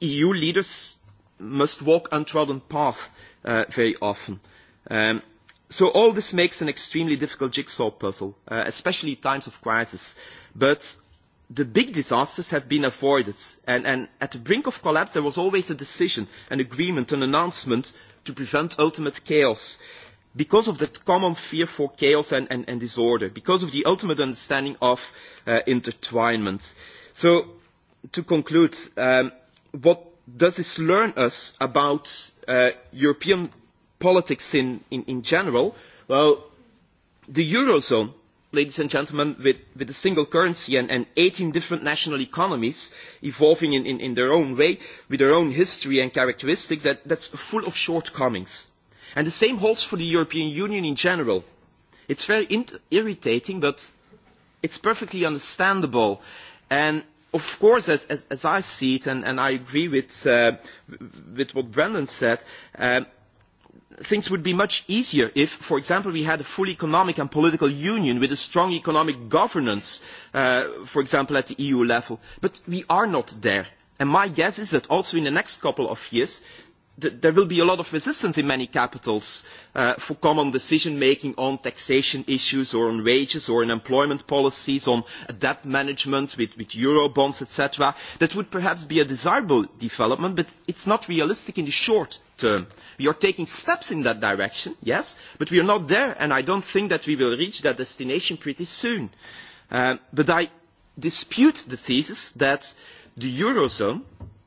EU leaders must walk untrodden paths very often. so all this makes an extremely difficult jigsaw puzzle, especially in times of crisis. But the big disasters have been avoided and at the brink of collapse there was always a decision an agreement an announcement to prevent ultimate chaos because of that common fear for chaos and disorder because of the ultimate understanding of intertwinement. so to conclude what does this learn us about european politics in general? well the eurozone ladies and gentlemen, with with a single currency and 18 different national economies evolving in their own way, with their own history and characteristics, that that's full of shortcomings. And the same holds for the European Union in general. It's very irritating, but it's perfectly understandable. And, of course, as I see it, and I agree with what Brendan said, things would be much easier if for example we had a full economic and political union with a strong economic governance for example at the eu level but we are not there and my guess is that also in the next couple of years there will be a lot of resistance in many capitals for common decision making on taxation issues or on wages or on employment policies on debt management with eurobonds etc. that would perhaps be a desirable development but it is not realistic in the short term. we are taking steps in that direction yes but we are not there and i do not think that we will reach that destination pretty soon. but i dispute the thesis that the eurozone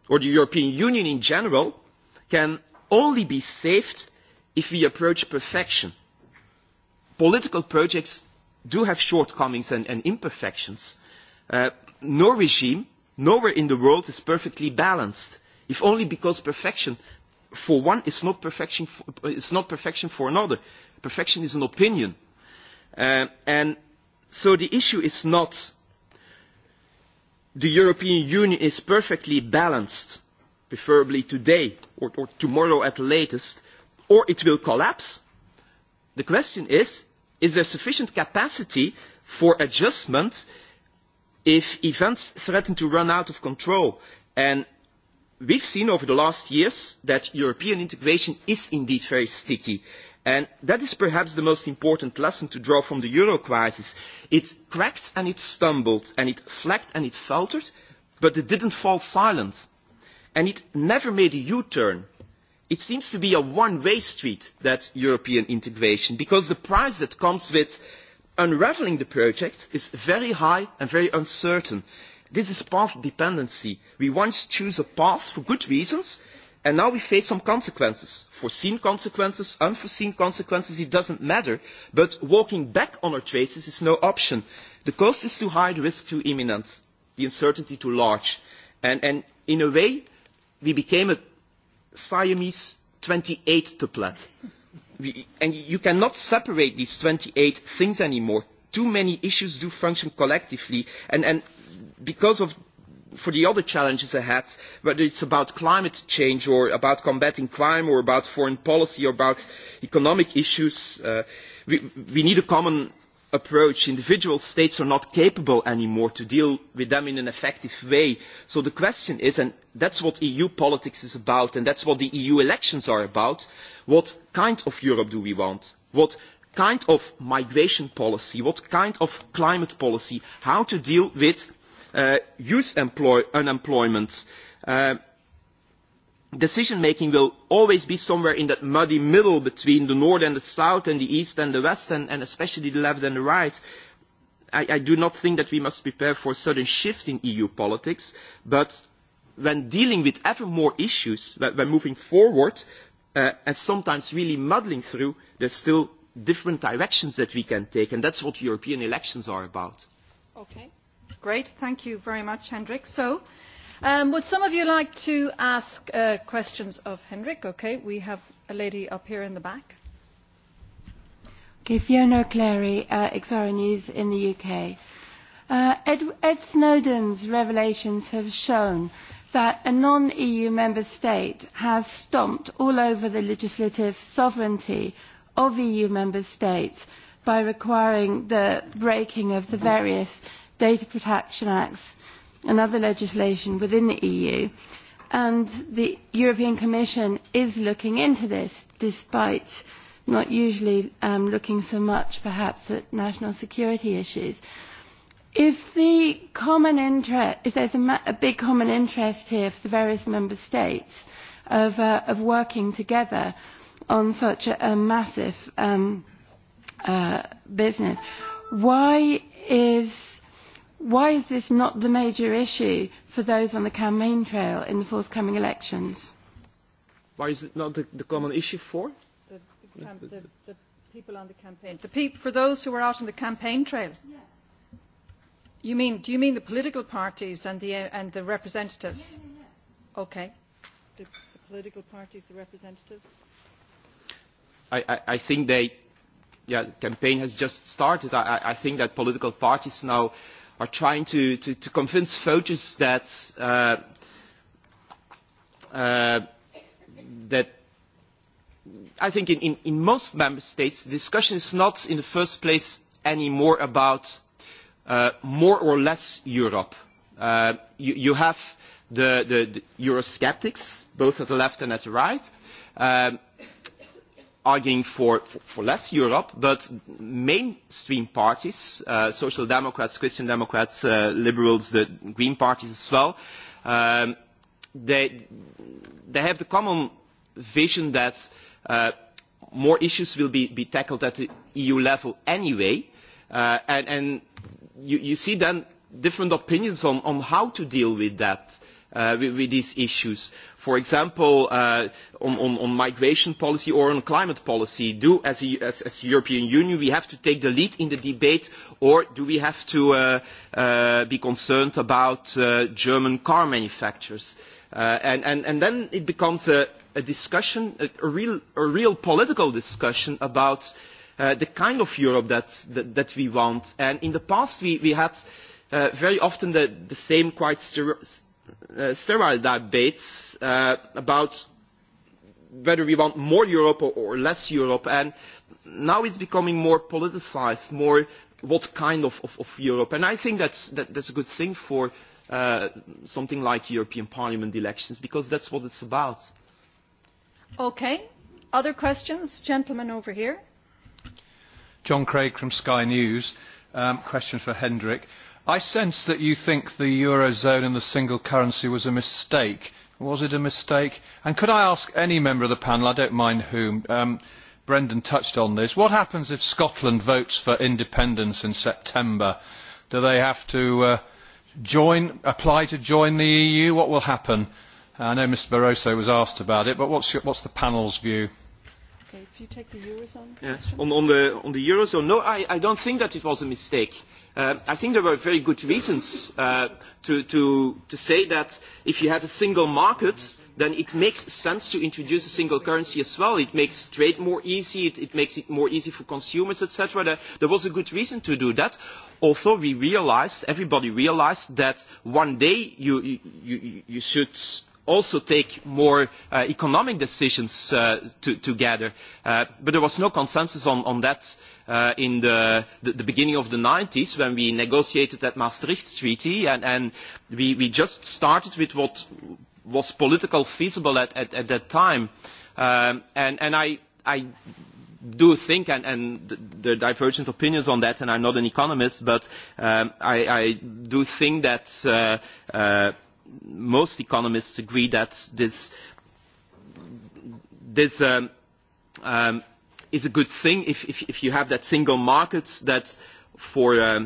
or the european union in general can only be saved if we approach perfection. Political projects do have shortcomings and imperfections. No regime, nowhere in the world is perfectly balanced, if only because perfection for one is not perfection for another. Perfection is an opinion. And so the issue is not the European Union is perfectly balanced preferably today or tomorrow at the latest, or it will collapse. The question is, is there sufficient capacity for adjustment if events threaten to run out of control? And we've seen over the last years that European integration is indeed very sticky. And that is perhaps the most important lesson to draw from the euro crisis. It cracked and it stumbled and it flagged and it faltered, but it didn't fall silent and it never made a u turn. it seems to be a one way street that european integration because the price that comes with unravelling the project is very high and very uncertain. this is path dependency. we once chose a path for good reasons and now we face some consequences foreseen consequences unforeseen consequences it does not matter but walking back on our traces is no option. the cost is too high the risk too imminent the uncertainty too large and in a way we became a Siamese 28 tuplet. And you cannot separate these 28 things anymore. Too many issues do function collectively. And because of, for the other challenges ahead, whether it's about climate change or about combating crime or about foreign policy or about economic issues, we need a common approach individual states are not capable anymore to deal with them in an effective way so the question is and that's what eu politics is about and that's what the eu elections are about what kind of europe do we want what kind of migration policy what kind of climate policy how to deal with youth unemployment decision making will always be somewhere in that muddy middle between the north and the south and the east and the west and especially the left and the right. I do not think that we must prepare for a sudden shift in EU politics, but when dealing with ever more issues, when moving forward and sometimes really muddling through, there's still different directions that we can take, and that's what European elections are about.
Okay,
great. Thank you very much, Hendrik. So Would some of you like to ask questions of Henrik? Okay, we have a lady up here in the back.
Fiona Clary, Exara News in the UK. Ed Snowden's revelations have shown that a non-EU member state has stomped all over the legislative sovereignty of EU member states by requiring the breaking of the various data protection acts and other legislation within the EU. And the European Commission is looking into this, despite not usually looking so much perhaps at national security issues. If the common interest, if there's a big common interest here for the various member states of working together on such a massive business, why is Why is this not the major issue for those on the campaign trail in the forthcoming elections?
Why is it not the common issue for? The people on
the campaign. For those who are out on the campaign trail? You mean, do you mean the political parties and the, and the representatives? Okay. The, political parties, the representatives?
I, I, think they, yeah, the campaign has just started. I, I think that political parties now are trying to to convince voters that that I think in in most member states the discussion is not in the first place anymore about more or less Europe. You have the Eurosceptics, both at the left and at the right arguing for less Europe, but mainstream parties, social democrats, Christian democrats, liberals, the green parties as well, they have the common vision that more issues will be tackled at the EU level anyway, and you see then different opinions on how to deal with that with these issues. For example, on migration policy or on climate policy, do as the European Union we have to take the lead in the debate, or do we have to be concerned about German car manufacturers? And then it becomes a discussion, a real political discussion about the kind of Europe that we want. And in the past we had very often the same quite sterile debates about whether we want more Europe or less Europe, and now it's becoming more politicized, more what kind of Europe. And I think that's a good thing for something like European Parliament elections, because that's what it's about.
Okay. Other questions? Gentlemen over here.
John Craig from Sky News. Question for Hendrik I sense that you think the Eurozone and the single currency was a mistake. Was it a mistake? And could I ask any member of the panel, I don't mind whom, Brendan touched on this, what happens if Scotland votes for independence in September? Do they have to join, apply to join the EU? What will happen? I know Mr Barroso was asked about it, but what's the panel's view? if you take the
On the Eurozone, no, I don't think that it was a mistake. I think there were very good reasons to say that if you have a single market, then it makes sense to introduce a single currency as well. It makes trade more easy, it makes it more easy for consumers, etc. There was a good reason to do that. Although we realized, everybody realized that one day you should also take more economic decisions together. But there was no consensus on that in the beginning of the 90s when we negotiated that Maastricht Treaty and we just started with what was politically feasible at that time. And I do think, and there are divergent opinions on that, and I'm not an economist, but I do think that most economists agree that this this is a good thing if if you have that single market that for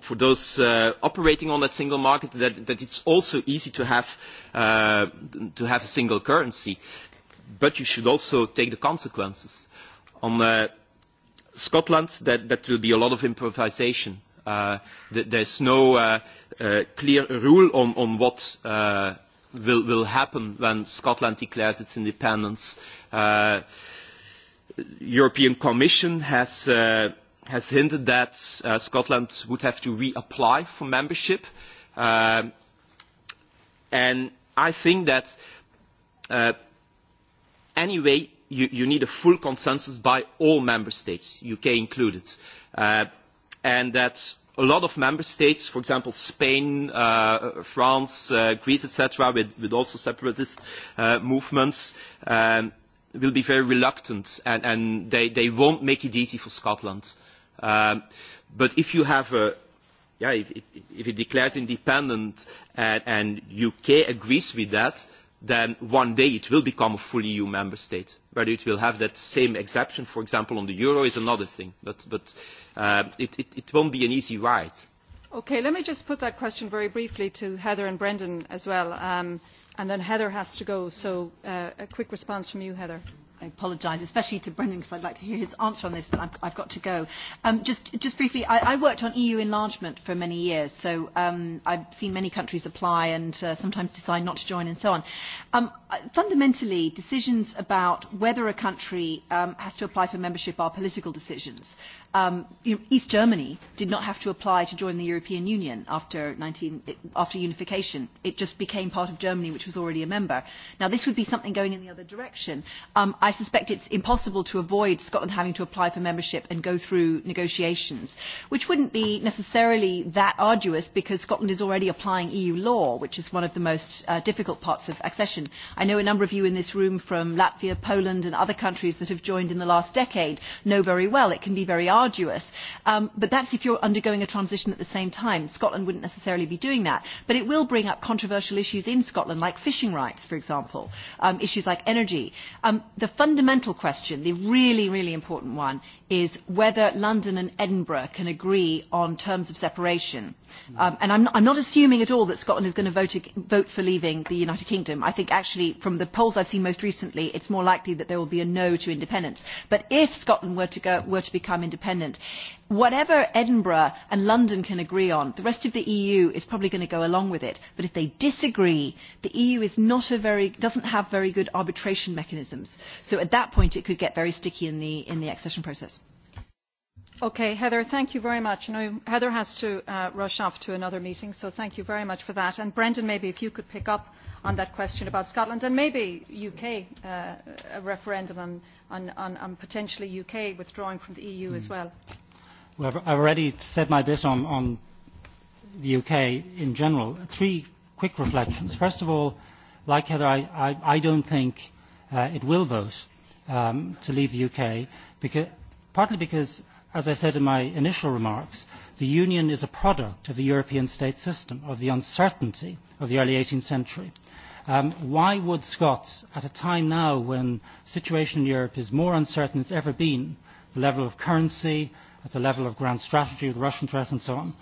for those operating on that single market that that it's also easy to have to have a single currency but you should also take the consequences on Scotland that that will be a lot of improvisation there's no clear rule on what will happen when Scotland declares its independence. The European Commission has hinted that Scotland would have to reapply for membership. And I think that anyway you need a full consensus by all member states, UK included, and that a lot of member states, for example Spain, France, Greece, etc., with also separatist movements, will be very reluctant and they won't make it easy for Scotland. But if you have a if it declares independent and the UK agrees with that, then one day it will become a fully EU member state. Whether it will have that same exception, for example, on the euro is another thing, but it won't be an easy ride.
Okay, let me just put that question very briefly to Heather and Brendan as well, and then Heather has to go, so
a quick response from you, Heather. I apologise, especially to Brendan, because I'd like to hear his answer on this, but I've got to go. Just briefly, I worked on EU enlargement for many years, so I've seen many countries apply and sometimes decide not to join and so on fundamentally decisions about whether a country has to apply for membership are political decisions east germany did not have to apply to join the european union after after unification it just became part of germany which was already a member now this would be something going in the other direction i suspect it's impossible to avoid scotland having to apply for membership and go through negotiations which wouldn't be necessarily that arduous because scotland is already applying eu law which is one of the most difficult parts of accession I know a number of you in this room from Latvia, Poland and other countries that have joined in the last decade know very well it can be very arduous. But that's if you're undergoing a transition at the same time. Scotland wouldn't necessarily be doing that. But it will bring up controversial issues in Scotland like fishing rights, for example, issues like energy. The fundamental question, the really, really important one, is whether London and Edinburgh can agree on terms of separation. And I'm not assuming at all that Scotland is going to vote for leaving the United Kingdom. I think actually from the polls I've seen most recently, it's more likely that there will be a no to independence. But if Scotland were to become independent, whatever Edinburgh and London can agree on, the rest of the EU is probably going to go along with it. But if they disagree, the EU is not a very doesn't have very good arbitration mechanisms. So at that point, it could get very sticky in the accession process.
Okay, Heather, thank you very much. Heather has to rush off to another meeting, so thank you very much for that. And Brendan, maybe if you could pick up on that question about Scotland and maybe UK, a referendum on on on on potentially UK withdrawing from the EU as well.
Well, I've already said my bit on on the UK in general. Three quick reflections. First of all, like Heather, I I don't think it will vote to leave the UK, because partly because as I said in my initial remarks, the Union is a product of the European state system, of the uncertainty of the early 18th century. Why would Scots, at a time now when the situation in Europe is more uncertain than it's ever been, the level of currency, at the level of grand strategy, the Russian threat and so on,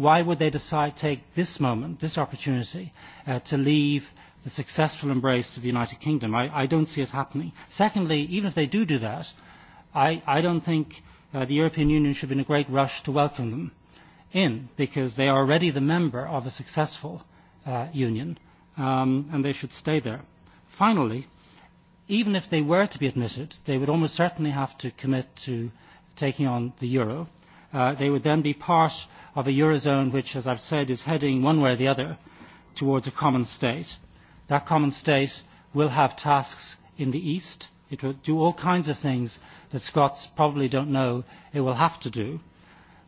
why would they decide to take this moment, this opportunity, to leave the successful embrace of the United Kingdom? I don't see it happening. Secondly, even if they do do that, I don't think the European Union should be in a great rush to welcome them in, because they are already the member of a successful union, and they should stay there. Finally, even if they were to be admitted, they would almost certainly have to commit to taking on the euro. They would then be part of a eurozone which, as I've said, is heading one way or the other towards a common state. That common state will have tasks in the east It will do all kinds of things that Scots probably don't know it will have to do.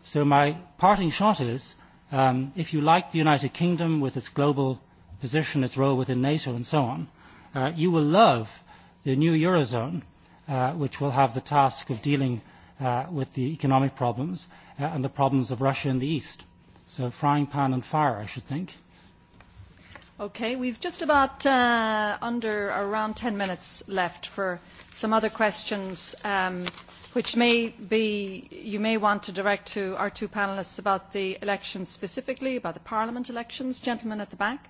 So my parting shot is, if you like the United Kingdom with its global position, its role within NATO and so on, you will love the new Eurozone, which will have the task of dealing with the economic problems and the problems of Russia in the East. So frying pan and fire, I should think.
Okay, we've just about under around 10 minutes left for some other questions, which may be you may want to direct to our two panelists about the elections specifically, about the Parliament elections. gentlemen at the back.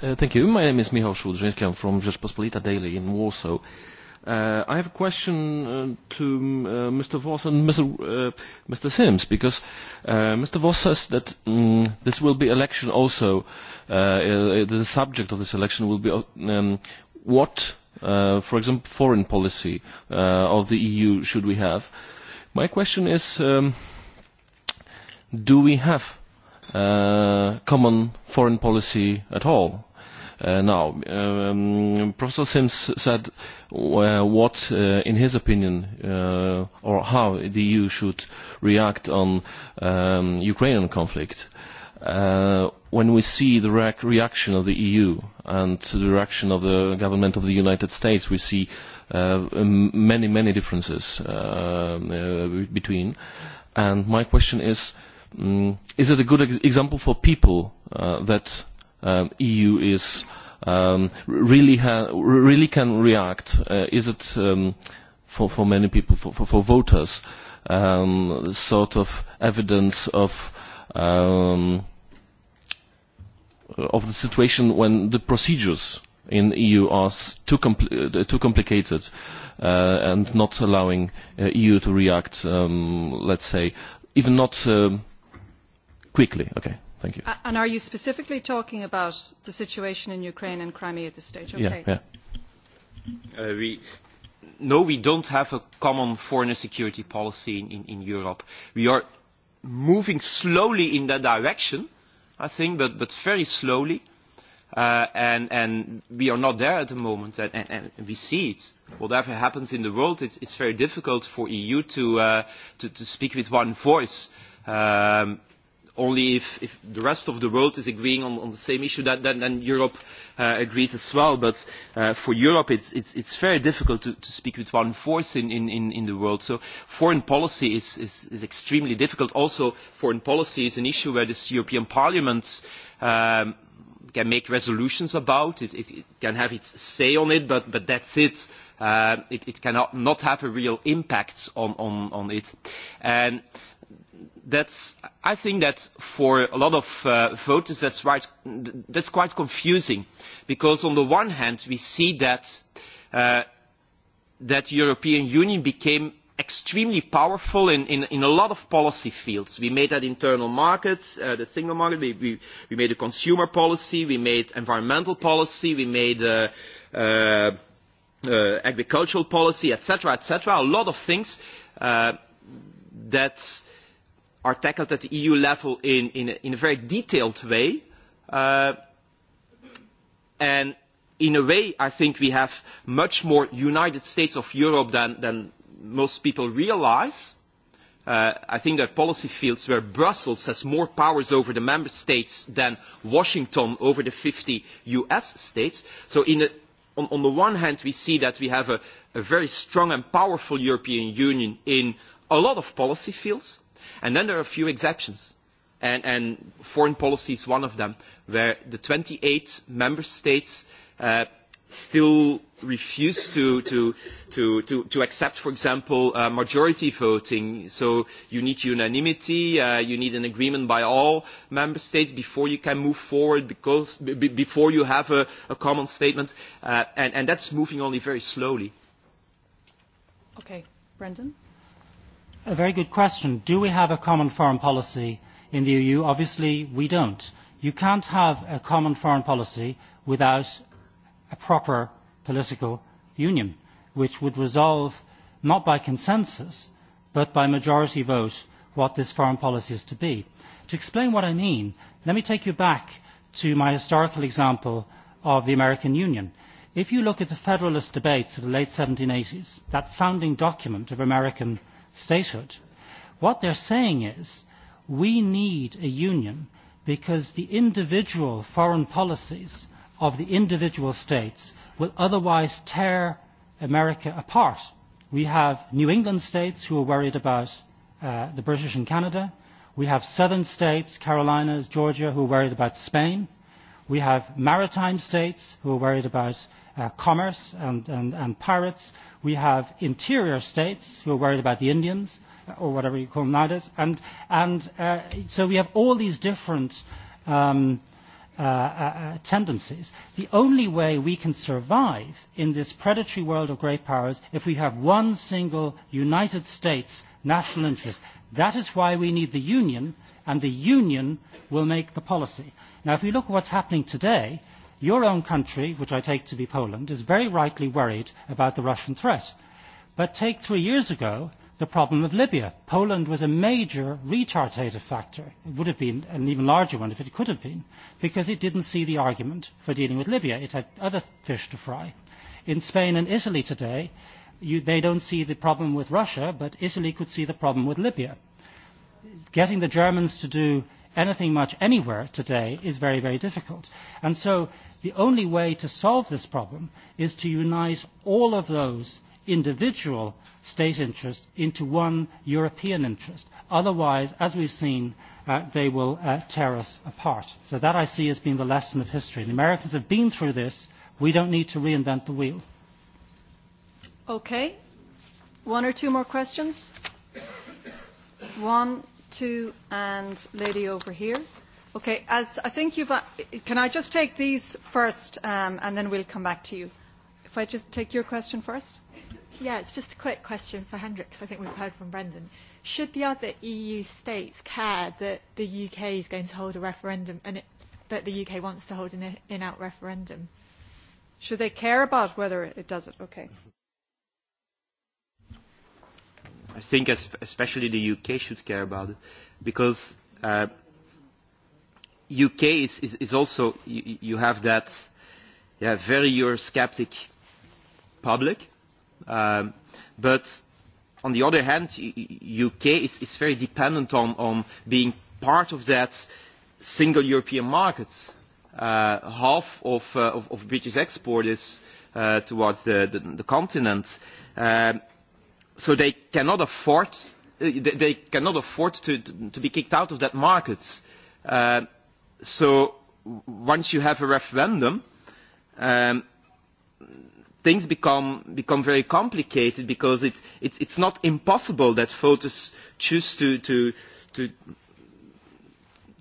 Thank you. My name is Michał Szulczyński. I'm from Rzeczpospolita Daily in Warsaw I have a question to Mr. Voss and Mr. Sims, because Mr. Voss says that this will be election also. The subject of this election will be what, for example, foreign policy of the EU should we have. My question is, do we have common foreign policy at all? Now, Professor Sims said what, in his opinion, or how the EU should react on Ukrainian conflict. When we see the reaction of the EU and the reaction of the government of the United States, we see many, many differences between. And my question is, is it a good example for people that EU is really really can react. Is it for for many people for for voters sort of evidence of of the situation when the procedures in EU are too too complicated and not allowing EU to react, let's say, even not quickly. Okay. Thank you.
And are you specifically talking about the situation in Ukraine and Crimea at this stage? Okay.
We no, we don't have a common foreign and security policy in Europe. We are moving slowly in that direction, I think, but but very slowly, and and we are not there at the moment, and we see it. Whatever happens in the world, it's it's very difficult for EU to to speak with one voice only if the rest of the world is agreeing on the same issue then Europe agrees as well. But for Europe it's very difficult to speak with one voice in the world. So foreign policy is extremely difficult. Also foreign policy is an issue where this European Parliament can make resolutions about. It can have its say on it, but but that's it. It cannot not have a real impact on it. I think that for a lot of voters that's quite confusing because on the one hand we see that the European Union became extremely powerful in a lot of policy fields. We made that internal market, the single market, we made a consumer policy, we made environmental policy, we made agricultural policy, etc., etc., a lot of things that are tackled at the EU level in in a very detailed way. And in a way, I think we have much more United States of Europe than most people realize. I think there are policy fields where Brussels has more powers over the member states than Washington over the 50 US states. So on the one hand, we see that we have a very strong and powerful European Union in a lot of policy fields And then there are a few exceptions, and foreign policy is one of them, where the 28 member states still refuse to accept, for example, majority voting. So you need unanimity, you need an agreement by all member states before you can move forward, before you have a common statement, and that's moving only very slowly.
Okay, Brendan
a very good question. Do we have a common foreign policy in the EU? Obviously, we don't. You can't have a common foreign policy without a proper political union, which would resolve, not by consensus, but by majority vote, what this foreign policy is to be. To explain what I mean, let me take you back to my historical example of the American Union. If you look at the Federalist debates of the late 1780s, that founding document of American statehood. What they're saying is we need a union because the individual foreign policies of the individual states will otherwise tear America apart. We have New England states who are worried about the British and Canada. We have southern states, Carolinas, Georgia, who are worried about Spain. We have maritime states who are worried about commerce and pirates. We have interior states who are worried about the Indians, or whatever you call them nowadays. And so we have all these different tendencies. The only way we can survive in this predatory world of great powers if we have one single United States national interest. That is why we need the Union, and the Union will make the policy. Now, if we look at what's happening today, Your own country, which I take to be Poland, is very rightly worried about the Russian threat. But take three years ago the problem of Libya. Poland was a major retardative factor. It would have been an even larger one if it could have been, because it didn't see the argument for dealing with Libya. It had other fish to fry. In Spain and Italy today, they don't see the problem with Russia, but Italy could see the problem with Libya. Getting the Germans to do anything much anywhere today is very, very difficult. And so The only way to solve this problem is to unite all of those individual state interests into one European interest. Otherwise, as we've seen, they will tear us apart. So that I see as being the lesson of history. The Americans have been through this. We don't need to reinvent the wheel.
Okay. One or two more questions? One, two, and lady over here. Okay, as I think can I just take these first and then we'll come back to you. If I just take your question first. Yeah, it's just a quick question for Hendrik, because I think we've heard from Brendan.
Should the other EU states care that the UK is going to hold a referendum and that the UK wants to hold an in-out referendum?
Should they care about whether it does it? Okay.
I think especially the UK should care about it, because UK is is also you have that very Eurosceptic public, um but on the other hand, UK is is very dependent on on being part of that single European market. Half of of British export is towards the the continent, so they cannot afford they cannot afford to to be kicked out of that market so once you have a referendum things become become very complicated because it it's not impossible that voters choose to to to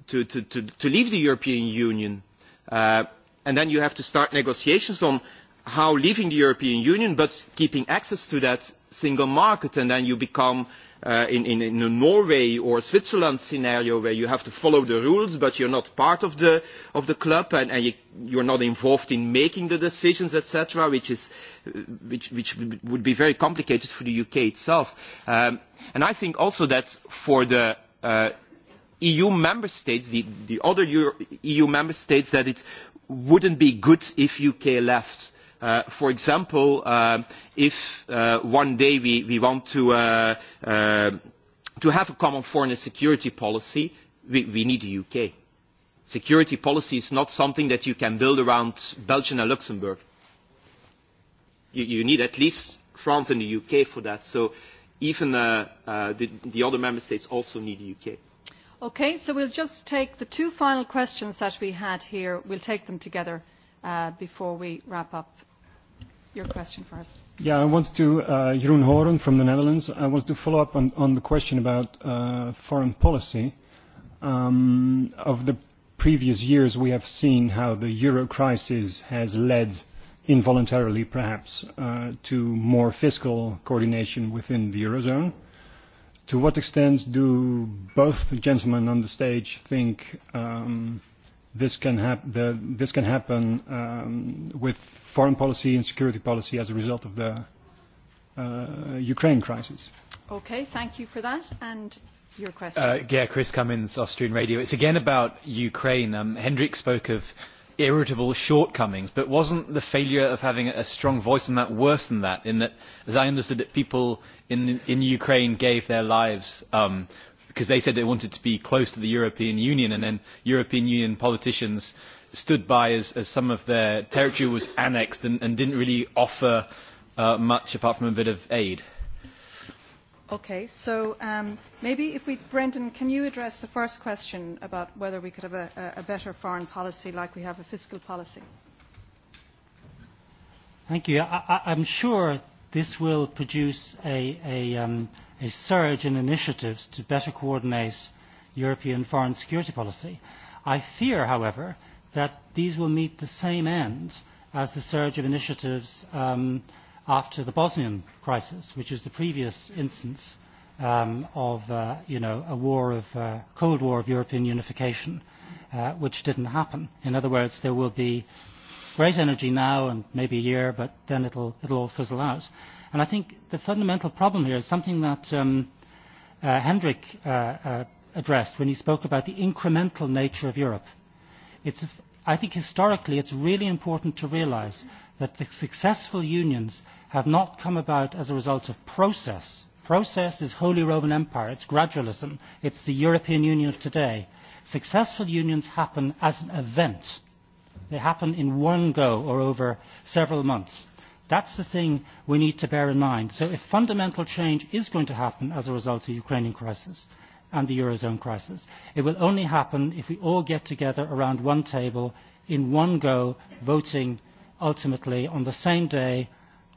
to to to leave the european union and then you have to start negotiations on how leaving the european union but keeping access to that single market and then you become in a Norway or Switzerland scenario where you have to follow the rules but you are not part of the club and you are not involved in making the decisions, etc., which would be very complicated for the UK itself. And I think also that for the EU member states, the other EU member states, that it wouldn't be good if UK left For example, if one day we want to have a common foreign and security policy, we need the UK. Security policy is not something that you can build around Belgium and Luxembourg. You need at least France and the UK for that. So even the other member states also need the UK.
Okay, so we'll just take the two final questions that we had here. We'll take them together before we wrap up your question first.
Yeah, I want to, Jeroen Horen from the Netherlands. I want to follow up on the question about foreign policy. Of the previous years, we have seen how the euro crisis has led, involuntarily perhaps, to more fiscal coordination within the eurozone. To what extent do both gentlemen on the stage think This can happen with foreign policy and security policy
as a result of the
Ukraine crisis.
Okay, thank you for that. And your question.
Yeah, Chris Cummins, Austrian Radio. It's again about Ukraine. Hendrik spoke of irritable shortcomings, but wasn't the failure of having a strong voice in that worse than that? In that, as I understood it, people in Ukraine gave their lives because they said they wanted to be close to the European Union, and then European Union politicians stood by as some of their territory was annexed and didn't really offer much apart from a bit of aid.
Okay, so maybe if we, Brendan, can you address the first question about whether we could have a better foreign policy like we have a fiscal policy?
Thank you. I'm sure this will produce a a surge in initiatives to better coordinate European foreign security policy. I fear, however, that these will meet the same end as the surge of initiatives after the Bosnian crisis, which is the previous instance of a war of Cold War of European unification, which didn't happen. In other words, there will be great energy now and maybe a year, but then it'll all fizzle out. And I think the fundamental problem here is something that Hendrik addressed when he spoke about the incremental nature of Europe. I think historically it's really important to realize that the successful unions have not come about as a result of process. Process is Holy Roman Empire. It's gradualism. It's the European Union of today. Successful unions happen as an event. They happen in one go or over several months. That's the thing we need to bear in mind. So if fundamental change is going to happen as a result of the Ukrainian crisis and the Eurozone crisis, it will only happen if we all get together around one table in one go, voting ultimately on the same day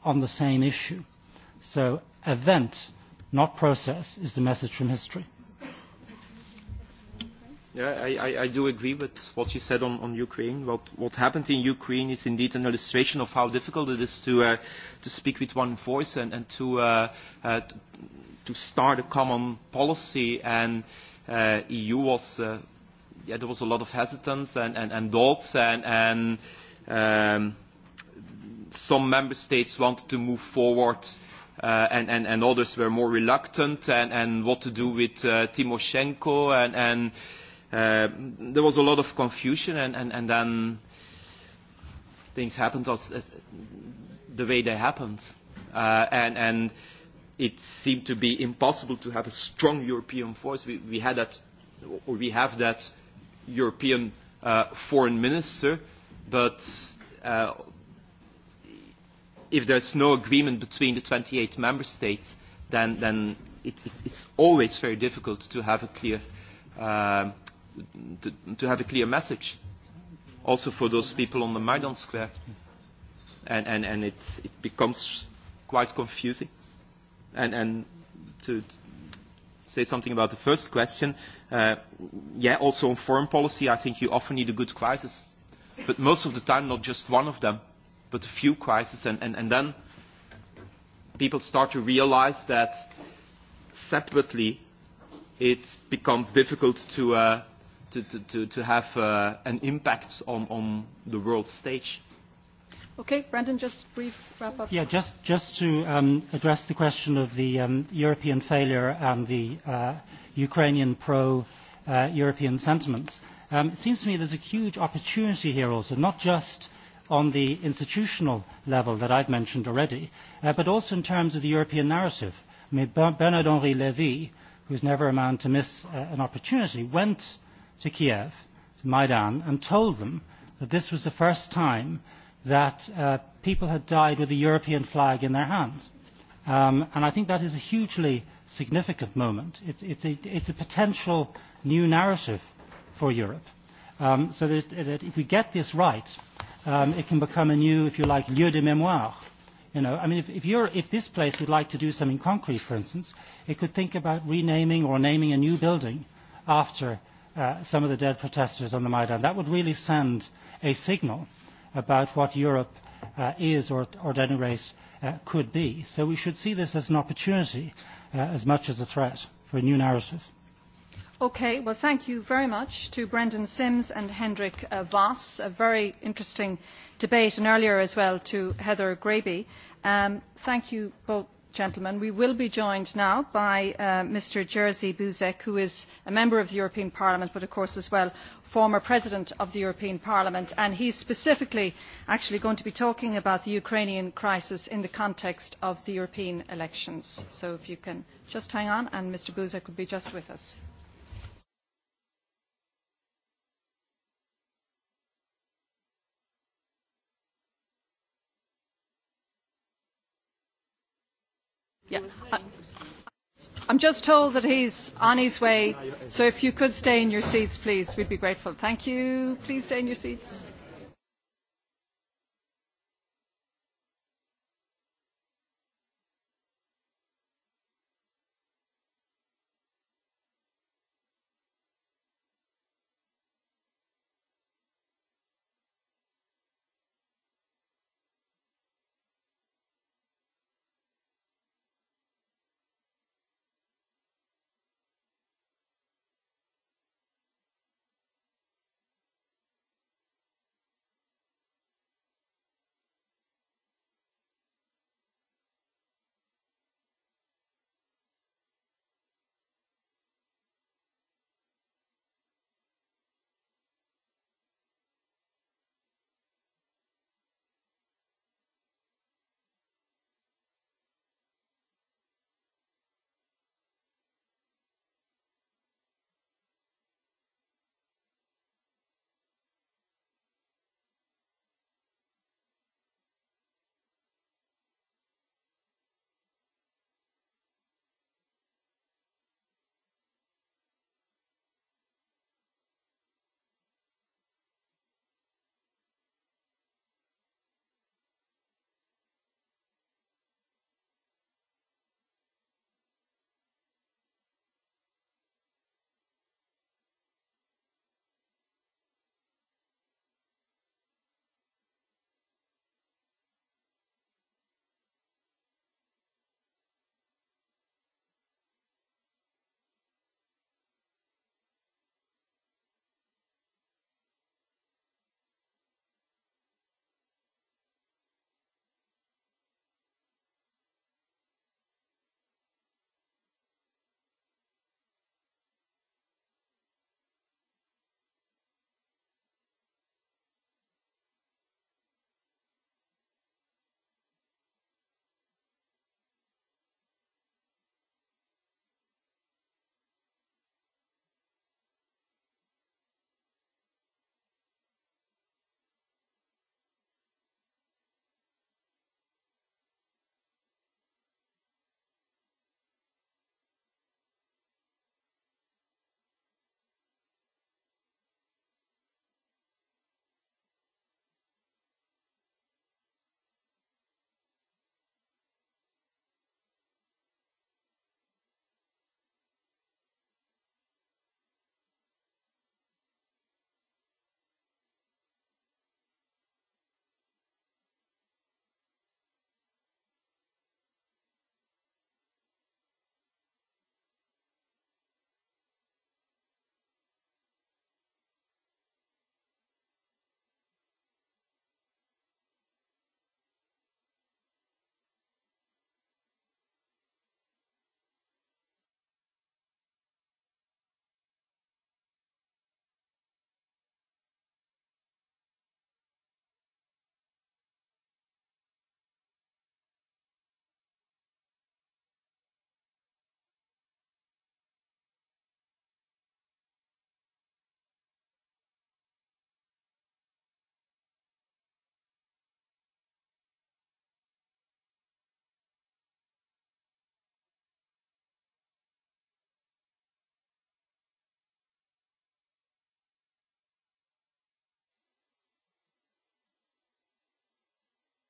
on the same issue. So event, not process, is the message from history.
Yeah, I do agree with what you said on Ukraine. What happened in Ukraine is indeed an illustration of how difficult it is to speak with one voice and to start a common policy. And EU was, yeah, there was a lot of hesitance and doubts and some member states wanted to move forward and others were more reluctant and what to do with Timoshenko and There was a lot of confusion and then things happened the way they happened. And it seemed to be impossible to have a strong European force. We had that, or we have that European foreign minister, but if there's no agreement between the 28 member states, then it's always very difficult to have a clear to have a clear message also for those people on the Maidan Square. And, and, it, becomes quite confusing. And, to say something about the first question, yeah, also on foreign policy, I think you often need a good crisis. But most of the time, not just one of them, but a few crises. And, and, and then people start to realize that separately it becomes difficult to, uh, to to have an
impact on on the world stage.
Okay, Brandon, just brief wrap up. Yeah,
just just to address the question of the European failure and the Ukrainian pro-European sentiments. It seems to me there's a huge opportunity here also, not just on the institutional level that I've mentioned already, but also in terms of the European narrative. I Bernard-Henri Lévy, who's never a man to miss an opportunity, went to Kiev, to Maidan, and told them that this was the first time that people had died with a European flag in their hands. And I think that is a hugely significant moment. It's a potential new narrative for Europe. So that if we get this right, it can become a new, if you like, lieu de mémoire. You know, I mean, if if this place would like to do something concrete, for instance, it could think about renaming or naming a new building after some of the dead protesters on the Maidan. That would really send a signal about what Europe is or at any rate could be. So we should see this as an opportunity as much as a threat for a new narrative.
Okay, well thank you very much to Brendan Sims and Hendrik Voss. A very interesting debate and earlier as well to Heather Graby. Thank you both gentlemen. We will be joined now by Mr Jerzy Buzek, who is a Member of the European Parliament but of course as well former President of the European Parliament, and he is specifically actually going to be talking about the Ukrainian crisis in the context of the European elections. So if you can just hang on and Mr Buzek will be just with us. I'm just told that he's on his way, so if you could stay in your seats, please, we'd be grateful. Thank you. Please stay in your seats.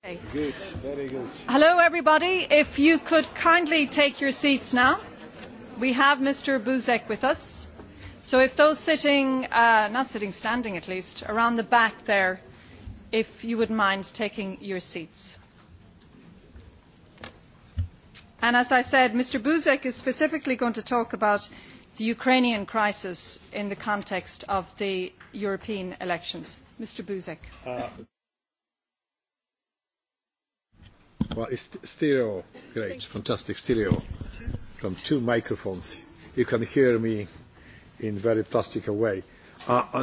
Hello everybody. If you could kindly take your seats now. We have Mr. Buzek with us. So if those sitting, not sitting, standing at least, around the back there, if you would mind taking your seats. And as I said, Mr. Buzek is specifically going to talk about the Ukrainian crisis in the context of the European elections. Mr. Buzek.
Well, it's stereo. Great. Fantastic. Stereo. From two microphones. You can hear me in a very plastic way.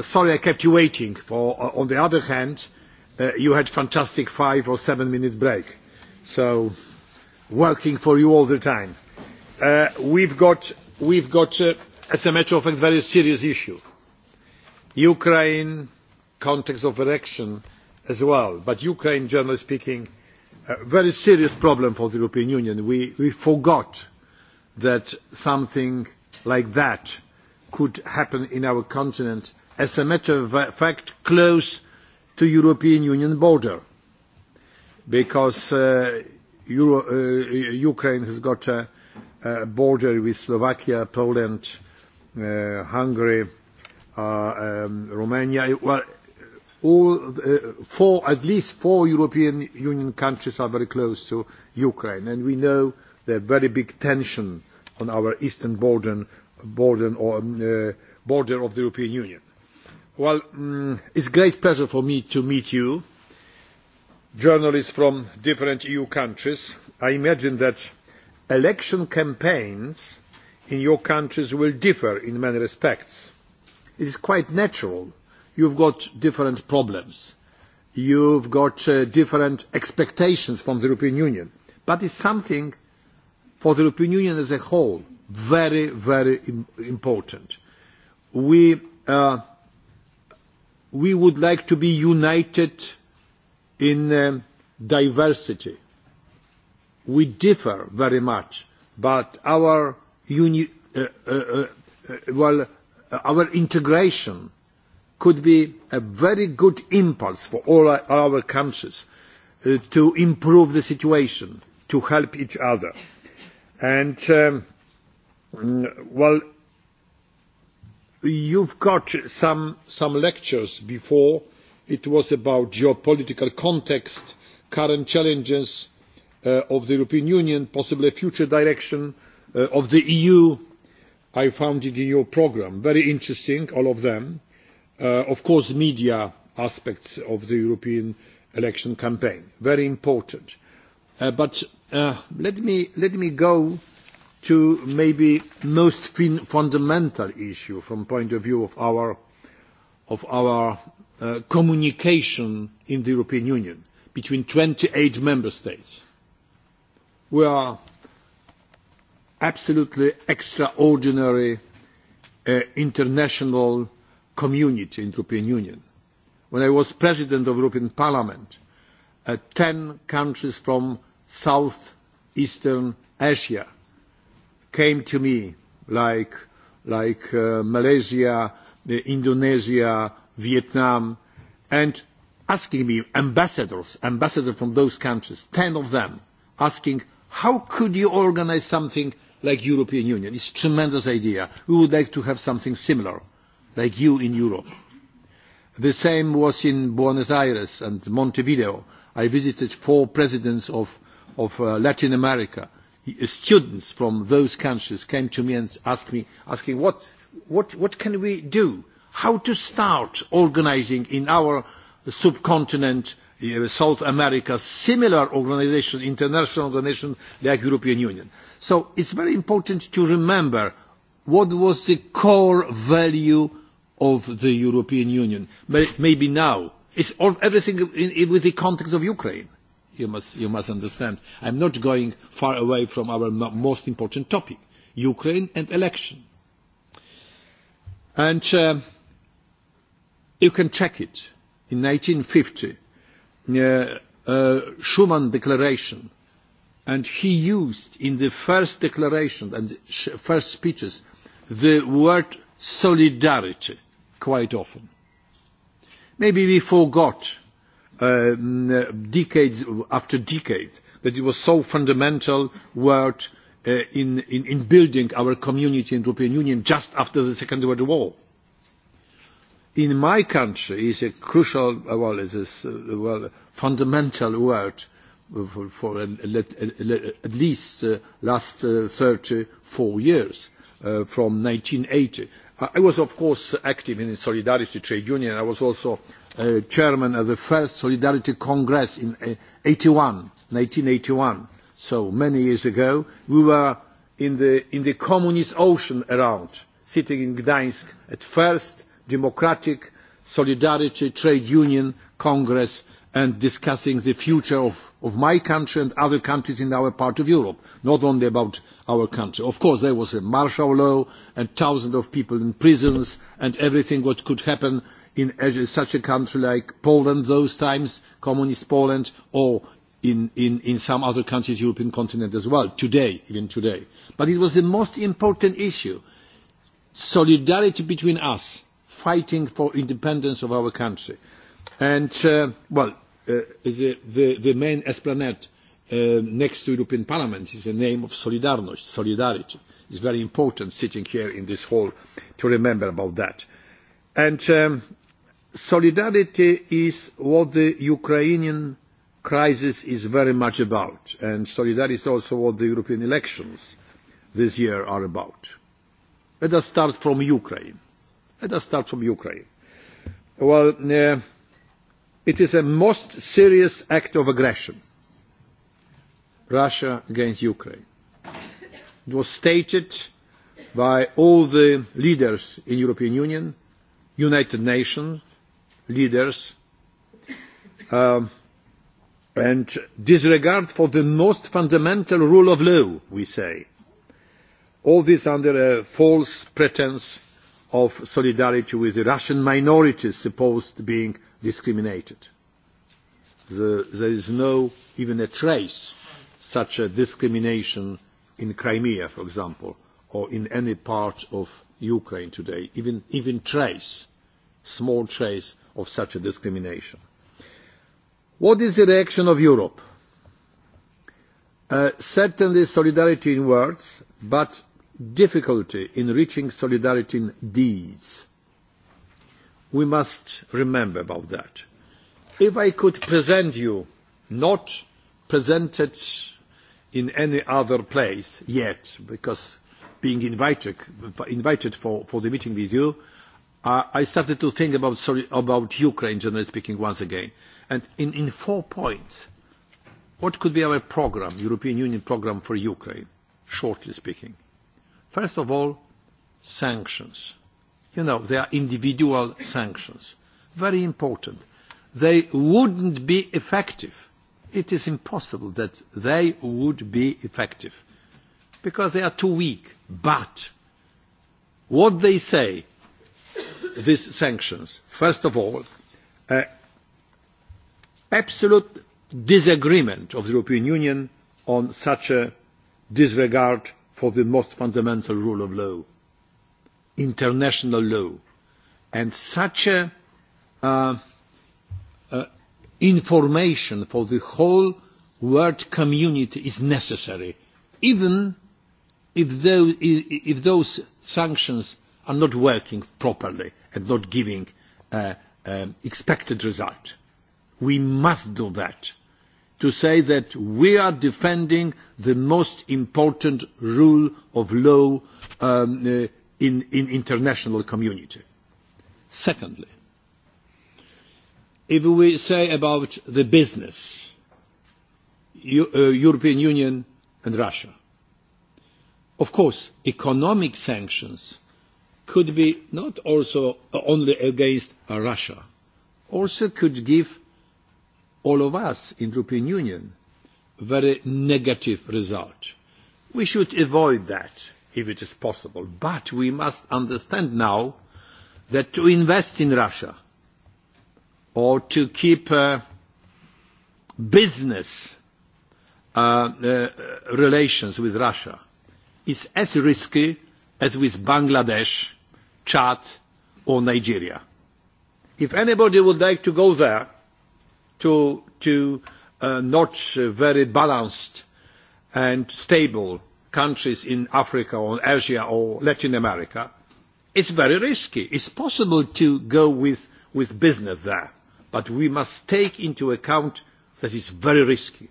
Sorry I kept you waiting. On the other hand, you had fantastic five or seven minutes break. So, working for you all the time. We've got, we've got, as a matter of fact, very serious issue. Ukraine, context of election as well. But Ukraine, generally speaking, a very serious problem for the European Union. We forgot that something like that could happen in our continent, as a matter of fact, close to European Union border, because Ukraine has got a border with Slovakia, Poland, Hungary, Romania all four at least four European Union countries are very close to Ukraine and we know the very big tension on our eastern border border of the European Union. Well it's a great pleasure for me to meet you journalists from different EU countries. I imagine that election campaigns in your countries will differ in many respects. It is quite natural you've got different problems. You've got different expectations from the European Union. But it's something for the European Union as a whole very, very important. We would like to be united in diversity. We differ very much, but our our integration could be a very good impulse for all our countries to improve the situation, to help each other. And, well, you've got some lectures before. It was about geopolitical context, current challenges of the European Union, possibly future direction of the EU. I found it in your program. Very interesting, all of them of course media aspects of the European election campaign very important but let me let me go to maybe most fundamental issue from point of view of our of our communication in the European Union between 28 member states we are absolutely extraordinary international community in the European Union. When I was President of the European Parliament, ten countries from South Eastern Asia came to me, like Malaysia, Indonesia, Vietnam, and asking me, ambassadors, ambassadors from those countries, ten of them, asking, how could you organise something like the European Union? It's a tremendous idea. We would like to have something similar like you in Europe. The same was in Buenos Aires and Montevideo. I visited four presidents of Latin America. Students from those countries came to me and asked me, asking what what can we do, how to start organising in our subcontinent, South America, similar organization, international organization like European Union. So it's very important to remember what was the core value of the European Union. Maybe now. It's everything with the context of Ukraine. You must, you must understand. I'm not going far away from our most important topic, Ukraine and election. And you can check it. In 1950, Schuman Declaration, and he used in the first declaration and first speeches the word solidarity quite often. Maybe we forgot decades after decade, that it was so fundamental work in in in building our community in the European Union just after the Second World War. In my country is a crucial well is a well fundamental word for at least last 34 years from 1980 I was, of course, active in the Solidarity Trade Union. I was also chairman of the first Solidarity Congress in eighty one one, so many years ago. We were in the communist ocean around, sitting in Gdańsk at first Democratic Solidarity Trade Union Congress and discussing the future of my country and other countries in our part of Europe, not only about our country. Of course, there was a martial law and thousands of people in prisons and everything what could happen in such a country like Poland those times, communist Poland, or in some other countries, European continent as well, today, even today. But it was the most important issue, solidarity between us, fighting for independence of our country. And, well, the main esplanade next to European Parliament is the name of Solidarność, Solidarity. It's very important sitting here in this hall to remember about that. And solidarity is what the Ukrainian crisis is very much about. And solidarity is also what the European elections this year are about. Let us start from Ukraine. Let us start from Ukraine. Well, It is a most serious act of aggression. Russia against Ukraine. It was stated by all the leaders in European Union, United Nations leaders, and disregard for the most fundamental rule of law, we say. All this under a false pretense of solidarity with the Russian minorities supposed to being discriminated. There is no even a trace such a discrimination in Crimea, for example, or in any part of Ukraine today, even even trace, small trace of such a discrimination. What is the reaction of Europe? Certainly solidarity in words, but difficulty in reaching solidarity in deeds. We must remember about that. If I could present you, not presented in any other place yet, because being invited, for, the meeting with you, I started to think about, Ukraine, generally speaking, once again. And in, in four points, what could be our program, European Union program for Ukraine, shortly speaking? First of all, sanctions. You know, they are individual sanctions. Very important. They wouldn't be effective. It is impossible that they would be effective because they are too weak. But what they say, these sanctions, first of all, absolute disagreement of the European Union on such a disregard for the most fundamental rule of law, international law. And such a information for the whole world community is necessary, even if those sanctions are not working properly and not giving expected result. We must do that to say that we are defending the most important rule of law in international community. Secondly, if we say about the business, European Union and Russia, of course economic sanctions could be not also only against Russia, also could give all of us in the European Union very negative result. We should avoid that if it is possible, but we must understand now that to invest in Russia or to keep business relations with Russia is as risky as with Bangladesh, Chad or Nigeria. If anybody would like to go there to not very balanced and stable countries in Africa or Asia or Latin America, it's very risky. It's possible to go with business there, but we must take into account that it's very risky.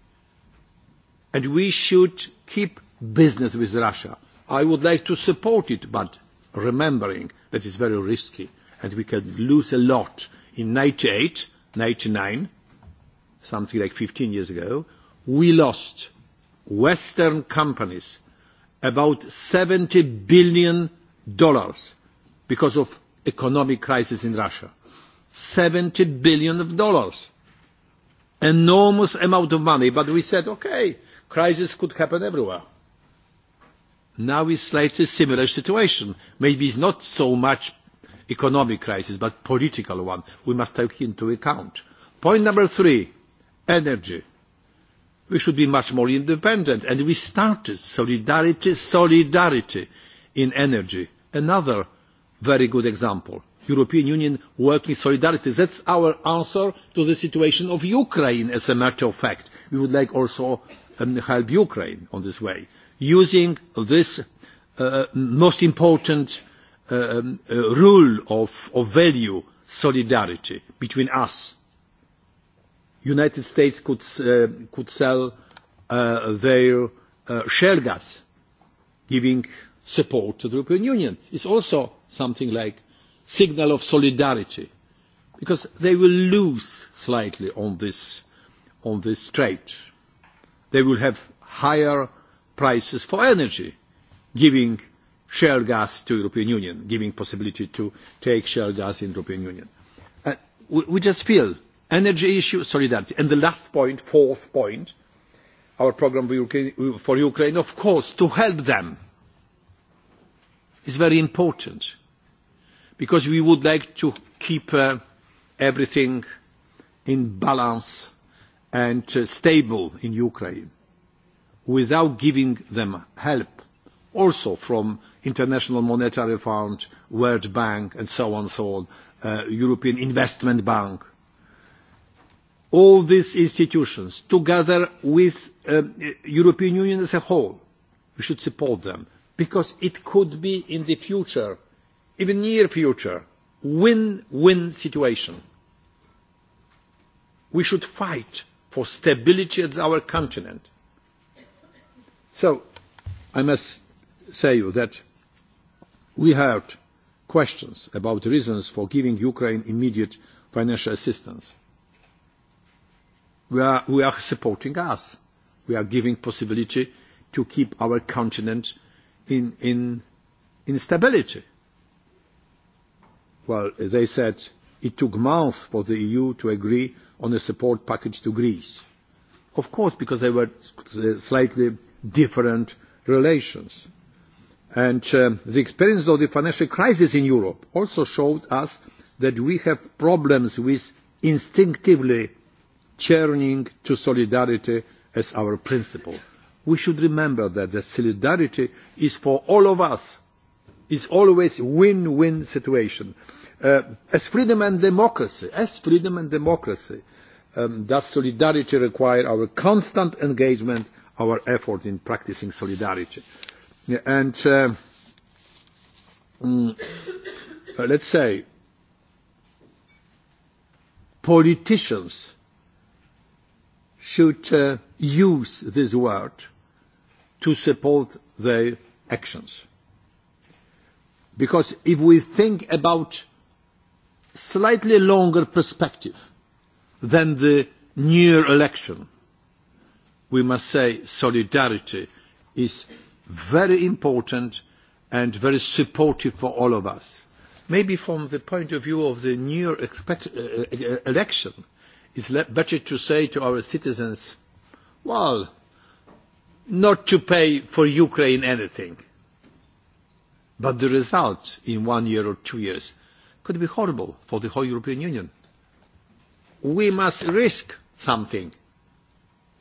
And we should keep business with Russia. I would like to support it, but remembering that it's very risky and we can lose a lot in 98, 99, something like 15 years ago, we lost Western companies about 70 billion dollars because of economic crisis in Russia. 70 billion of dollars. Enormous amount of money. But we said, okay, crisis could happen everywhere. Now is slightly similar situation. Maybe it's not so much economic crisis, but political one. We must take into account. Point number three energy. We should be much more independent and we started solidarity, solidarity in energy. Another very good example. European Union working solidarity. That's our answer to the situation of Ukraine as a matter of fact. We would like also help Ukraine on this way. Using this most important rule of value, solidarity between us United States could could sell their shale gas, giving support to the European Union. is also something like a signal of solidarity, because they will lose slightly on this on this trade. They will have higher prices for energy, giving shale gas to the European Union, giving possibility to take shale gas in European Union. We just feel energy issue solidarity. and the last point fourth point our programme for ukraine of course to help them is very important because we would like to keep everything in balance and stable in ukraine without giving them help also from international monetary fund world bank and so on so on european investment bank all these institutions together with the European Union as a whole. We should support them because it could be in the future, even near future, win-win situation. We should fight for stability at our continent. So I must say you that we heard questions about reasons for giving Ukraine immediate financial assistance. We are supporting us. We are giving possibility to keep our continent in stability. Well, they said it took months for the EU to agree on a support package to Greece. Of course, because they were slightly different relations. And the experience of the financial crisis in Europe also showed us that we have problems with instinctively turning to solidarity as our principle. We should remember that the solidarity is for all of us. It's always a win-win situation. As freedom and democracy, as freedom and democracy, does solidarity require our constant engagement, our effort in practicing solidarity. And let's say, politicians should use this word to support their actions. Because if we think about slightly longer perspective than the near election, we must say solidarity is very important and very supportive for all of us. Maybe from the point of view of the near election, It's better to say to our citizens, well, not to pay for Ukraine anything. But the result in one year or two years could be horrible for the whole European Union. We must risk something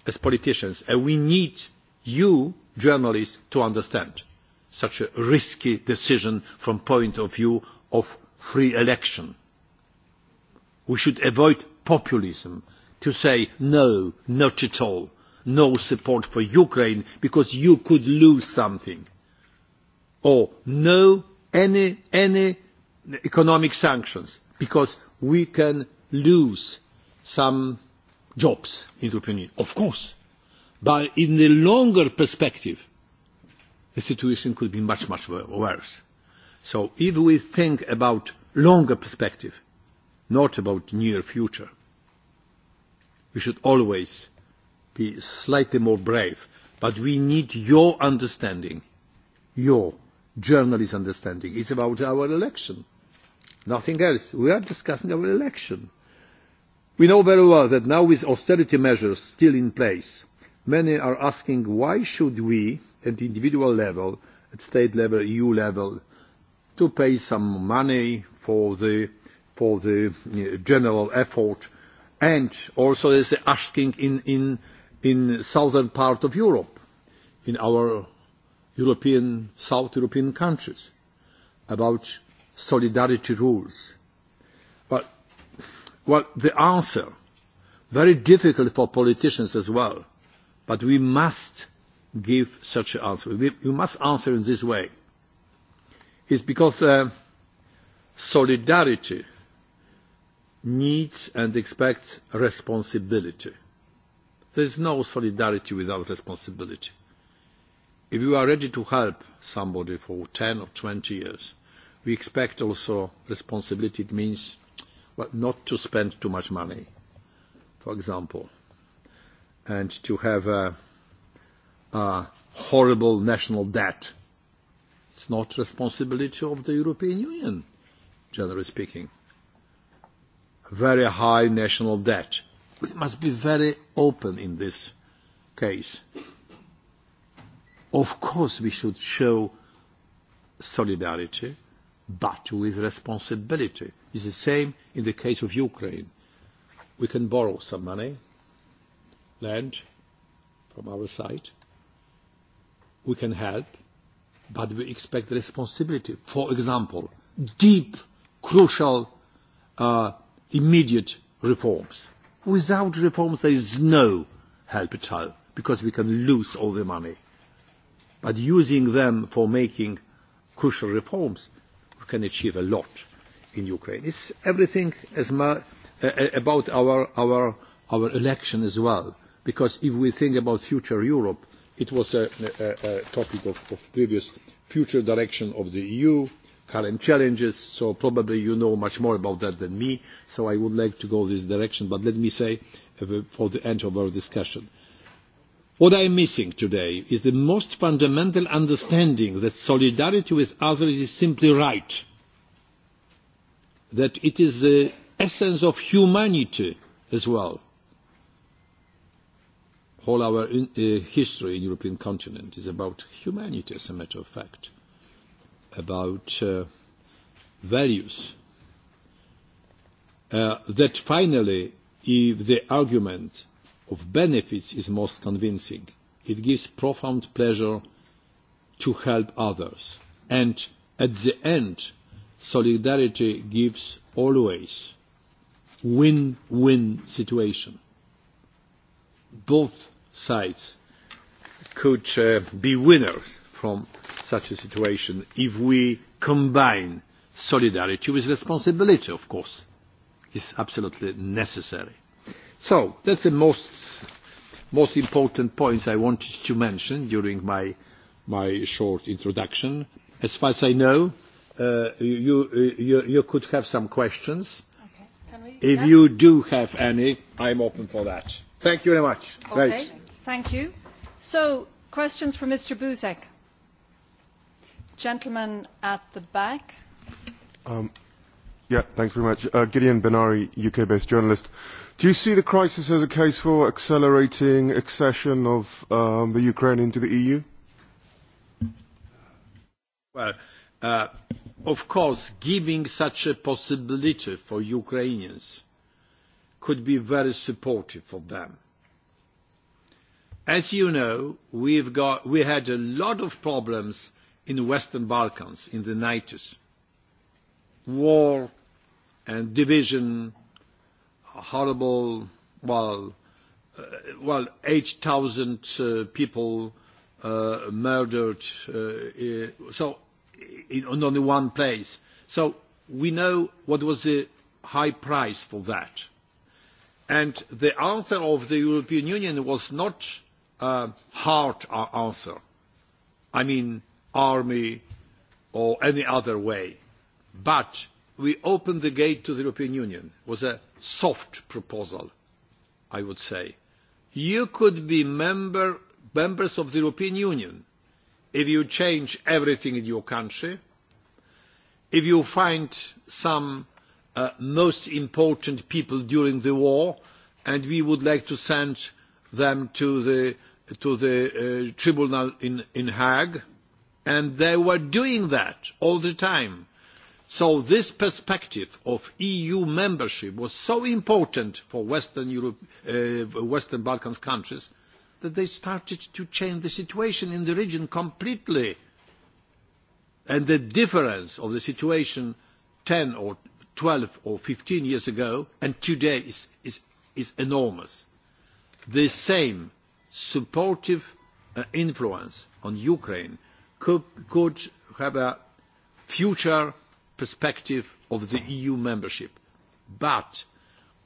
as politicians, and we need you, journalists, to understand such a risky decision from point of view of free election. We should avoid populism to say no, not at all, no support for Ukraine because you could lose something, or no any any economic sanctions because we can lose some jobs in the European Union. Of course, but in the longer perspective, the situation could be much much worse. So if we think about longer perspective, not about near future, we should always be slightly more brave. But we need your understanding, your journalist understanding. It's about our election, nothing else. We are discussing our election. We know very well that now with austerity measures still in place, many are asking why should we, at individual level, at state level, EU level, to pay some money for the general effort and also there is asking in in in southern part of Europe, in our European South European countries, about solidarity rules. But well the answer very difficult for politicians as well, but we must give such an answer. We we must answer in this way. It's because solidarity needs and expects responsibility. There is no solidarity without responsibility. If you are ready to help somebody for 10 or 20 years, we expect also responsibility. It means not to spend too much money, for example, and to have a, a horrible national debt. It's not responsibility of the European Union, generally speaking very high national debt. We must be very open in this case. Of course we should show solidarity, but with responsibility. It's the same in the case of Ukraine. We can borrow some money, land, from our side. We can help, but we expect responsibility. For example, deep, crucial immediate reforms. Without reforms there is no help at all because we can lose all the money. But using them for making crucial reforms, we can achieve a lot in Ukraine. It's everything as about our, our, our election as well, because if we think about future Europe, it was a, topic of previous future direction of the EU, current challenges, so probably you know much more about that than me, so I would like to go this direction, but let me say for the end of our discussion. What I am missing today is the most fundamental understanding that solidarity with others is simply right, that it is the essence of humanity as well. All our history in the European continent is about humanity, as a matter of fact about values, that finally, if the argument of benefits is most convincing, it gives profound pleasure to help others. And at the end, solidarity gives always win-win situation. Both sides could be winners from such a situation if we combine solidarity with responsibility, of course. It's absolutely necessary. So, that's the most most important points I wanted to mention during my my short introduction. As far as I know, you you could have some questions. If you do have any, I'm open for that. Thank you very much. Great.
Thank you. So, questions for Mr. Buzek. Gentleman at the back.
Yeah, thanks very much. Gideon Benari, UK-based journalist. Do you see the crisis as a case for accelerating accession of the Ukraine into the EU?
Well, of course, giving such a possibility for Ukrainians could be very supportive for them. As you know, we had a lot of problems in the Western Balkans in the 90 War and division, horrible, well, well, 8,000 people murdered, so in only one place. So we know what was the high price for that. And the answer of the European Union was not a hard answer. I mean, army or any other way. But we opened the gate to the European Union. It was a soft proposal, I would say. You could be members of the European Union if you change everything in your country, if you find some most important people during the war, and we would like to send them to the tribunal in Hague and they were doing that all the time. So this perspective of EU membership was so important for Western Balkans countries that they started to change the situation in the region completely. And the difference of the situation 10 or 12 or 15 years ago and today is enormous. The same supportive influence on Ukraine could have a future perspective of the EU membership. But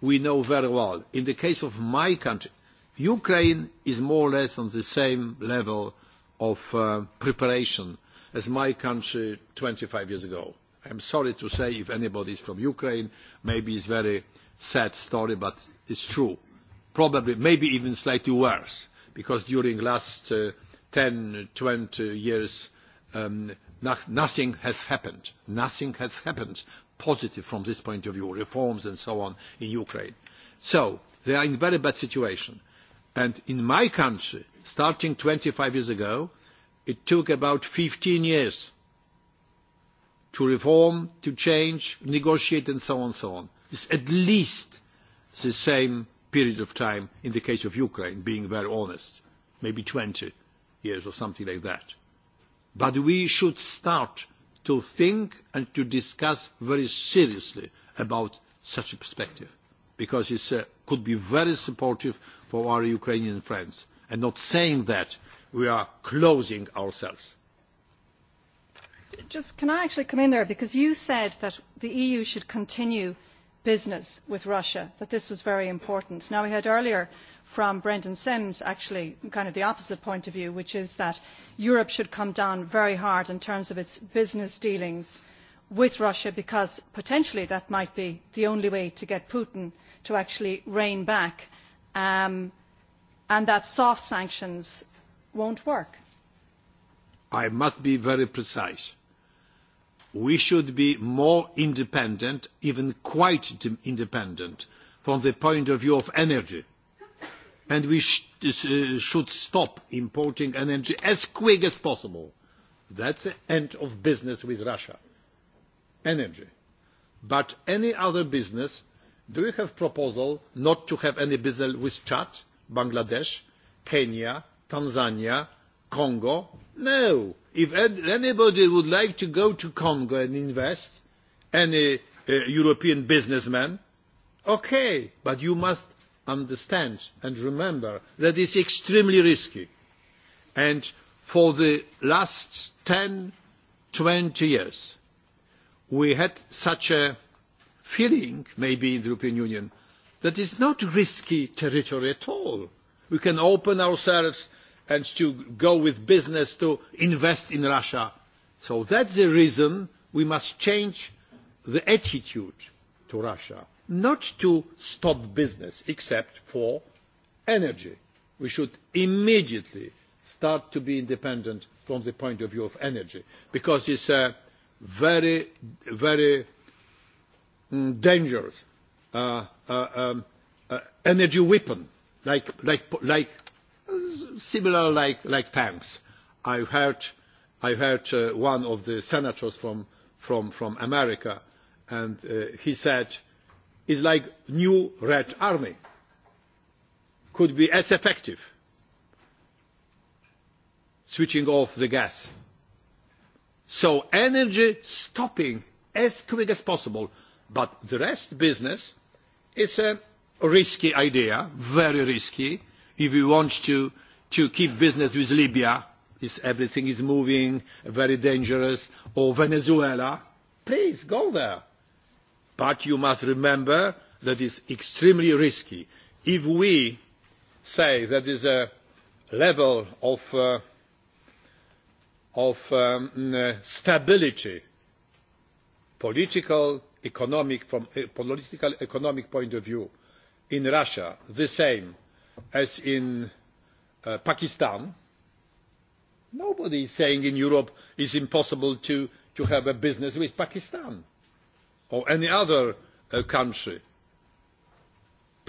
we know very well, in the case of my country, Ukraine is more or less on the same level of preparation as my country 25 years ago. I am sorry to say if anybody is from Ukraine, maybe it's a very sad story, but it's true. Probably, maybe even slightly worse, because during last ten twenty years, nothing has happened. Nothing has happened positive from this point of view, reforms and so on in Ukraine. So they are in a very bad situation. And in my country, starting 25 years ago, it took about 15 years to reform, to change, negotiate and so on and so on. It's at least the same period of time in the case of Ukraine, being very honest, maybe 20 years or something like that. But we should start to think and to discuss very seriously about such a perspective, because it could be very supportive for our Ukrainian friends. And not saying that, we are closing ourselves.
Just can I actually come in there, because you said that the EU should continue business with Russia, that this was very important. Now we had earlier from Brendan Sims, actually, kind of the opposite point of view, which is that Europe should come down very hard in terms of its business dealings with Russia, because potentially that might be the only way to get Putin to actually rein back, and that soft sanctions won't work.
I must be very precise. We should be more independent, even quite independent, from the point of view of energy and we should stop importing energy as quick as possible. That's the end of business with Russia. Energy. But any other business, do you have proposal not to have any business with Chad, Bangladesh, Kenya, Tanzania, Congo? No. If anybody would like to go to Congo and invest, any European businessman, okay, but you must understand and remember that is extremely risky. And for the last 10, 20 years, we had such a feeling, maybe in the European Union, that is not risky territory at all. We can open ourselves and to go with business to invest in Russia. So that's the reason we must change the attitude to Russia not to stop business except for energy. We should immediately start to be independent from the point of view of energy because it's a very, very dangerous energy weapon like like similar like tanks. I heard one of the senators from from from America and he said is like new Red Army, could be as effective switching off the gas. So energy stopping as quick as possible, but the rest business is a risky idea, very risky. If we want to to keep business with Libya, is everything is moving, very dangerous, or Venezuela, please go there But you must remember that it is extremely risky. If we say that there is a level of stability, political, economic, from a political economic point of view, in Russia the same as in Pakistan, nobody is saying in Europe it is impossible to have a business with Pakistan or any other country.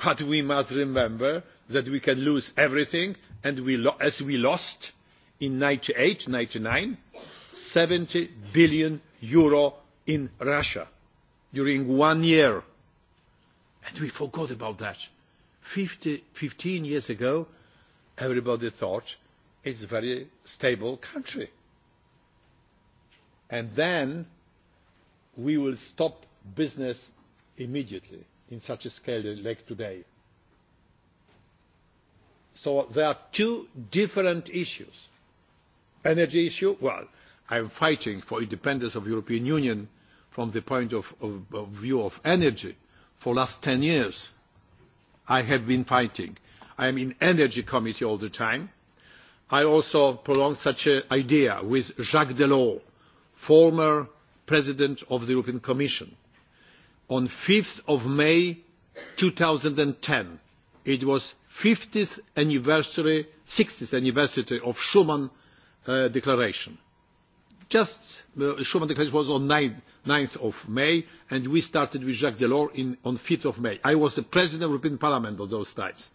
But we must remember that we can lose everything, and as we lost in ninety nine, 70 billion euro in Russia during one year. And we forgot about that. 15 years ago, everybody thought it's a very stable country. And then we will stop business immediately in such a scale like today. So there are two different issues. Energy issue, well, I am fighting for independence of the European Union from the point of view of energy for the last 10 years. I have been fighting. I am in energy committee all the time. I also prolonged such an idea with Jacques Delors, former president of the European Commission on 5th of May 2010. It was 50th anniversary, 60th anniversary of Schuman Declaration. Just Schuman Declaration was on 9th of May, and we started with Jacques Delors on 5th of May. I was the President of the European Parliament at those times,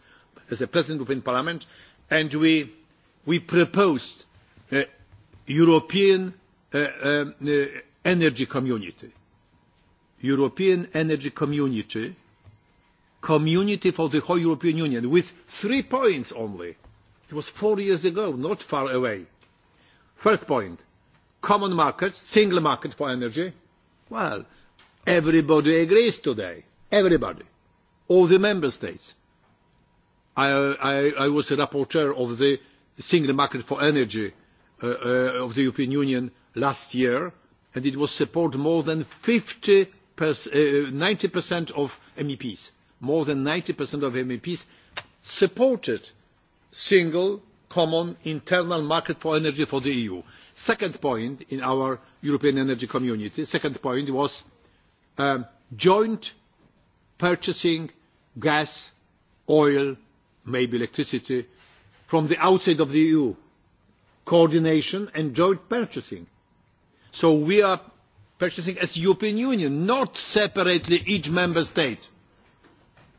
as the President of the European Parliament, and we we proposed European energy community European Energy Community, Community for the whole European Union, with three points only. It was four years ago, not far away. First point, common market, single market for energy. Well, everybody agrees today, everybody, all the member states. I was a rapporteur of the single market for energy of the European Union last year, and it was supported more than 50 90% of MEPs, more than 90% of MEPs supported single common internal market for energy for the EU. Second point in our European energy community, second point was joint purchasing gas, oil, maybe electricity from the outside of the EU. Coordination and joint purchasing. So we are purchasing as European Union, not separately each member state.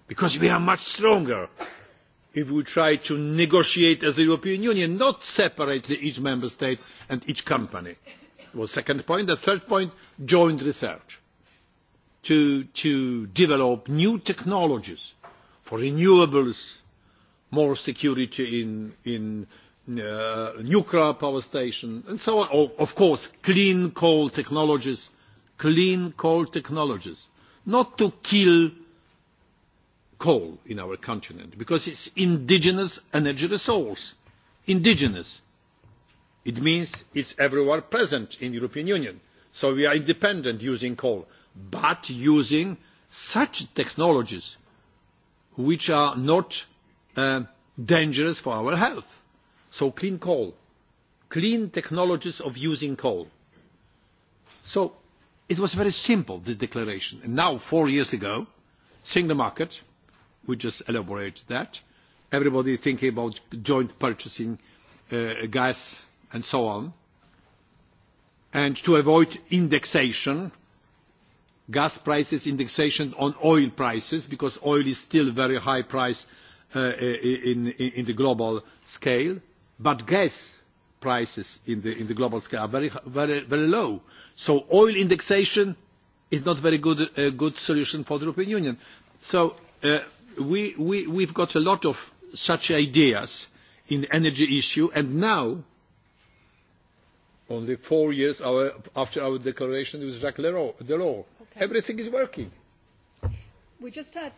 Because we are much stronger if we try to negotiate as the European Union, not separately each member state and each company. That the second point. The third point, joint research. To develop new technologies for renewables, more security in nuclear power station and so on. Of course, clean coal technologies, clean coal technologies, not to kill coal in our continent, because it's indigenous energy resource, indigenous. It means it's everywhere present in the European Union, so we are independent using coal, but using such technologies which are not dangerous for our health So clean coal, clean technologies of using coal. So it was very simple, this declaration. And now, four years ago, single market, we just elaborated that, everybody thinking about joint purchasing gas and so on, and to avoid indexation, gas prices indexation on oil prices, because oil is still very high price in the global scale but gas prices in the in the global scale are very very very low. So oil indexation is not a very good good solution for the European Union. So we we we've got a lot of such ideas in the energy issue and now only four years after our declaration with Jacques Delors everything is working.
We just had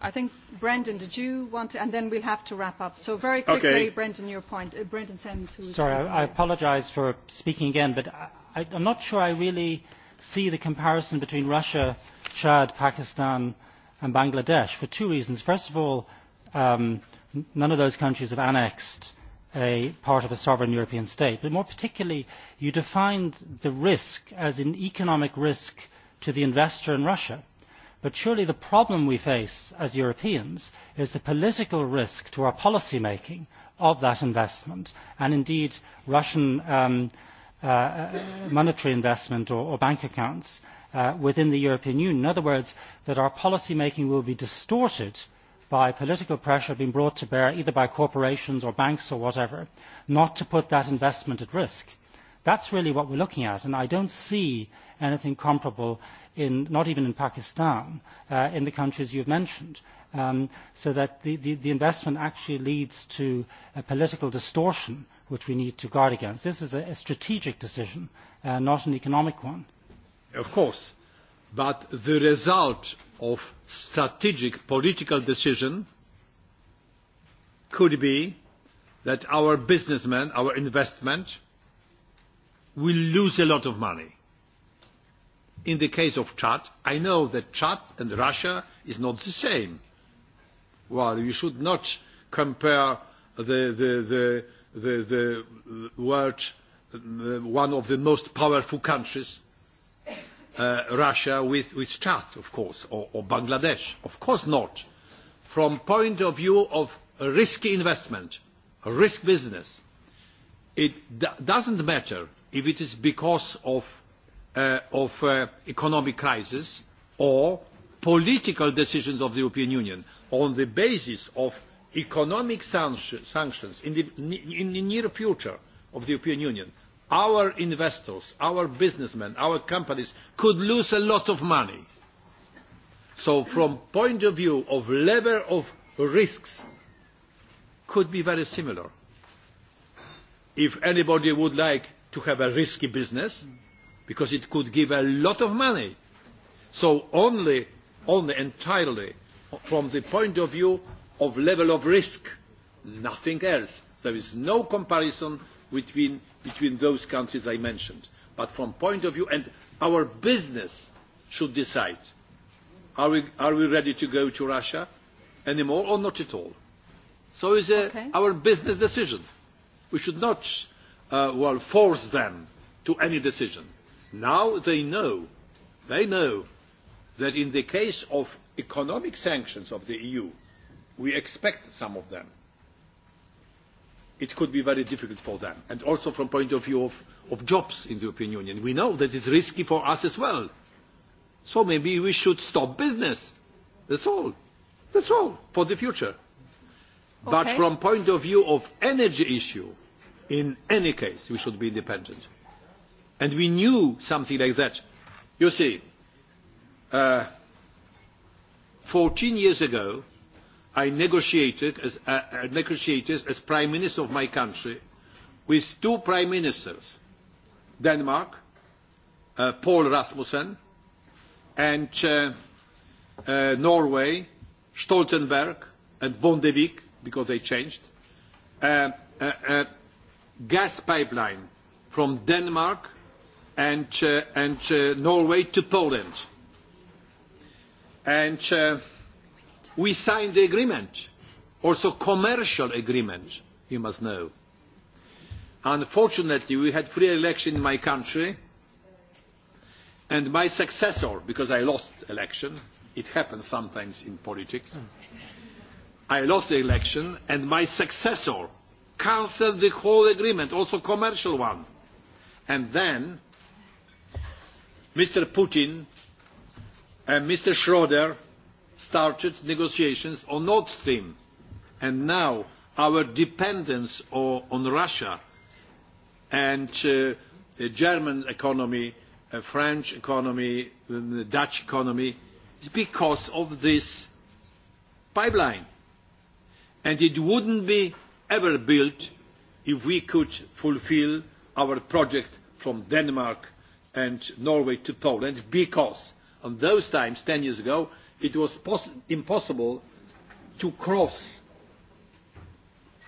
I think, Brendan, did you want to, and then we'll have to wrap up. So very quickly, Brendan, your point. Brendan Sims, who is... Sorry, I
apologize for speaking again, but I, I'm not sure I really see the comparison between Russia, Chad, Pakistan and Bangladesh for two reasons. First of all, um, none of those countries have annexed a part of a sovereign European state. But more particularly, you defined the risk as an economic risk to the investor in Russia But surely the problem we face as Europeans is the political risk to our policy making of that investment and indeed Russian monetary investment or bank accounts within the European Union. In other words, that our policy making will be distorted by political pressure being brought to bear either by corporations or banks or whatever, not to put that investment at risk That's really what we're looking at, and I don't see anything comparable, not even in Pakistan, in the countries you've mentioned. So that the investment actually leads to a political distortion, which we need to guard against. This is a strategic decision, not an economic one. Of course,
but the result of strategic political decision could be that our businessmen, our investment will lose a lot of money. In the case of Chad, I know that Chad and Russia is not the same. Well, you should not compare the the the the the world, one of the most powerful countries, Russia, with with Chad, of course, or Bangladesh. Of course not. From point of view of risky investment, risk business, it doesn't matter if it is because of economic crisis or political decisions of the European Union on the basis of economic sanctions in the near future of the European Union, our investors, our businessmen, our companies could lose a lot of money. So from point of view of level of risks could be very similar. If anybody would like to have a risky business because it could give a lot of money. So only only entirely from the point of view of level of risk, nothing else. There is no comparison between those countries I mentioned. But from point of view, and our business should decide, are we are we ready to go to Russia anymore or not at all? So it's our business decision. We should not will force them to any decision. Now they know, they know that in the case of economic sanctions of the EU, we expect some of them. It could be very difficult for them, and also from point of view of jobs in the European Union. We know that it's risky for us as well. So maybe we should stop business. That's all. That's all for the future. But from point of view of energy issue, in any case we should be independent. And we knew something like that. You see, 14 years ago, I negotiated as Prime Minister of my country with two Prime Ministers, Denmark, Paul Rasmussen, and Norway, Stoltenberg and Bondevik, because they changed, gas pipeline from Denmark and Norway to Poland. And we signed the agreement, also commercial agreement, you must know. Unfortunately, we had free election in my country, and my successor, because I lost election, it happens sometimes in politics, I lost the election, and my successor cancel the whole agreement, also commercial one. And then Mr. Putin and Mr. Schroeder started negotiations on Nord Stream. And now our dependence on Russia and the German economy, French economy, the Dutch economy is because of this pipeline. And it wouldn't be ever built if we could fulfil our project from Denmark and Norway to Poland, because on those times, 10 years ago, it was impossible to cross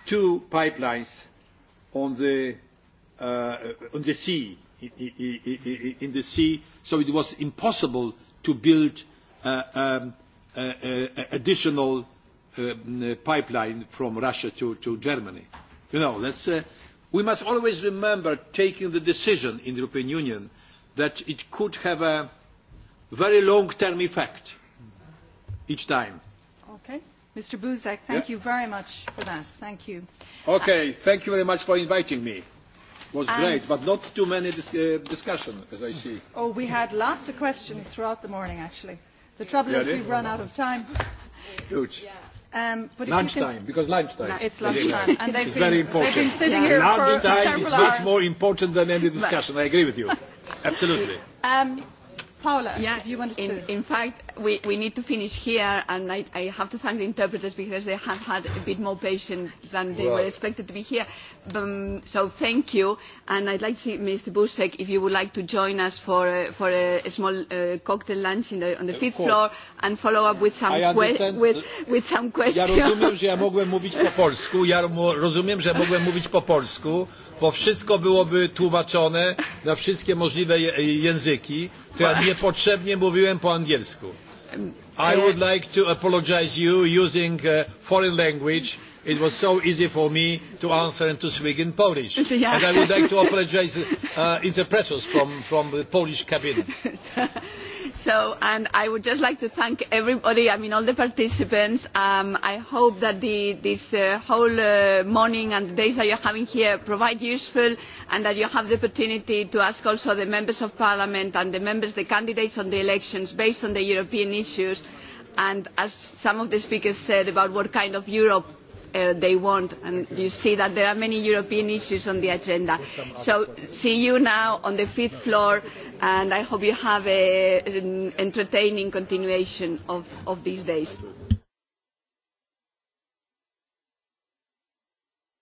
two pipelines on the on sea in the sea so it was impossible to build additional pipeline from Russia to Germany. You know, we must always remember taking the decision in the European Union that it could have a very long-term effect each time.
Okay. Mr. Buzek, thank you very much for that. Thank you.
Okay. Thank you very much for inviting me. It was great, but not too many discussion, as I see.
Oh, we had lots of questions throughout the morning, actually. The trouble is we've run out of time.
Lunchtime, because lunchtime. It's lunchtime. And it's very important. They've been sitting here lunchtime is much more important than any discussion. I agree with you. Absolutely.
Um, Paula,
yeah, you wanted to. In fact, we we need to finish here and i i have to thank the interpreters because they have had a bit more patience than they were expected to be here so thank you and i'd like to see mr busek if you would like to join us for for a small cocktail lunch on the fifth floor and follow up with some with some questions ja rozumiem że ja mogłem
mówić po polsku ja rozumiem że mogłem mówić po polsku bo wszystko byłoby tłumaczone na wszystkie możliwe języki to ja niepotrzebnie mówiłem po angielsku I would like to apologize you using foreign language. It was so easy for me to answer and to speak in Polish. And I would like to apologize interpreters from from the Polish cabinet.
So, and I would just like to thank everybody, I mean all the participants. I hope that this whole morning and the days that you are having here provide useful and that you have the opportunity to ask also the members of parliament and the members, the candidates on the elections based on the European issues and as some of the speakers said about what kind of Europe they want and you see that there are many European issues on the agenda. So see you now on the fifth floor and I hope you have an entertaining continuation of these days.